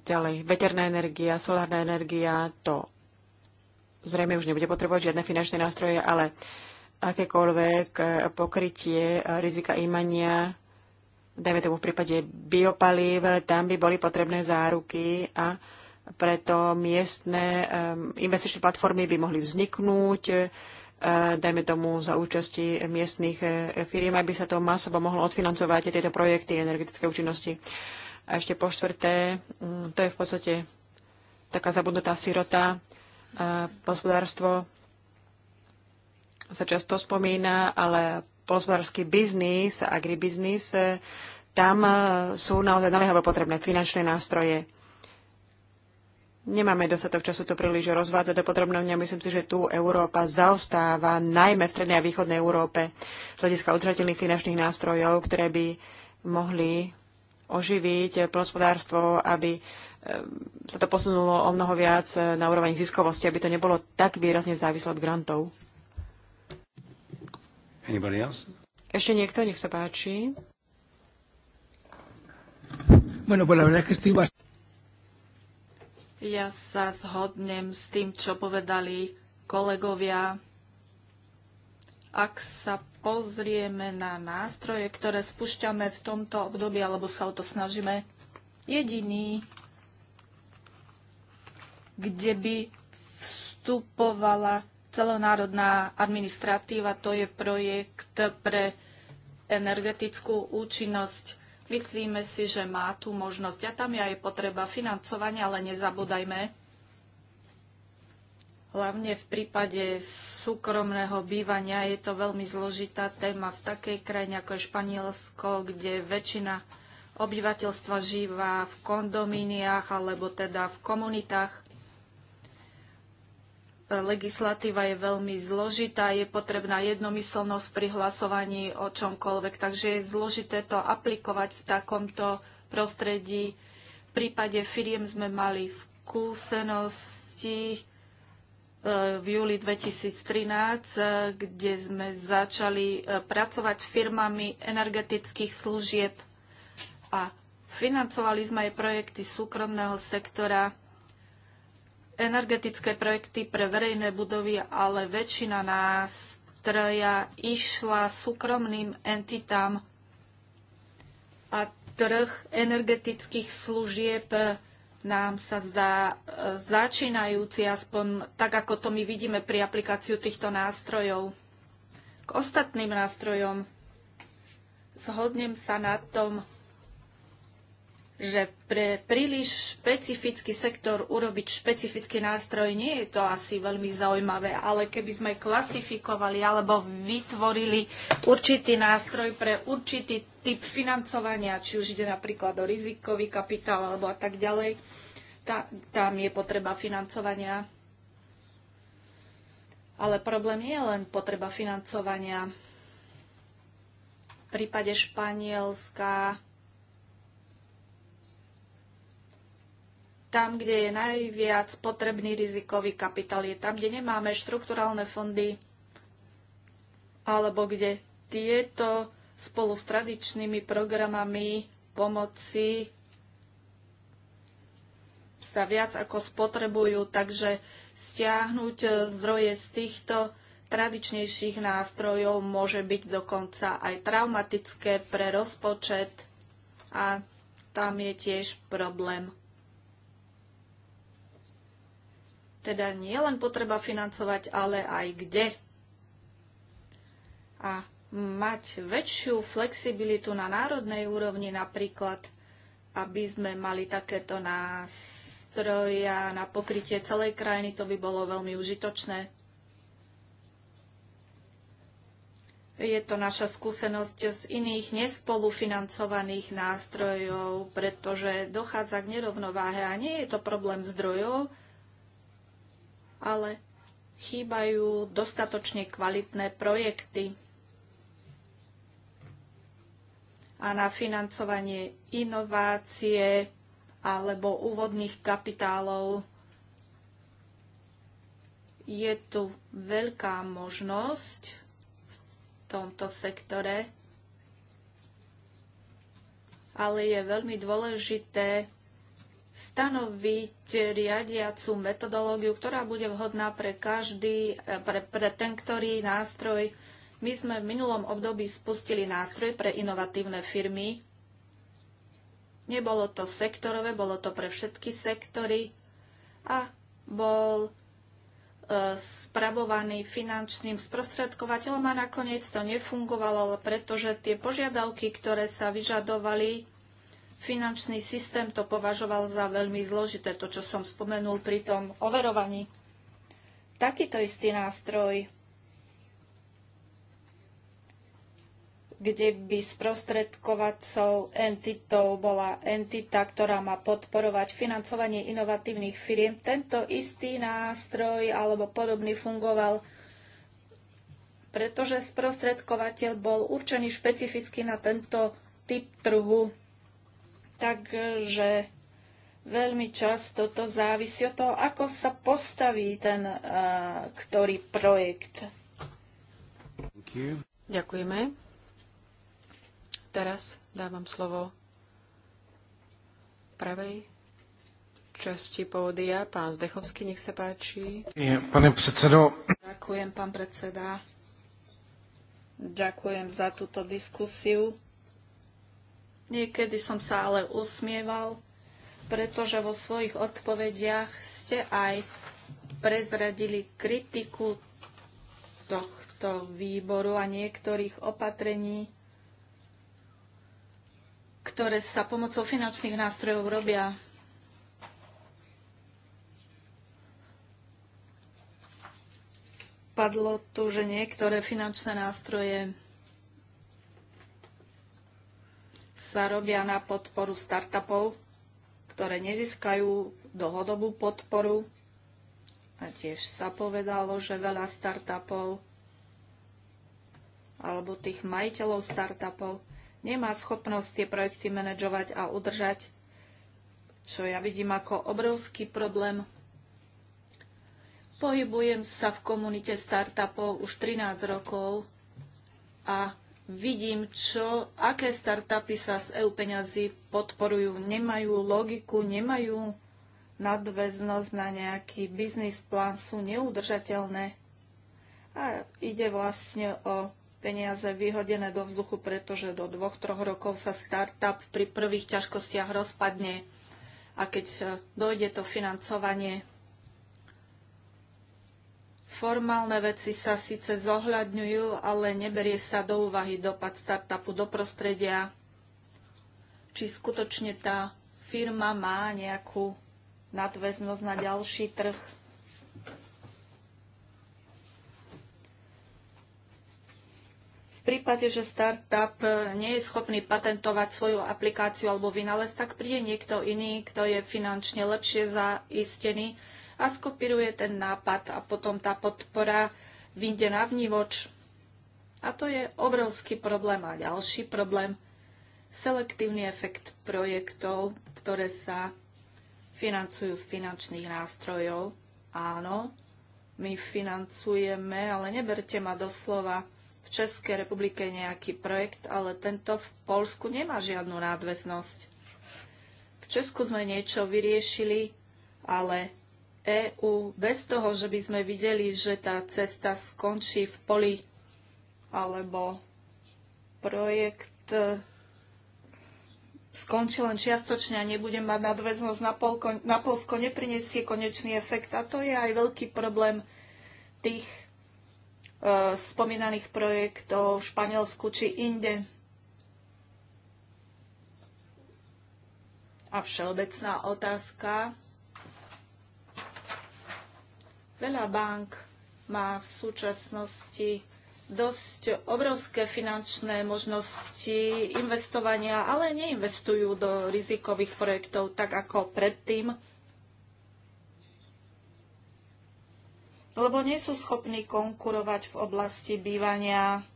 Ďalej, veterná energia, solárna energia, to zrejme už nebude potrebovať žiadne finančné nástroje, ale akékoľvek pokrytie rizika imania, dajme tomu v prípade biopalív, tam by boli potrebné záruky a preto miestne investičné platformy by mohli vzniknúť, e, dajme tomu za účasti miestnych e, firiem, aby sa to masovo mohlo odfinancovať tieto projekty energetické účinnosti. A ešte po štvrté, mm, to je v podstate taká zabudnutá sirota, e, hospodárstvo sa často spomína, ale hospodársky biznis, agribiznis, tam sú naozaj naliehavo potrebné finančné nástroje. Nemáme dostatok času to príliš rozvádzať do podrobnovňa. Myslím si, že tu Európa zaostáva, najmä v strednej a východnej Európe, z hľadiska udržateľných finančných nástrojov, ktoré by mohli oživiť hospodárstvo, aby e, sa to posunulo o mnoho viac e, na úroveň ziskovosti, aby to nebolo tak výrazne závislé od grantov. Ešte niekto, nech sa páči. Bueno, pues la verdad es que estoy ja sa zhodnem s tým, čo povedali kolegovia. Ak sa pozrieme na nástroje, ktoré spúšťame v tomto období, alebo sa o to snažíme, jediný, kde by vstupovala celonárodná administratíva, to je projekt pre energetickú účinnosť. Myslíme si, že má tu možnosť a tam je aj potreba financovania, ale nezabúdajme, Hlavne v prípade súkromného bývania je to veľmi zložitá téma v takej krajine ako je Španielsko, kde väčšina obyvateľstva žíva v kondomíniách alebo teda v komunitách legislatíva je veľmi zložitá, je potrebná jednomyselnosť pri hlasovaní o čomkoľvek, takže je zložité to aplikovať v takomto prostredí. V prípade firiem sme mali skúsenosti e, v júli 2013, e, kde sme začali e, pracovať s firmami energetických služieb a financovali sme aj projekty súkromného sektora energetické projekty pre verejné budovy, ale väčšina nástroja išla súkromným entitám a trh energetických služieb nám sa zdá e, začínajúci, aspoň tak, ako to my vidíme pri aplikáciu týchto nástrojov. K ostatným nástrojom zhodnem sa na tom, že pre príliš špecifický sektor urobiť špecifický nástroj nie je to asi veľmi zaujímavé, ale keby sme klasifikovali alebo vytvorili určitý nástroj pre určitý typ financovania, či už ide napríklad o rizikový kapitál alebo a tak ďalej, tá, tam je potreba financovania. Ale problém nie je len potreba financovania. V prípade Španielska tam, kde je najviac potrebný rizikový kapitál, je tam, kde nemáme štrukturálne fondy, alebo kde tieto spolu s tradičnými programami pomoci sa viac ako spotrebujú, takže stiahnuť zdroje z týchto tradičnejších nástrojov môže byť dokonca aj traumatické pre rozpočet a tam je tiež problém Teda nie len potreba financovať, ale aj kde. A mať väčšiu flexibilitu na národnej úrovni napríklad, aby sme mali takéto nástroja na pokrytie celej krajiny, to by bolo veľmi užitočné. Je to naša skúsenosť z iných nespolufinancovaných nástrojov, pretože dochádza k nerovnováhe a nie je to problém zdrojov, ale chýbajú dostatočne kvalitné projekty a na financovanie inovácie alebo úvodných kapitálov. Je tu veľká možnosť v tomto sektore, ale je veľmi dôležité stanoviť riadiacu metodológiu, ktorá bude vhodná pre každý, eh, pre, pre ten, ktorý nástroj. My sme v minulom období spustili nástroj pre inovatívne firmy. Nebolo to sektorové, bolo to pre všetky sektory a bol e, spravovaný finančným sprostredkovateľom a nakoniec to nefungovalo, pretože tie požiadavky, ktoré sa vyžadovali, Finančný systém to považoval za veľmi zložité, to, čo som spomenul pri tom overovaní. Takýto istý nástroj, kde by sprostredkovacou entitou bola entita, ktorá má podporovať financovanie inovatívnych firiem, tento istý nástroj alebo podobný fungoval pretože sprostredkovateľ bol určený špecificky na tento typ trhu. Takže veľmi často to závisí od toho, ako sa postaví ten uh, ktorý projekt. Ďakujeme. Teraz dávam slovo pravej časti pódia. Pán Zdechovský, nech sa páči. Je, pane predsedo. Ďakujem, pán predseda. Ďakujem za túto diskusiu. Niekedy som sa ale usmieval, pretože vo svojich odpovediach ste aj prezradili kritiku tohto výboru a niektorých opatrení, ktoré sa pomocou finančných nástrojov robia. Padlo tu, že niektoré finančné nástroje sa robia na podporu startupov, ktoré nezískajú dlhodobú podporu. A tiež sa povedalo, že veľa startupov alebo tých majiteľov startupov nemá schopnosť tie projekty manažovať a udržať, čo ja vidím ako obrovský problém. Pohybujem sa v komunite startupov už 13 rokov a vidím, čo, aké startupy sa z EU peňazí podporujú. Nemajú logiku, nemajú nadväznosť na nejaký biznis plán, sú neudržateľné. A ide vlastne o peniaze vyhodené do vzduchu, pretože do dvoch, troch rokov sa startup pri prvých ťažkostiach rozpadne a keď dojde to financovanie Formálne veci sa síce zohľadňujú, ale neberie sa do úvahy dopad startupu do prostredia, či skutočne tá firma má nejakú nadväznosť na ďalší trh. V prípade, že startup nie je schopný patentovať svoju aplikáciu alebo vynález, tak príde niekto iný, kto je finančne lepšie zaistený a skopíruje ten nápad a potom tá podpora vyjde na vnívoč. A to je obrovský problém. A ďalší problém, selektívny efekt projektov, ktoré sa financujú z finančných nástrojov. Áno, my financujeme, ale neberte ma doslova, v Českej republike nejaký projekt, ale tento v Polsku nemá žiadnu nádveznosť. V Česku sme niečo vyriešili, ale EÚ bez toho, že by sme videli, že tá cesta skončí v poli alebo projekt e, skončí len čiastočne a nebude mať nadväznosť na, Polko, na Polsko, neprinesie konečný efekt. A to je aj veľký problém tých e, spomínaných projektov v Španielsku či inde. A všeobecná otázka Veľa bank má v súčasnosti dosť obrovské finančné možnosti investovania, ale neinvestujú do rizikových projektov tak ako predtým, lebo nie sú schopní konkurovať v oblasti bývania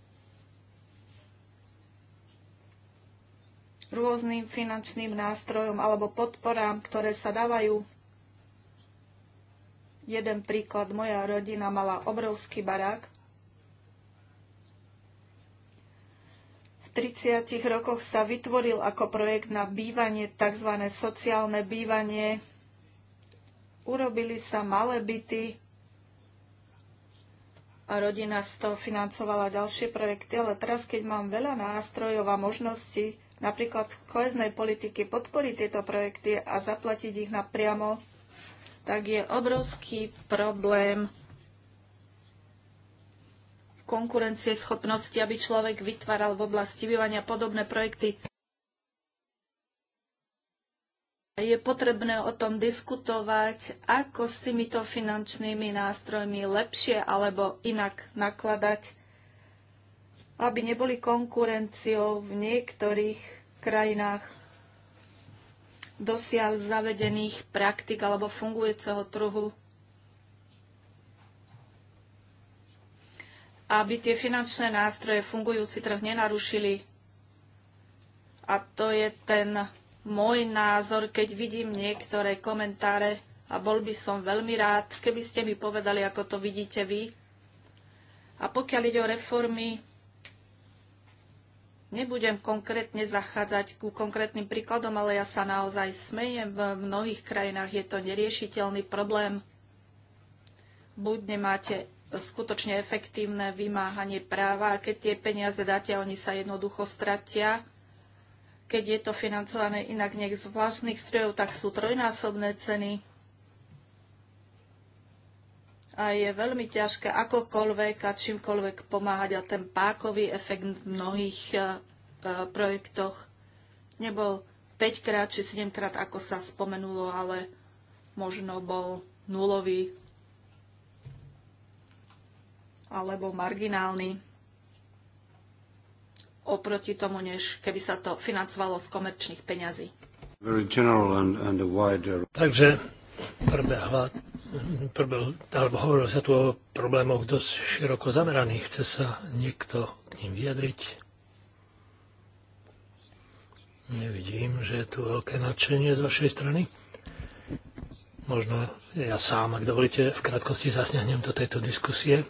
rôznym finančným nástrojom alebo podporám, ktoré sa dávajú Jeden príklad, moja rodina mala obrovský barák. V 30 rokoch sa vytvoril ako projekt na bývanie, tzv. sociálne bývanie. Urobili sa malé byty, a rodina z toho financovala ďalšie projekty, ale teraz, keď mám veľa nástrojov a možností, napríklad v koheznej politiky podporiť tieto projekty a zaplatiť ich napriamo, tak je obrovský problém konkurencie schopnosti, aby človek vytváral v oblasti bývania podobné projekty. Je potrebné o tom diskutovať, ako s týmito finančnými nástrojmi lepšie alebo inak nakladať, aby neboli konkurenciou v niektorých krajinách dosiaľ zavedených praktik alebo fungujúceho trhu, aby tie finančné nástroje fungujúci trh nenarušili. A to je ten môj názor, keď vidím niektoré komentáre a bol by som veľmi rád, keby ste mi povedali, ako to vidíte vy. A pokiaľ ide o reformy Nebudem konkrétne zachádzať ku konkrétnym príkladom, ale ja sa naozaj smejem. V mnohých krajinách je to neriešiteľný problém. Buď nemáte skutočne efektívne vymáhanie práva a keď tie peniaze dáte, oni sa jednoducho stratia keď je to financované inak nech z vlastných strojov, tak sú trojnásobné ceny a je veľmi ťažké akokoľvek a čímkoľvek pomáhať a ten pákový efekt v mnohých uh, projektoch nebol 5 krát či 7 krát, ako sa spomenulo, ale možno bol nulový alebo marginálny oproti tomu, než keby sa to financovalo z komerčných peňazí. Takže prebehla, prebe, alebo hovorilo sa tu o problémoch dosť široko zameraných. Chce sa niekto k ním vyjadriť? Nevidím, že je tu veľké nadšenie z vašej strany. Možno ja sám, ak dovolíte, v krátkosti zasňahnem do tejto diskusie.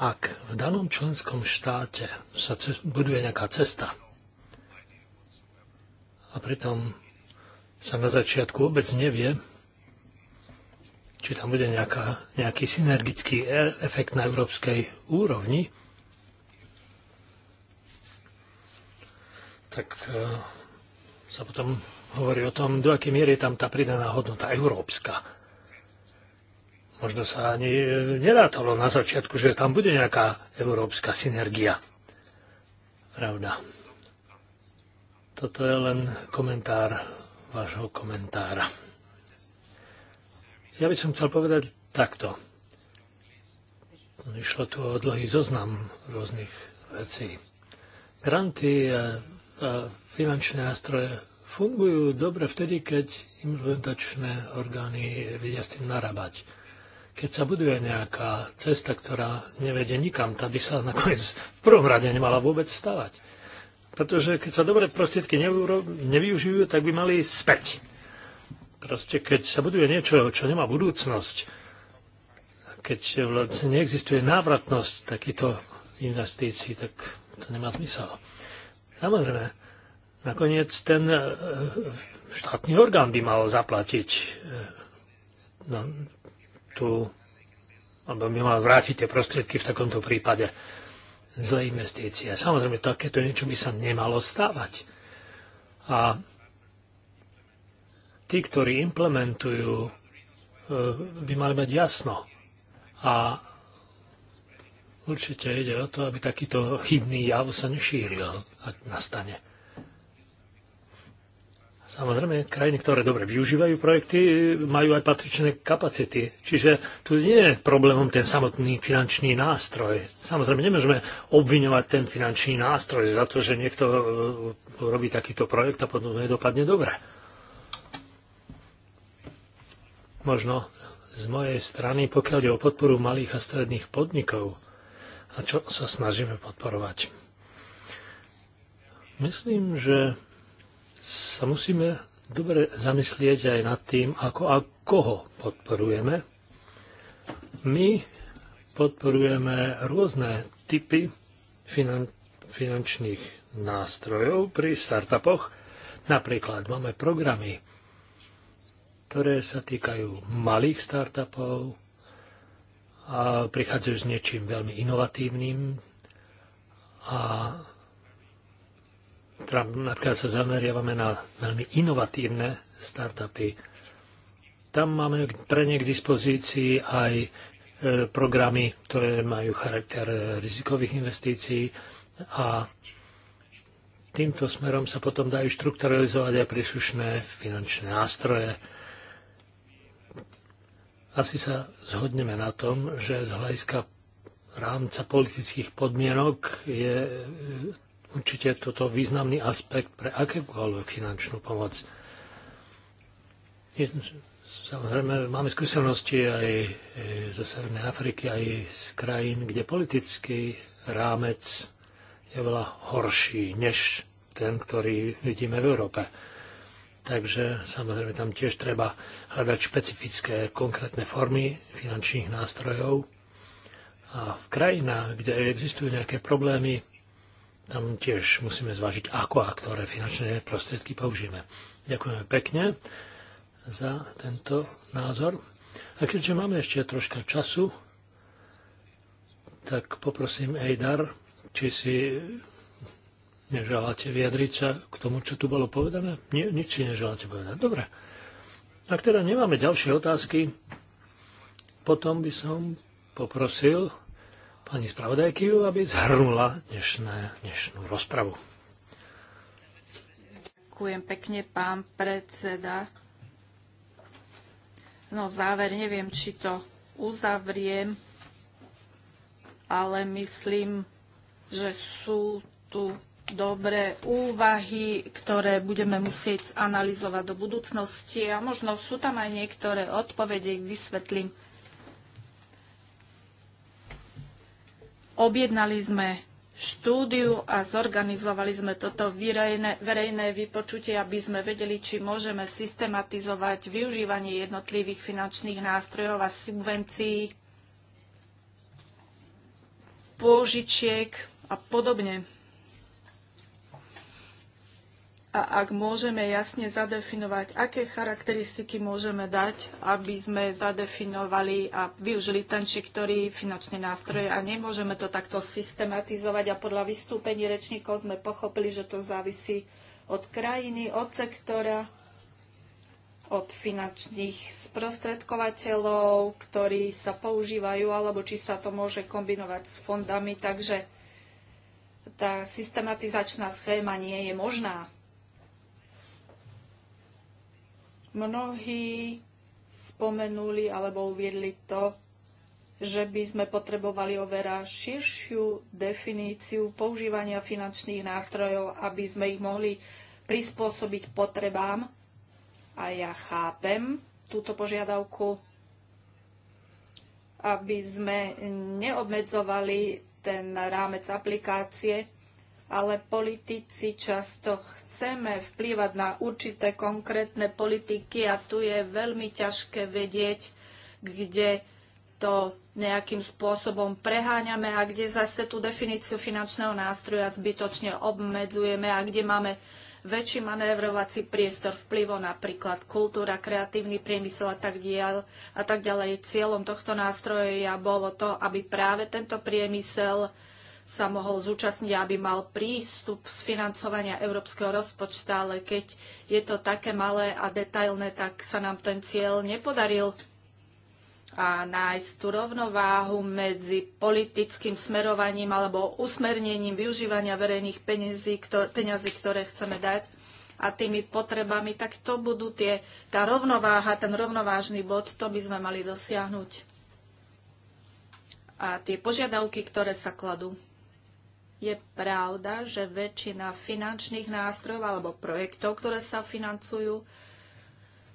Ak v danom členskom štáte sa buduje nejaká cesta a pritom sa na začiatku vôbec nevie, či tam bude nejaká, nejaký synergický e, efekt na európskej úrovni, tak e, sa potom hovorí o tom, do akej miery je tam tá pridaná hodnota európska. Možno sa ani e, nerátalo na začiatku, že tam bude nejaká európska synergia. Pravda. Toto je len komentár vášho komentára. Ja by som chcel povedať takto. Išlo tu o dlhý zoznam rôznych vecí. Granty a, finančné nástroje fungujú dobre vtedy, keď implementačné orgány vedia s tým narabať. Keď sa buduje nejaká cesta, ktorá nevedie nikam, tá by sa nakoniec v prvom rade nemala vôbec stavať. Pretože keď sa dobre prostriedky nevyužijú, tak by mali späť. Proste keď sa buduje niečo, čo nemá budúcnosť, keď vlastne neexistuje návratnosť takýchto investícií, tak to nemá zmysel. Samozrejme, nakoniec ten e, štátny orgán by mal zaplatiť no, tú, alebo by mal vrátiť tie prostriedky v takomto prípade zlé investície. Samozrejme, takéto niečo by sa nemalo stávať. A tí, ktorí implementujú, e, by mali mať jasno. A určite ide o to, aby takýto chybný jav sa nešíril, ak nastane. Samozrejme, krajiny, ktoré dobre využívajú projekty, majú aj patričné kapacity. Čiže tu nie je problémom ten samotný finančný nástroj. Samozrejme, nemôžeme obviňovať ten finančný nástroj za to, že niekto e, robí takýto projekt a potom to nedopadne dobre. Možno z mojej strany, pokiaľ je o podporu malých a stredných podnikov a čo sa snažíme podporovať. Myslím, že sa musíme dobre zamyslieť aj nad tým, ako a koho podporujeme. My podporujeme rôzne typy finan- finančných nástrojov pri startupoch. Napríklad máme programy, ktoré sa týkajú malých startupov a prichádzajú s niečím veľmi inovatívnym a teda napríklad sa zameriavame na veľmi inovatívne startupy. Tam máme pre ne k dispozícii aj e, programy, ktoré majú charakter rizikových investícií a týmto smerom sa potom dajú štrukturalizovať aj príslušné finančné nástroje. Asi sa zhodneme na tom, že z hľadiska rámca politických podmienok je určite toto významný aspekt pre akékoľvek finančnú pomoc. samozrejme, máme skúsenosti aj e, zo Severnej Afriky, aj z krajín, kde politický rámec je veľa horší než ten, ktorý vidíme v Európe. Takže samozrejme tam tiež treba hľadať špecifické konkrétne formy finančných nástrojov. A v krajinách, kde existujú nejaké problémy, tam tiež musíme zvážiť, ako a ktoré finančné prostriedky použijeme. Ďakujeme pekne za tento názor. A keďže máme ešte troška času, tak poprosím Ejdar, či si neželáte vyjadriť sa k tomu, čo tu bolo povedané. Nie, nič si neželáte povedať. Dobre. Ak teda nemáme ďalšie otázky, potom by som poprosil pani spravodajky, aby zhrnula dnešné, dnešnú rozpravu. Ďakujem pekne, pán predseda. No záver, neviem, či to uzavriem, ale myslím, že sú tu dobré úvahy, ktoré budeme musieť analyzovať do budúcnosti a možno sú tam aj niektoré odpovede, ich vysvetlím. Objednali sme štúdiu a zorganizovali sme toto verejné, verejné vypočutie, aby sme vedeli, či môžeme systematizovať využívanie jednotlivých finančných nástrojov a subvencií, pôžičiek a podobne a ak môžeme jasne zadefinovať, aké charakteristiky môžeme dať, aby sme zadefinovali a využili ten či ktorý finančný nástroj a nemôžeme to takto systematizovať a podľa vystúpení rečníkov sme pochopili, že to závisí od krajiny, od sektora, od finančných sprostredkovateľov, ktorí sa používajú, alebo či sa to môže kombinovať s fondami. Takže tá systematizačná schéma nie je možná. Mnohí spomenuli alebo uviedli to, že by sme potrebovali overa širšiu definíciu používania finančných nástrojov, aby sme ich mohli prispôsobiť potrebám. A ja chápem túto požiadavku, aby sme neobmedzovali ten rámec aplikácie, ale politici často chceme vplývať na určité konkrétne politiky a tu je veľmi ťažké vedieť, kde to nejakým spôsobom preháňame a kde zase tú definíciu finančného nástroja zbytočne obmedzujeme a kde máme väčší manévrovací priestor vplyvo napríklad kultúra, kreatívny priemysel a tak, diel, a tak ďalej. Cieľom tohto nástroja bolo to, aby práve tento priemysel sa mohol zúčastniť, aby mal prístup z financovania európskeho rozpočta, ale keď je to také malé a detailné, tak sa nám ten cieľ nepodaril a nájsť tú rovnováhu medzi politickým smerovaním alebo usmernením využívania verejných peniazí, ktor- peňazí, ktoré chceme dať a tými potrebami, tak to budú tie, tá rovnováha, ten rovnovážny bod, to by sme mali dosiahnuť. A tie požiadavky, ktoré sa kladú. Je pravda, že väčšina finančných nástrojov alebo projektov, ktoré sa financujú,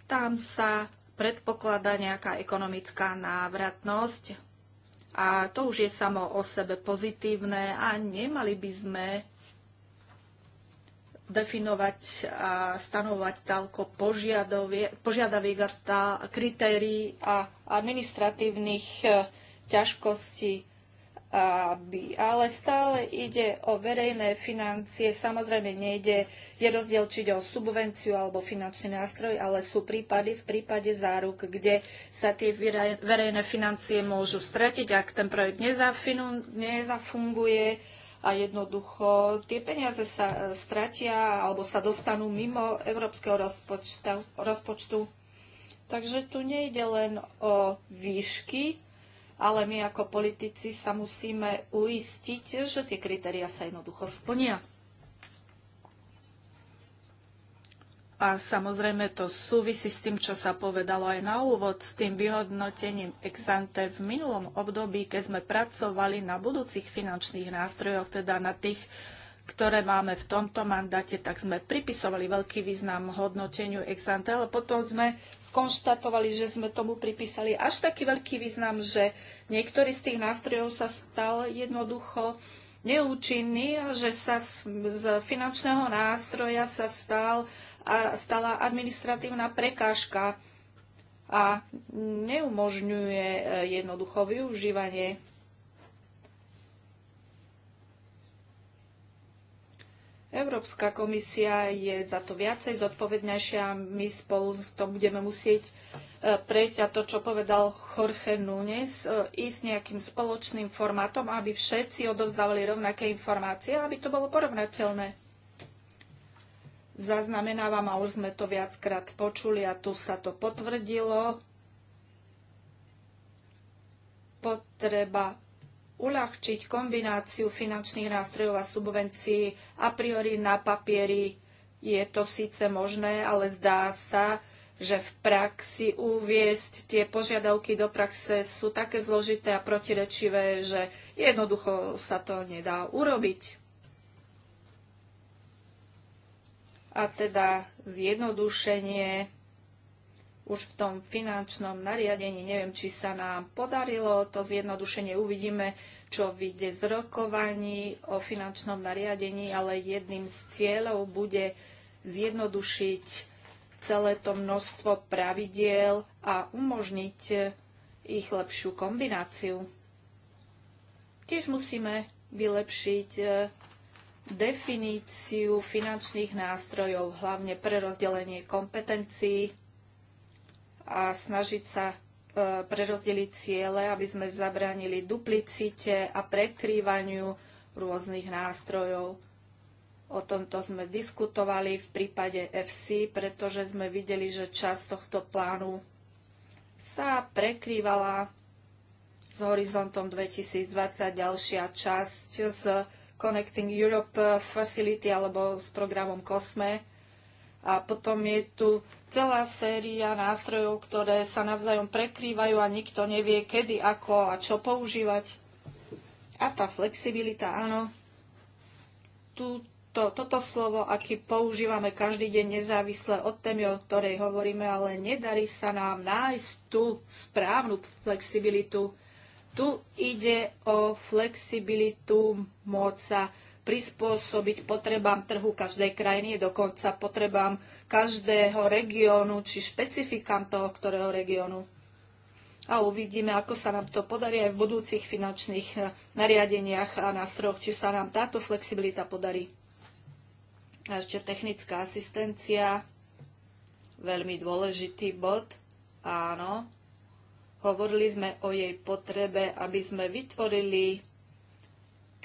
tam sa predpokladá nejaká ekonomická návratnosť a to už je samo o sebe pozitívne a nemali by sme definovať a stanovať toľko požiadaviek a kritérií a administratívnych e, ťažkostí aby, ale stále ide o verejné financie. Samozrejme nejde, je rozdiel, či ide o subvenciu alebo finančný nástroj, ale sú prípady v prípade záruk, kde sa tie verejné financie môžu stratiť, ak ten projekt nezafunguje a jednoducho tie peniaze sa e, stratia alebo sa dostanú mimo európskeho rozpočtu. rozpočtu. Takže tu nejde len o výšky ale my ako politici sa musíme uistiť, že tie kritéria sa jednoducho splnia. A samozrejme to súvisí s tým, čo sa povedalo aj na úvod, s tým vyhodnotením ex ante v minulom období, keď sme pracovali na budúcich finančných nástrojoch, teda na tých, ktoré máme v tomto mandáte, tak sme pripisovali veľký význam hodnoteniu ex ante, ale potom sme skonštatovali, že sme tomu pripísali až taký veľký význam, že niektorý z tých nástrojov sa stal jednoducho neúčinný a že sa z finančného nástroja sa stal, a stala administratívna prekážka a neumožňuje eh, jednoducho využívanie Európska komisia je za to viacej zodpovednejšia a my spolu s tom budeme musieť e, prejsť a to, čo povedal Jorge Núñez, e, ísť nejakým spoločným formátom, aby všetci odovzdávali rovnaké informácie, aby to bolo porovnateľné. Zaznamenávam, a už sme to viackrát počuli a tu sa to potvrdilo, potreba uľahčiť kombináciu finančných nástrojov a subvencií a priori na papieri. Je to síce možné, ale zdá sa, že v praxi uviesť tie požiadavky do praxe sú také zložité a protirečivé, že jednoducho sa to nedá urobiť. A teda zjednodušenie už v tom finančnom nariadení. Neviem, či sa nám podarilo to zjednodušenie. Uvidíme, čo vyjde z rokovaní o finančnom nariadení, ale jedným z cieľov bude zjednodušiť celé to množstvo pravidiel a umožniť ich lepšiu kombináciu. Tiež musíme vylepšiť e, definíciu finančných nástrojov, hlavne pre rozdelenie kompetencií a snažiť sa e, prerozdeliť ciele, aby sme zabránili duplicite a prekrývaniu rôznych nástrojov. O tomto sme diskutovali v prípade FC, pretože sme videli, že časť tohto plánu sa prekrývala s horizontom 2020 ďalšia časť z Connecting Europe Facility alebo s programom COSME. A potom je tu celá séria nástrojov, ktoré sa navzájom prekrývajú a nikto nevie, kedy, ako a čo používať. A tá flexibilita, áno. Tuto, toto slovo, aký používame každý deň nezávisle od témy, o ktorej hovoríme, ale nedarí sa nám nájsť tú správnu flexibilitu. Tu ide o flexibilitu moca prispôsobiť potrebám trhu každej krajiny, dokonca potrebám každého regiónu či špecifikám toho, ktorého regiónu. A uvidíme, ako sa nám to podarí aj v budúcich finančných eh, nariadeniach a nástrojoch, či sa nám táto flexibilita podarí. A ešte technická asistencia, veľmi dôležitý bod, áno. Hovorili sme o jej potrebe, aby sme vytvorili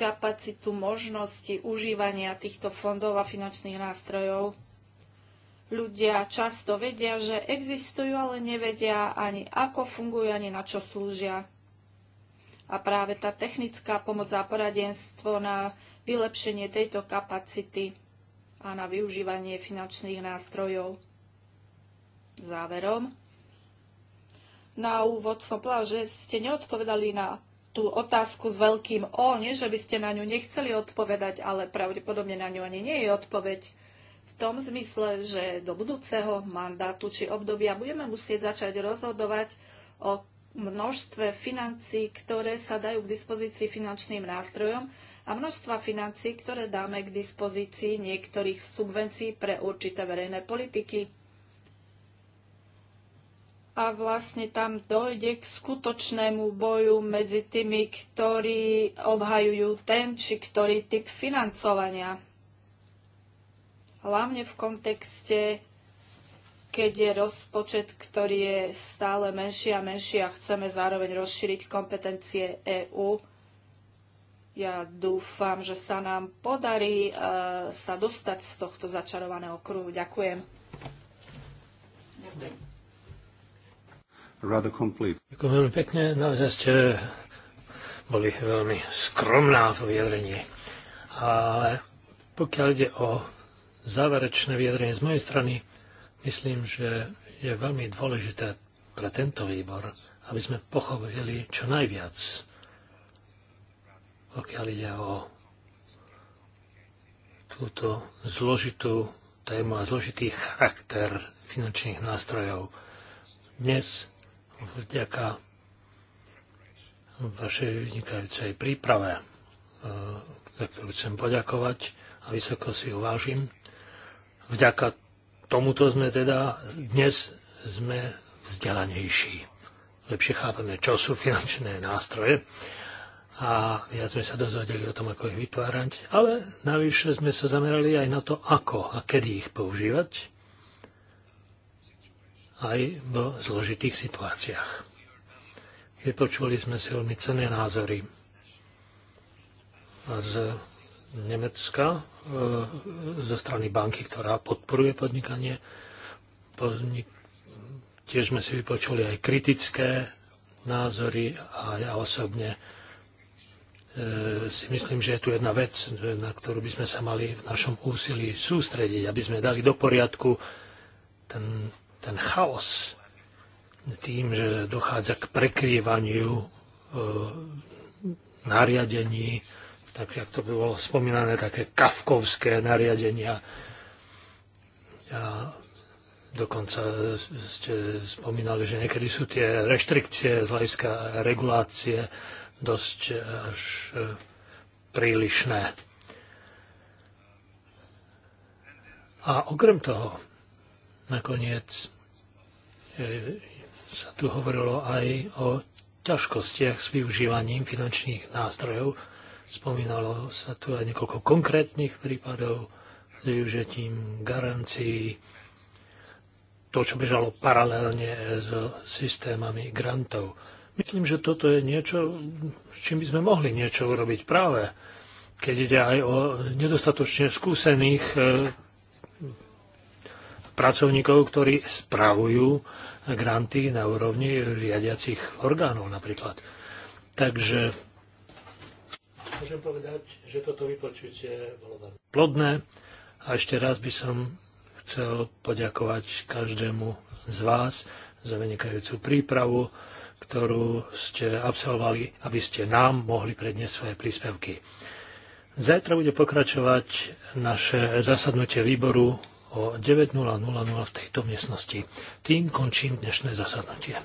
kapacitu možnosti užívania týchto fondov a finančných nástrojov. Ľudia často vedia, že existujú, ale nevedia ani ako fungujú, ani na čo slúžia. A práve tá technická pomoc a poradenstvo na vylepšenie tejto kapacity a na využívanie finančných nástrojov. Záverom. Na úvod som povedala, že ste neodpovedali na tú otázku s veľkým O, nie že by ste na ňu nechceli odpovedať, ale pravdepodobne na ňu ani nie je odpoveď. V tom zmysle, že do budúceho mandátu či obdobia budeme musieť začať rozhodovať o množstve financí, ktoré sa dajú k dispozícii finančným nástrojom a množstva financí, ktoré dáme k dispozícii niektorých subvencií pre určité verejné politiky a vlastne tam dojde k skutočnému boju medzi tými, ktorí obhajujú ten či ktorý typ financovania. Hlavne v kontexte, keď je rozpočet, ktorý je stále menší a menší a chceme zároveň rozšíriť kompetencie EÚ. Ja dúfam, že sa nám podarí e, sa dostať z tohto začarovaného kruhu. Ďakujem. Ďakujem rather complete. Ďakujem veľmi pekne, naozaj ste boli veľmi skromná v vyjadrení. Ale pokiaľ ide o záverečné vyjadrenie z mojej strany, myslím, že je veľmi dôležité pre tento výbor, aby sme pochopili čo najviac, pokiaľ ide o túto zložitú tému a zložitý charakter finančných nástrojov. Dnes vďaka vašej vynikajúcej príprave, e, za ktorú chcem poďakovať a vysoko si ju vážim. Vďaka tomuto sme teda dnes sme vzdelanejší. Lepšie chápeme, čo sú finančné nástroje a viac sme sa dozvedeli o tom, ako ich vytvárať, ale navyše sme sa zamerali aj na to, ako a kedy ich používať aj v zložitých situáciách. Vypočuli sme si veľmi cenné názory z Nemecka, e, zo strany banky, ktorá podporuje podnikanie. Tiež sme si vypočuli aj kritické názory a ja osobne e, si myslím, že je tu jedna vec, na ktorú by sme sa mali v našom úsilí sústrediť, aby sme dali do poriadku ten ten chaos tým, že dochádza k prekrývaniu e, nariadení, tak jak to by bolo spomínané, také kafkovské nariadenia. A dokonca ste spomínali, že niekedy sú tie reštrikcie z hľadiska regulácie dosť e, až e, prílišné. A okrem toho, Nakoniec e, sa tu hovorilo aj o ťažkostiach s využívaním finančných nástrojov. Spomínalo sa tu aj niekoľko konkrétnych prípadov s využitím garancií, to, čo bežalo paralelne so systémami grantov. Myslím, že toto je niečo, s čím by sme mohli niečo urobiť práve, keď ide aj o nedostatočne skúsených e, pracovníkov, ktorí spravujú granty na úrovni riadiacich orgánov napríklad. Takže môžem povedať, že toto vypočutie bolo veľmi plodné a ešte raz by som chcel poďakovať každému z vás za vynikajúcu prípravu, ktorú ste absolvovali, aby ste nám mohli predniesť svoje príspevky. Zajtra bude pokračovať naše zasadnutie výboru o 9.00 v tejto miestnosti. Tým končím dnešné zasadnutie.